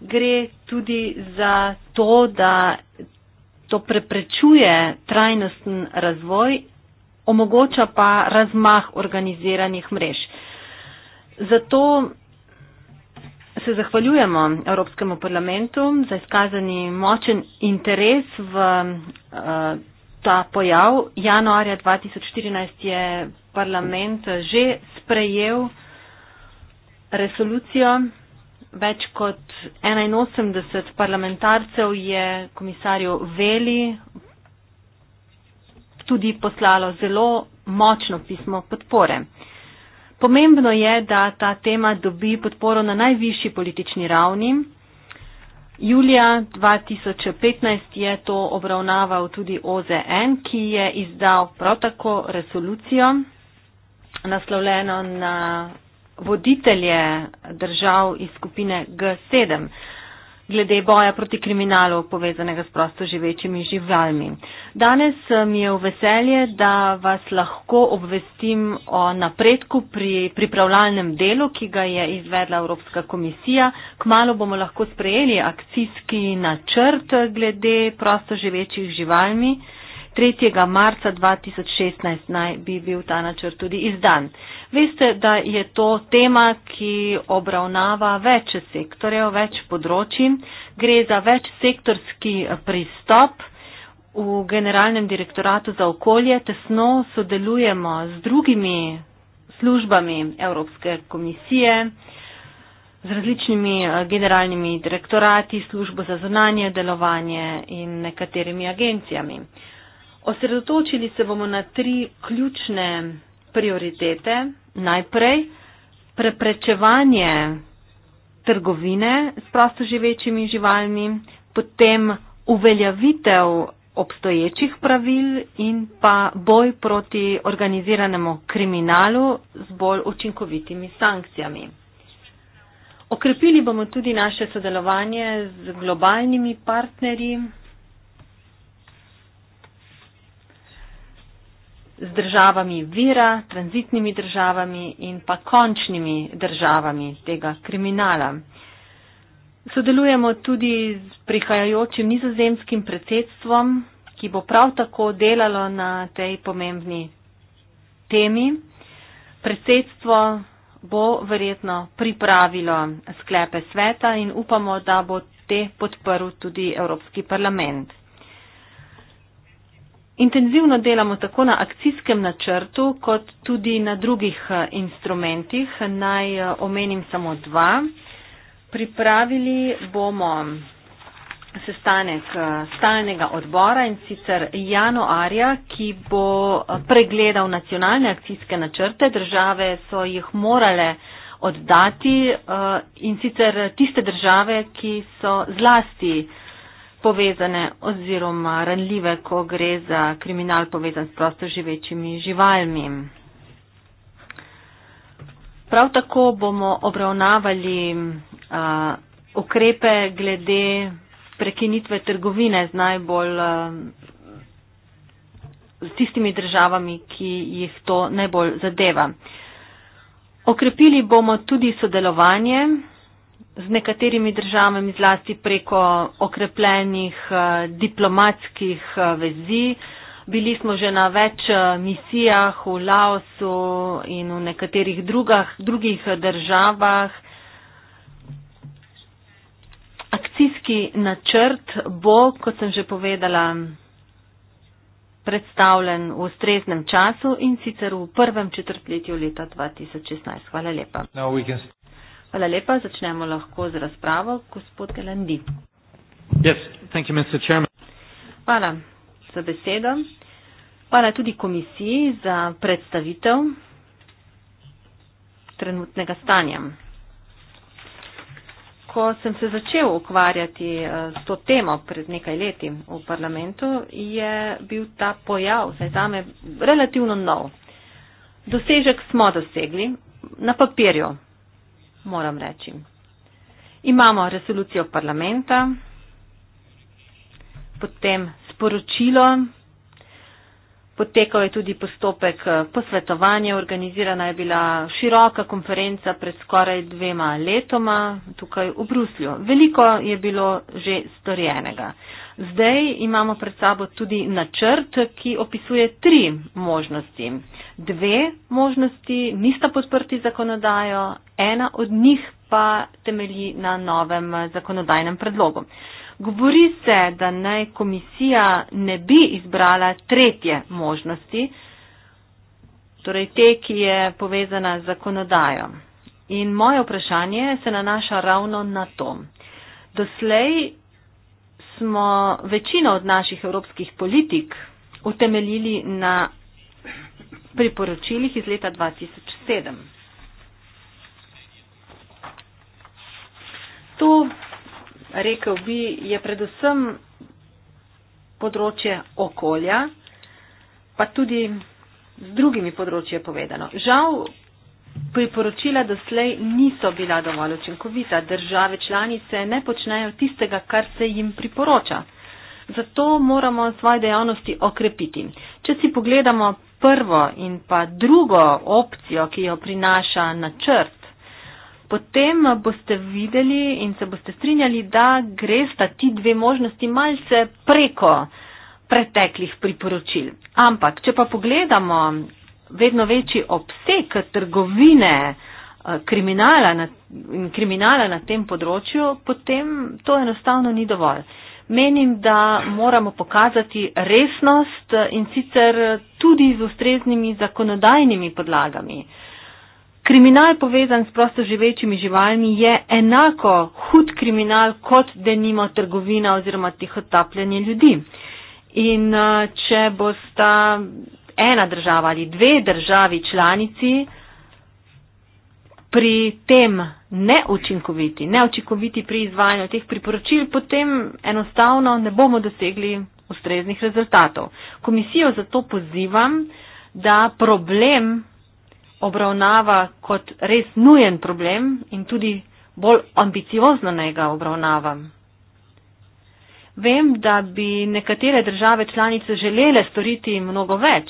gre tudi za to, da to preprečuje trajnosten razvoj, omogoča pa razmah organiziranih mrež. Zato se zahvaljujemo Evropskemu parlamentu za izkazani močen interes v uh, ta pojav. Januarja 2014 je parlament že sprejel resolucijo. Več kot 81 parlamentarcev je komisarju Veli tudi poslalo zelo močno pismo podpore. Pomembno je, da ta tema dobi podporo na najvišji politični ravni. Julija 2015 je to obravnaval tudi OZN, ki je izdal prav tako resolucijo naslovljeno na voditelje držav iz skupine G7 glede boja proti kriminalu povezanega s prosto živečimi živalmi. Danes eh, mi je v veselje, da vas lahko obvestim o napredku pri pripravljalnem delu, ki ga je izvedla Evropska komisija. Kmalo bomo lahko sprejeli akcijski načrt glede prosto živečih živalmi. 3. marca 2016 naj bi bil ta načrt tudi izdan. Veste, da je to tema, ki obravnava več sektorjev, več področji. Gre za več sektorski pristop. V Generalnem direktoratu za okolje tesno sodelujemo z drugimi službami Evropske komisije, z različnimi eh, generalnimi direktorati, službo za zunanje delovanje in nekaterimi agencijami. Osredotočili se bomo na tri ključne prioritete. Najprej preprečevanje trgovine s prosto živečimi živalmi, potem uveljavitev obstoječih pravil in pa boj proti organiziranemu kriminalu z bolj učinkovitimi sankcijami. Okrepili bomo tudi naše sodelovanje z globalnimi partnerji, z državami vira, tranzitnimi državami in pa končnimi državami tega kriminala. Sodelujemo tudi z prihajajočim nizozemskim predsedstvom, ki bo prav tako delalo na tej pomembni temi. Predsedstvo bo verjetno pripravilo sklepe sveta in upamo, da bo te podporil tudi Evropski parlament. Intenzivno delamo tako na akcijskem načrtu, kot tudi na drugih eh, instrumentih. Naj eh, omenim samo dva. Pripravili bomo sestanek eh, stalnega odbora in sicer januarja, ki bo pregledal nacionalne akcijske načrte. Države so jih morale oddati in sicer tiste države, ki so zlasti povezane oziroma ranljive, ko gre za kriminal povezan s prostoživečimi živalmi. Prav tako bomo obravnavali a, ukrepe glede prekinitve trgovine z najbolj a, s tistimi državami, ki jih to najbolj zadeva. Okrepili bomo tudi sodelovanje z nekaterimi državami, zlasti preko okrepljenih eh, diplomatskih eh, vezi. Bili smo že na več eh, misijah v Laosu in v nekaterih drugah, drugih državah. Akcijski načrt bo, kot sem že povedala, predstavljen v ustreznem času in sicer v prvem četrtletju leta 2016. Hvala lepa. Hvala lepa. Začnemo lahko z razpravo. Gospod Kelendi. Yes, thank you, Mr. Chairman. Hvala za besedo. Hvala tudi komisiji za predstavitev trenutnega stanja. Ko sem se začel ukvarjati eh, s to temo pred nekaj leti v parlamentu, je bil ta pojav, zdaj zame, relativno nov. Dosežek smo dosegli na papirju, moram reči. Imamo resolucijo parlamenta, potem sporočilo Potekal je tudi postopek eh, posvetovanja, organizirana je bila široka konferenca pred skoraj dvema letoma tukaj v Bruslju. Veliko je bilo že storjenega. Zdaj imamo pred sabo tudi načrt, ki opisuje tri možnosti. Dve možnosti nista podprti zakonodajo, ena od njih pa temelji na novem zakonodajnem predlogu. Govori se, da naj komisija ne bi izbrala tretje možnosti, torej te, ki je povezana z zakonodajo. In moje vprašanje se nanaša ravno na to. Doslej smo večino od naših evropskih politik utemeljili na priporočilih iz leta 2007. Tu rekel bi, je predvsem področje okolja, pa tudi z drugimi področji je povedano. Žal priporočila doslej niso bila dovolj učinkovita. Države članice ne počnejo tistega, kar se jim priporoča. Zato moramo svoje dejavnosti okrepiti. Če si pogledamo prvo in pa drugo opcijo, ki jo prinaša načrt, potem boste videli in se boste strinjali, da gresta ti dve možnosti malce preko preteklih priporočil. Ampak, če pa pogledamo vedno večji obseg trgovine eh, kriminala in kriminala na tem področju, potem to enostavno ni dovolj. Menim, da moramo pokazati resnost eh, in sicer tudi z ustreznimi zakonodajnimi podlagami. Kriminal povezan s prostoživečimi živalmi je enako hud kriminal kot denimo trgovina oziroma tihotapljanje ljudi. In uh, če bosta ena država ali dve državi članici pri tem neučinkoviti, neučinkoviti pri izvajanju teh priporočil, potem enostavno ne bomo dosegli ustreznih rezultatov. Komisijo zato pozivam, da problem obravnava kot res nujen problem in tudi bolj ambiciozno naj ga obravnava. Vem, da bi nekatere države članice želele storiti mnogo več.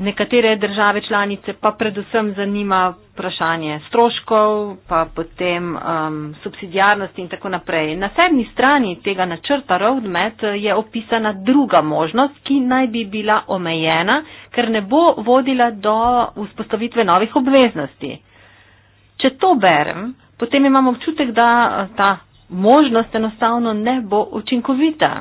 Nekatere države članice pa predvsem zanima vprašanje stroškov, pa potem um, subsidijarnosti in tako naprej. Na sedmi strani tega načrta roadmap je opisana druga možnost, ki naj bi bila omejena, ker ne bo vodila do vzpostavitve novih obveznosti. Če to berem, potem imam občutek, da uh, ta možnost enostavno ne bo učinkovita.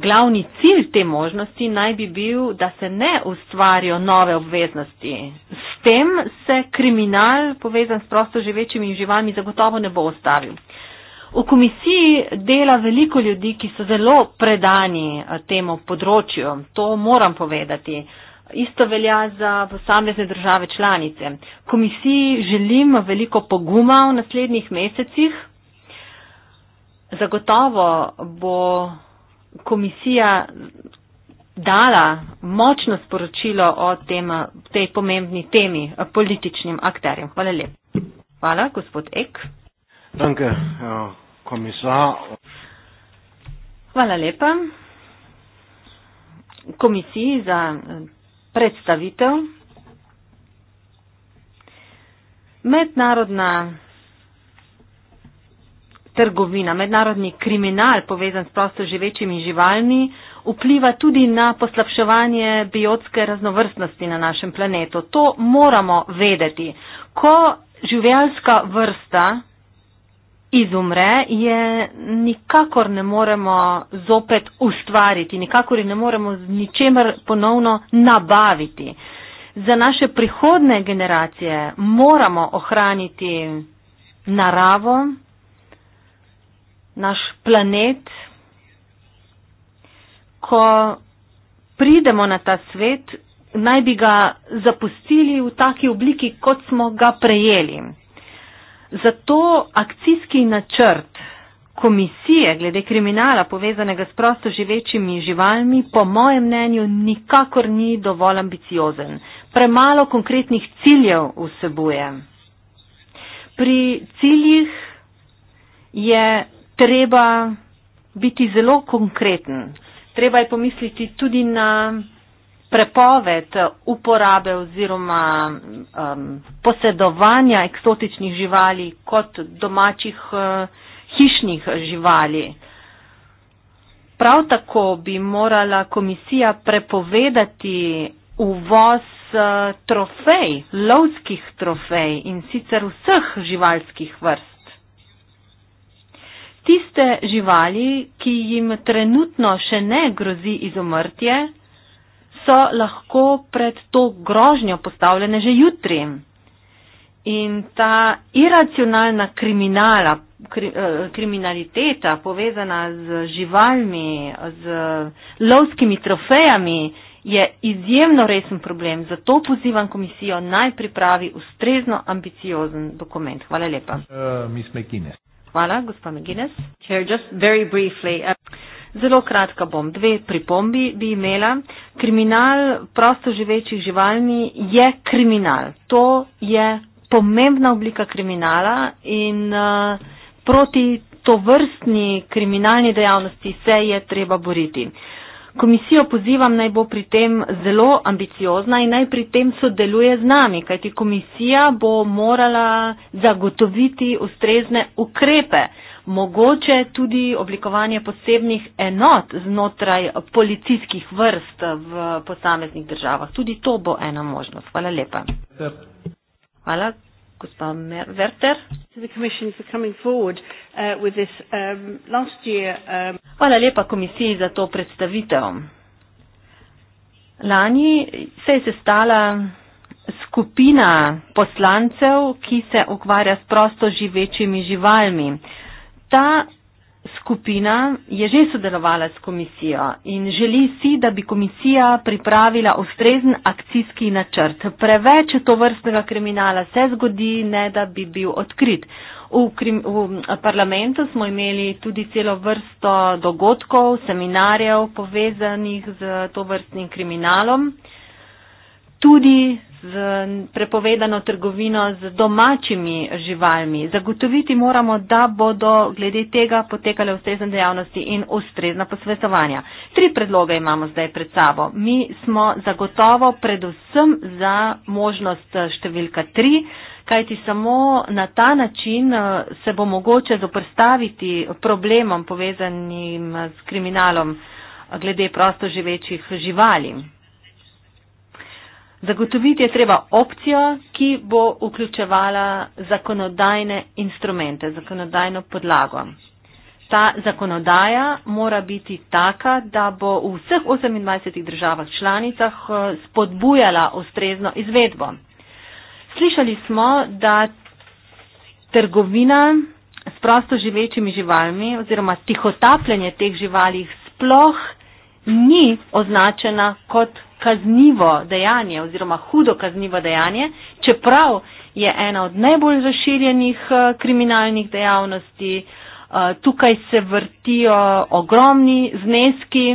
Glavni cilj te možnosti naj bi bil, da se ne ustvarijo nove obveznosti. S tem se kriminal, povezan s prosto živečimi živami, zagotovo ne bo ustavil. V komisiji dela veliko ljudi, ki so zelo predani eh, temu področju. To moram povedati. Isto velja za posamezne države članice. Komisiji želim veliko poguma v naslednjih mesecih. Zagotovo bo komisija dala močno sporočilo o tem, tej pomembni temi političnim akterjem. Hvala lepa. Hvala, gospod Ek. Danke, ja, komisar. Hvala lepa komisiji za predstavitev. Mednarodna trgovina, mednarodni kriminal povezan s prosto živečimi živalmi vpliva tudi na poslabševanje biotske raznovrstnosti na našem planetu. To moramo vedeti. Ko živalska vrsta izumre, je nikakor ne moremo zopet ustvariti, nikakor ne moremo z ničemer ponovno nabaviti. Za naše prihodne generacije moramo ohraniti naravo, naš planet, ko pridemo na ta svet, naj bi ga zapustili v taki obliki, kot smo ga prejeli. Zato akcijski načrt komisije glede kriminala povezanega s prosto živečimi živalmi, po mojem mnenju, nikakor ni dovolj ambiciozen. Premalo konkretnih ciljev vsebuje. Pri ciljih je treba biti zelo konkreten. Treba je pomisliti tudi na prepoved uporabe oziroma um, posedovanja eksotičnih živali kot domačih uh, hišnih živali. Prav tako bi morala komisija prepovedati uvoz uh, trofej, lovskih trofej in sicer vseh živalskih vrst tiste živali, ki jim trenutno še ne grozi izumrtje, so lahko pred to grožnjo postavljene že jutri. In ta iracionalna kriminala, kri, eh, kriminaliteta povezana z živalmi, z lovskimi trofejami, je izjemno resen problem. Zato pozivam komisijo naj pripravi ustrezno ambiciozen dokument. Hvala lepa. Uh, Hvala, gospod McGuinness. Chair, just very briefly. Uh, Zelo kratka bom. Dve pripombi bi imela. Kriminal prosto živečih živalmi je kriminal. To je pomembna oblika kriminala in uh, proti to vrstni kriminalni dejavnosti se je treba boriti. Uh, Komisijo pozivam naj bo pri tem zelo ambiciozna in naj pri tem sodeluje z nami, kajti komisija bo morala zagotoviti ustrezne ukrepe, mogoče tudi oblikovanje posebnih enot znotraj policijskih vrst v posameznih državah. Tudi to bo ena možnost. Hvala lepa. Hvala gospa Werter. Uh, um, um, Hvala lepa komisiji za to predstavitev. Lani se je sestala skupina poslancev, ki se ukvarja s prosto živečimi živalmi. Ta skupina je že sodelovala s komisijo in želi si, da bi komisija pripravila ustrezen akcijski načrt. Preveč to vrstnega kriminala se zgodi, ne da bi bil odkrit. V, krim, v parlamentu smo imeli tudi celo vrsto dogodkov, seminarjev povezanih z to vrstnim kriminalom. Tudi z prepovedano trgovino z domačimi živalmi. Zagotoviti moramo, da bodo glede tega potekale ustrezne dejavnosti in ustrezna posvetovanja. Tri predloge imamo zdaj pred sabo. Mi smo zagotovo predvsem za možnost številka tri, kajti samo na ta način eh, se bo mogoče zoprstaviti problemom povezanim s kriminalom eh, glede prostoživečih živali. Zagotoviti je treba opcijo, ki bo vključevala zakonodajne instrumente, zakonodajno podlago. Ta zakonodaja mora biti taka, da bo v vseh 28 državah članicah eh, spodbujala ustrezno izvedbo. Slišali smo, da trgovina s prosto živečimi živalmi oziroma tihotapljanje teh živalih sploh ni označena kot kaznivo dejanje oziroma hudo kaznivo dejanje, čeprav je ena od najbolj zaširjenih eh, kriminalnih dejavnosti. Eh, tukaj se vrtijo ogromni zneski.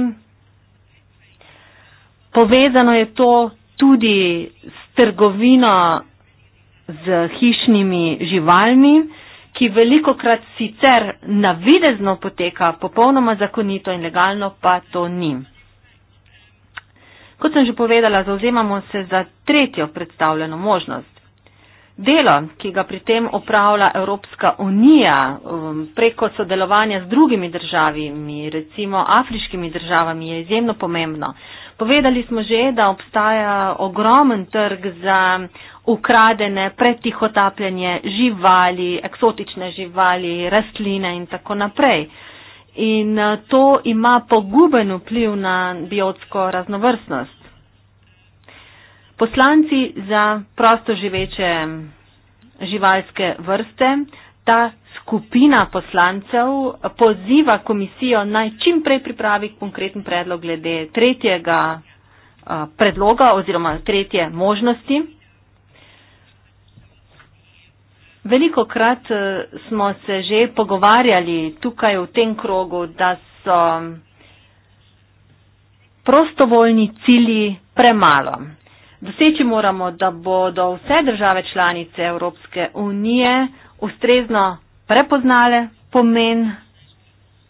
Povezano je to tudi s trgovino z hišnimi živalmi, ki veliko krat sicer navidezno poteka popolnoma zakonito in legalno, pa to nim. Kot sem že povedala, zauzemamo se za tretjo predstavljeno možnost. Delo, ki ga pri tem upravlja Evropska unija um, preko sodelovanja z drugimi državami, recimo afriškimi državami, je izjemno pomembno. Povedali smo že, da obstaja ogromen trg za ukradene, predtihotapljanje živali, eksotične živali, rastline in tako naprej in eh, to ima poguben vpliv na biotsko raznovrstnost. Poslanci za prosto živeče mm, živalske vrste, ta skupina poslancev eh, poziva komisijo naj čimprej pripravi konkreten predlog glede tretjega eh, predloga oziroma tretje možnosti. Veliko krat eh, smo se že pogovarjali tukaj v tem krogu, da so prostovoljni cilji premalo. Doseči moramo, da bodo vse države članice Evropske unije ustrezno prepoznale pomen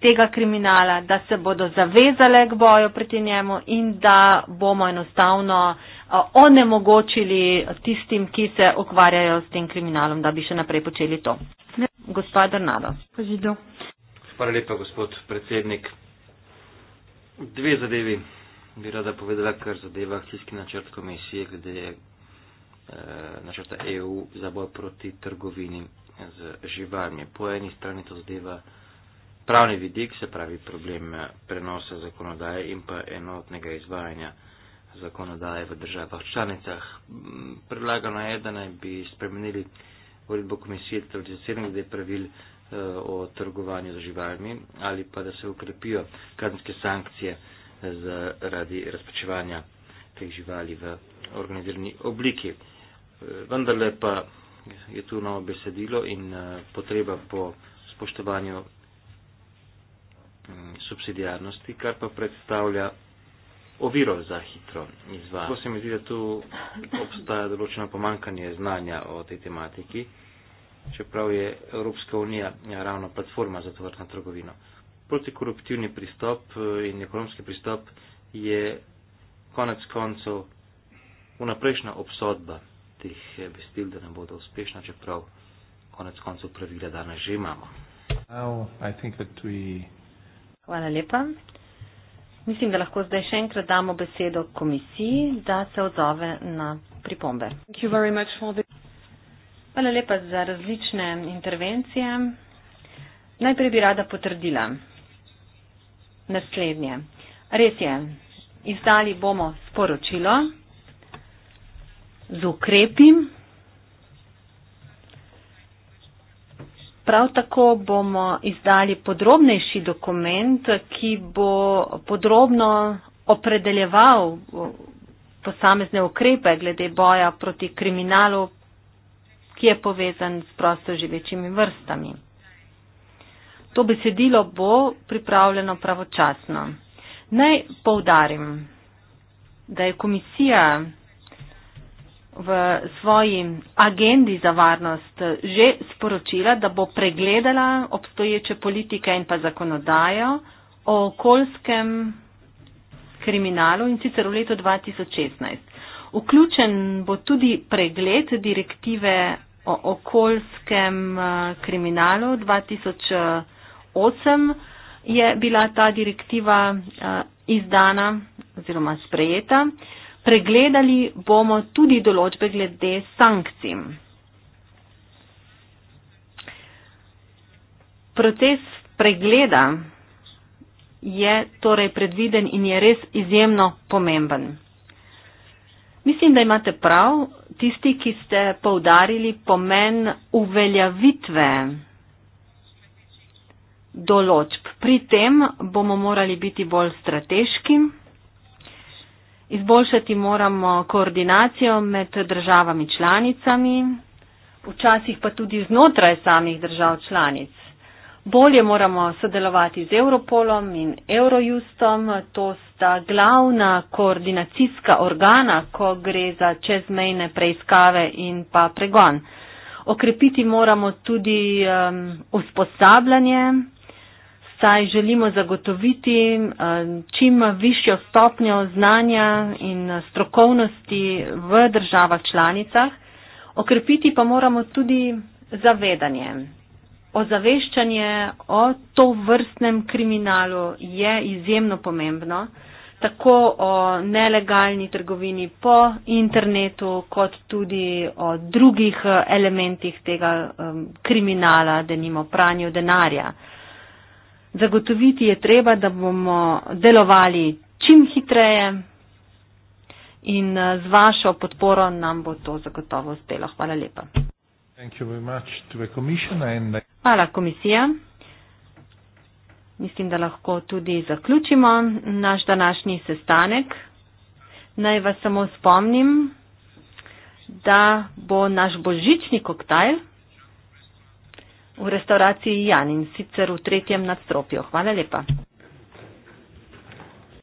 tega kriminala, da se bodo zavezale k boju proti njemu in da bomo enostavno Eh, onemogočili tistim, ki se okvarjajo s tem kriminalom, da bi še naprej počeli to. Gospod Arnado. Hvala lepa, gospod predsednik. Dve zadevi bi rada povedala, kar zadeva akcijski načrt komisije, glede eh, načrta EU za boj proti trgovini z živalmi. Po eni strani to zadeva pravni vidik, se pravi problem eh, prenosa zakonodaje in pa enotnega izvajanja zakonodaje v državah članicah. Predlagano je, da naj bi spremenili uredbo komisije 37 glede pravil eh, o trgovanju z živalmi ali pa da se ukrepijo kazenske sankcije eh, zaradi razpečevanja teh živali v organizirani obliki. Eh, vendarle pa je tu novo besedilo in potreba po spoštovanju mm, subsidijarnosti, kar pa predstavlja oviro za hitro izvajanje. Tako se mi zdi, da tu obstaja določeno pomankanje znanja o tej tematiki, čeprav je Evropska unija ja, ravno platforma za tovrstno trgovino. Protikoruptivni pristop eh, in ekonomski pristop je konec koncev unaprejšnja obsodba teh vestil, eh, da ne bodo uspešna, čeprav konec koncev pravila danes že imamo. Hvala lepa. Mislim, da lahko zdaj še enkrat damo besedo komisiji, da se odzove na pripombe. Hvala lepa za različne intervencije. Najprej bi rada potrdila naslednje. Res je, izdali bomo sporočilo z ukrepim, Prav tako bomo izdali podrobnejši dokument, ki bo podrobno opredeljeval uh, posamezne ukrepe glede boja proti kriminalu, ki je povezan s prostoživečimi vrstami. To besedilo bo pripravljeno pravočasno. Naj povdarim, da je komisija v svoji agendi za varnost že sporočila, da bo pregledala obstoječe politike in pa zakonodajo o okoljskem kriminalu in sicer v letu 2016. Vključen bo tudi pregled direktive o okoljskem eh, kriminalu 2008. Je bila ta direktiva eh, izdana oziroma sprejeta. Pregledali bomo tudi določbe glede sankcij. Proces pregleda je torej predviden in je res izjemno pomemben. Mislim, da imate prav tisti, ki ste poudarili pomen uveljavitve določb. Pri tem bomo morali biti bolj strateški. Izboljšati moramo koordinacijo med državami članicami, včasih pa tudi znotraj samih držav članic. Bolje moramo sodelovati z Europolom in Eurojustom, to sta glavna koordinacijska organa, ko gre za čezmejne preiskave in pa pregon. Okrepiti moramo tudi um, usposabljanje saj želimo zagotoviti eh, čim višjo stopnjo znanja in strokovnosti v državah članicah, okrepiti pa moramo tudi zavedanje. Ozaveščanje o to vrstnem kriminalu je izjemno pomembno, tako o nelegalni trgovini po internetu, kot tudi o drugih elementih tega um, kriminala, da nimo pranju denarja. Zagotoviti je treba, da bomo delovali čim hitreje in eh, z vašo podporo nam bo to zagotovo uspelo. Hvala lepa. Hvala komisija. Mislim, da lahko tudi zaključimo naš današnji sestanek. Naj vas samo spomnim, da bo naš božični koktajl v restauraciji Jan in sicer v tretjem nadstropju. Hvala lepa.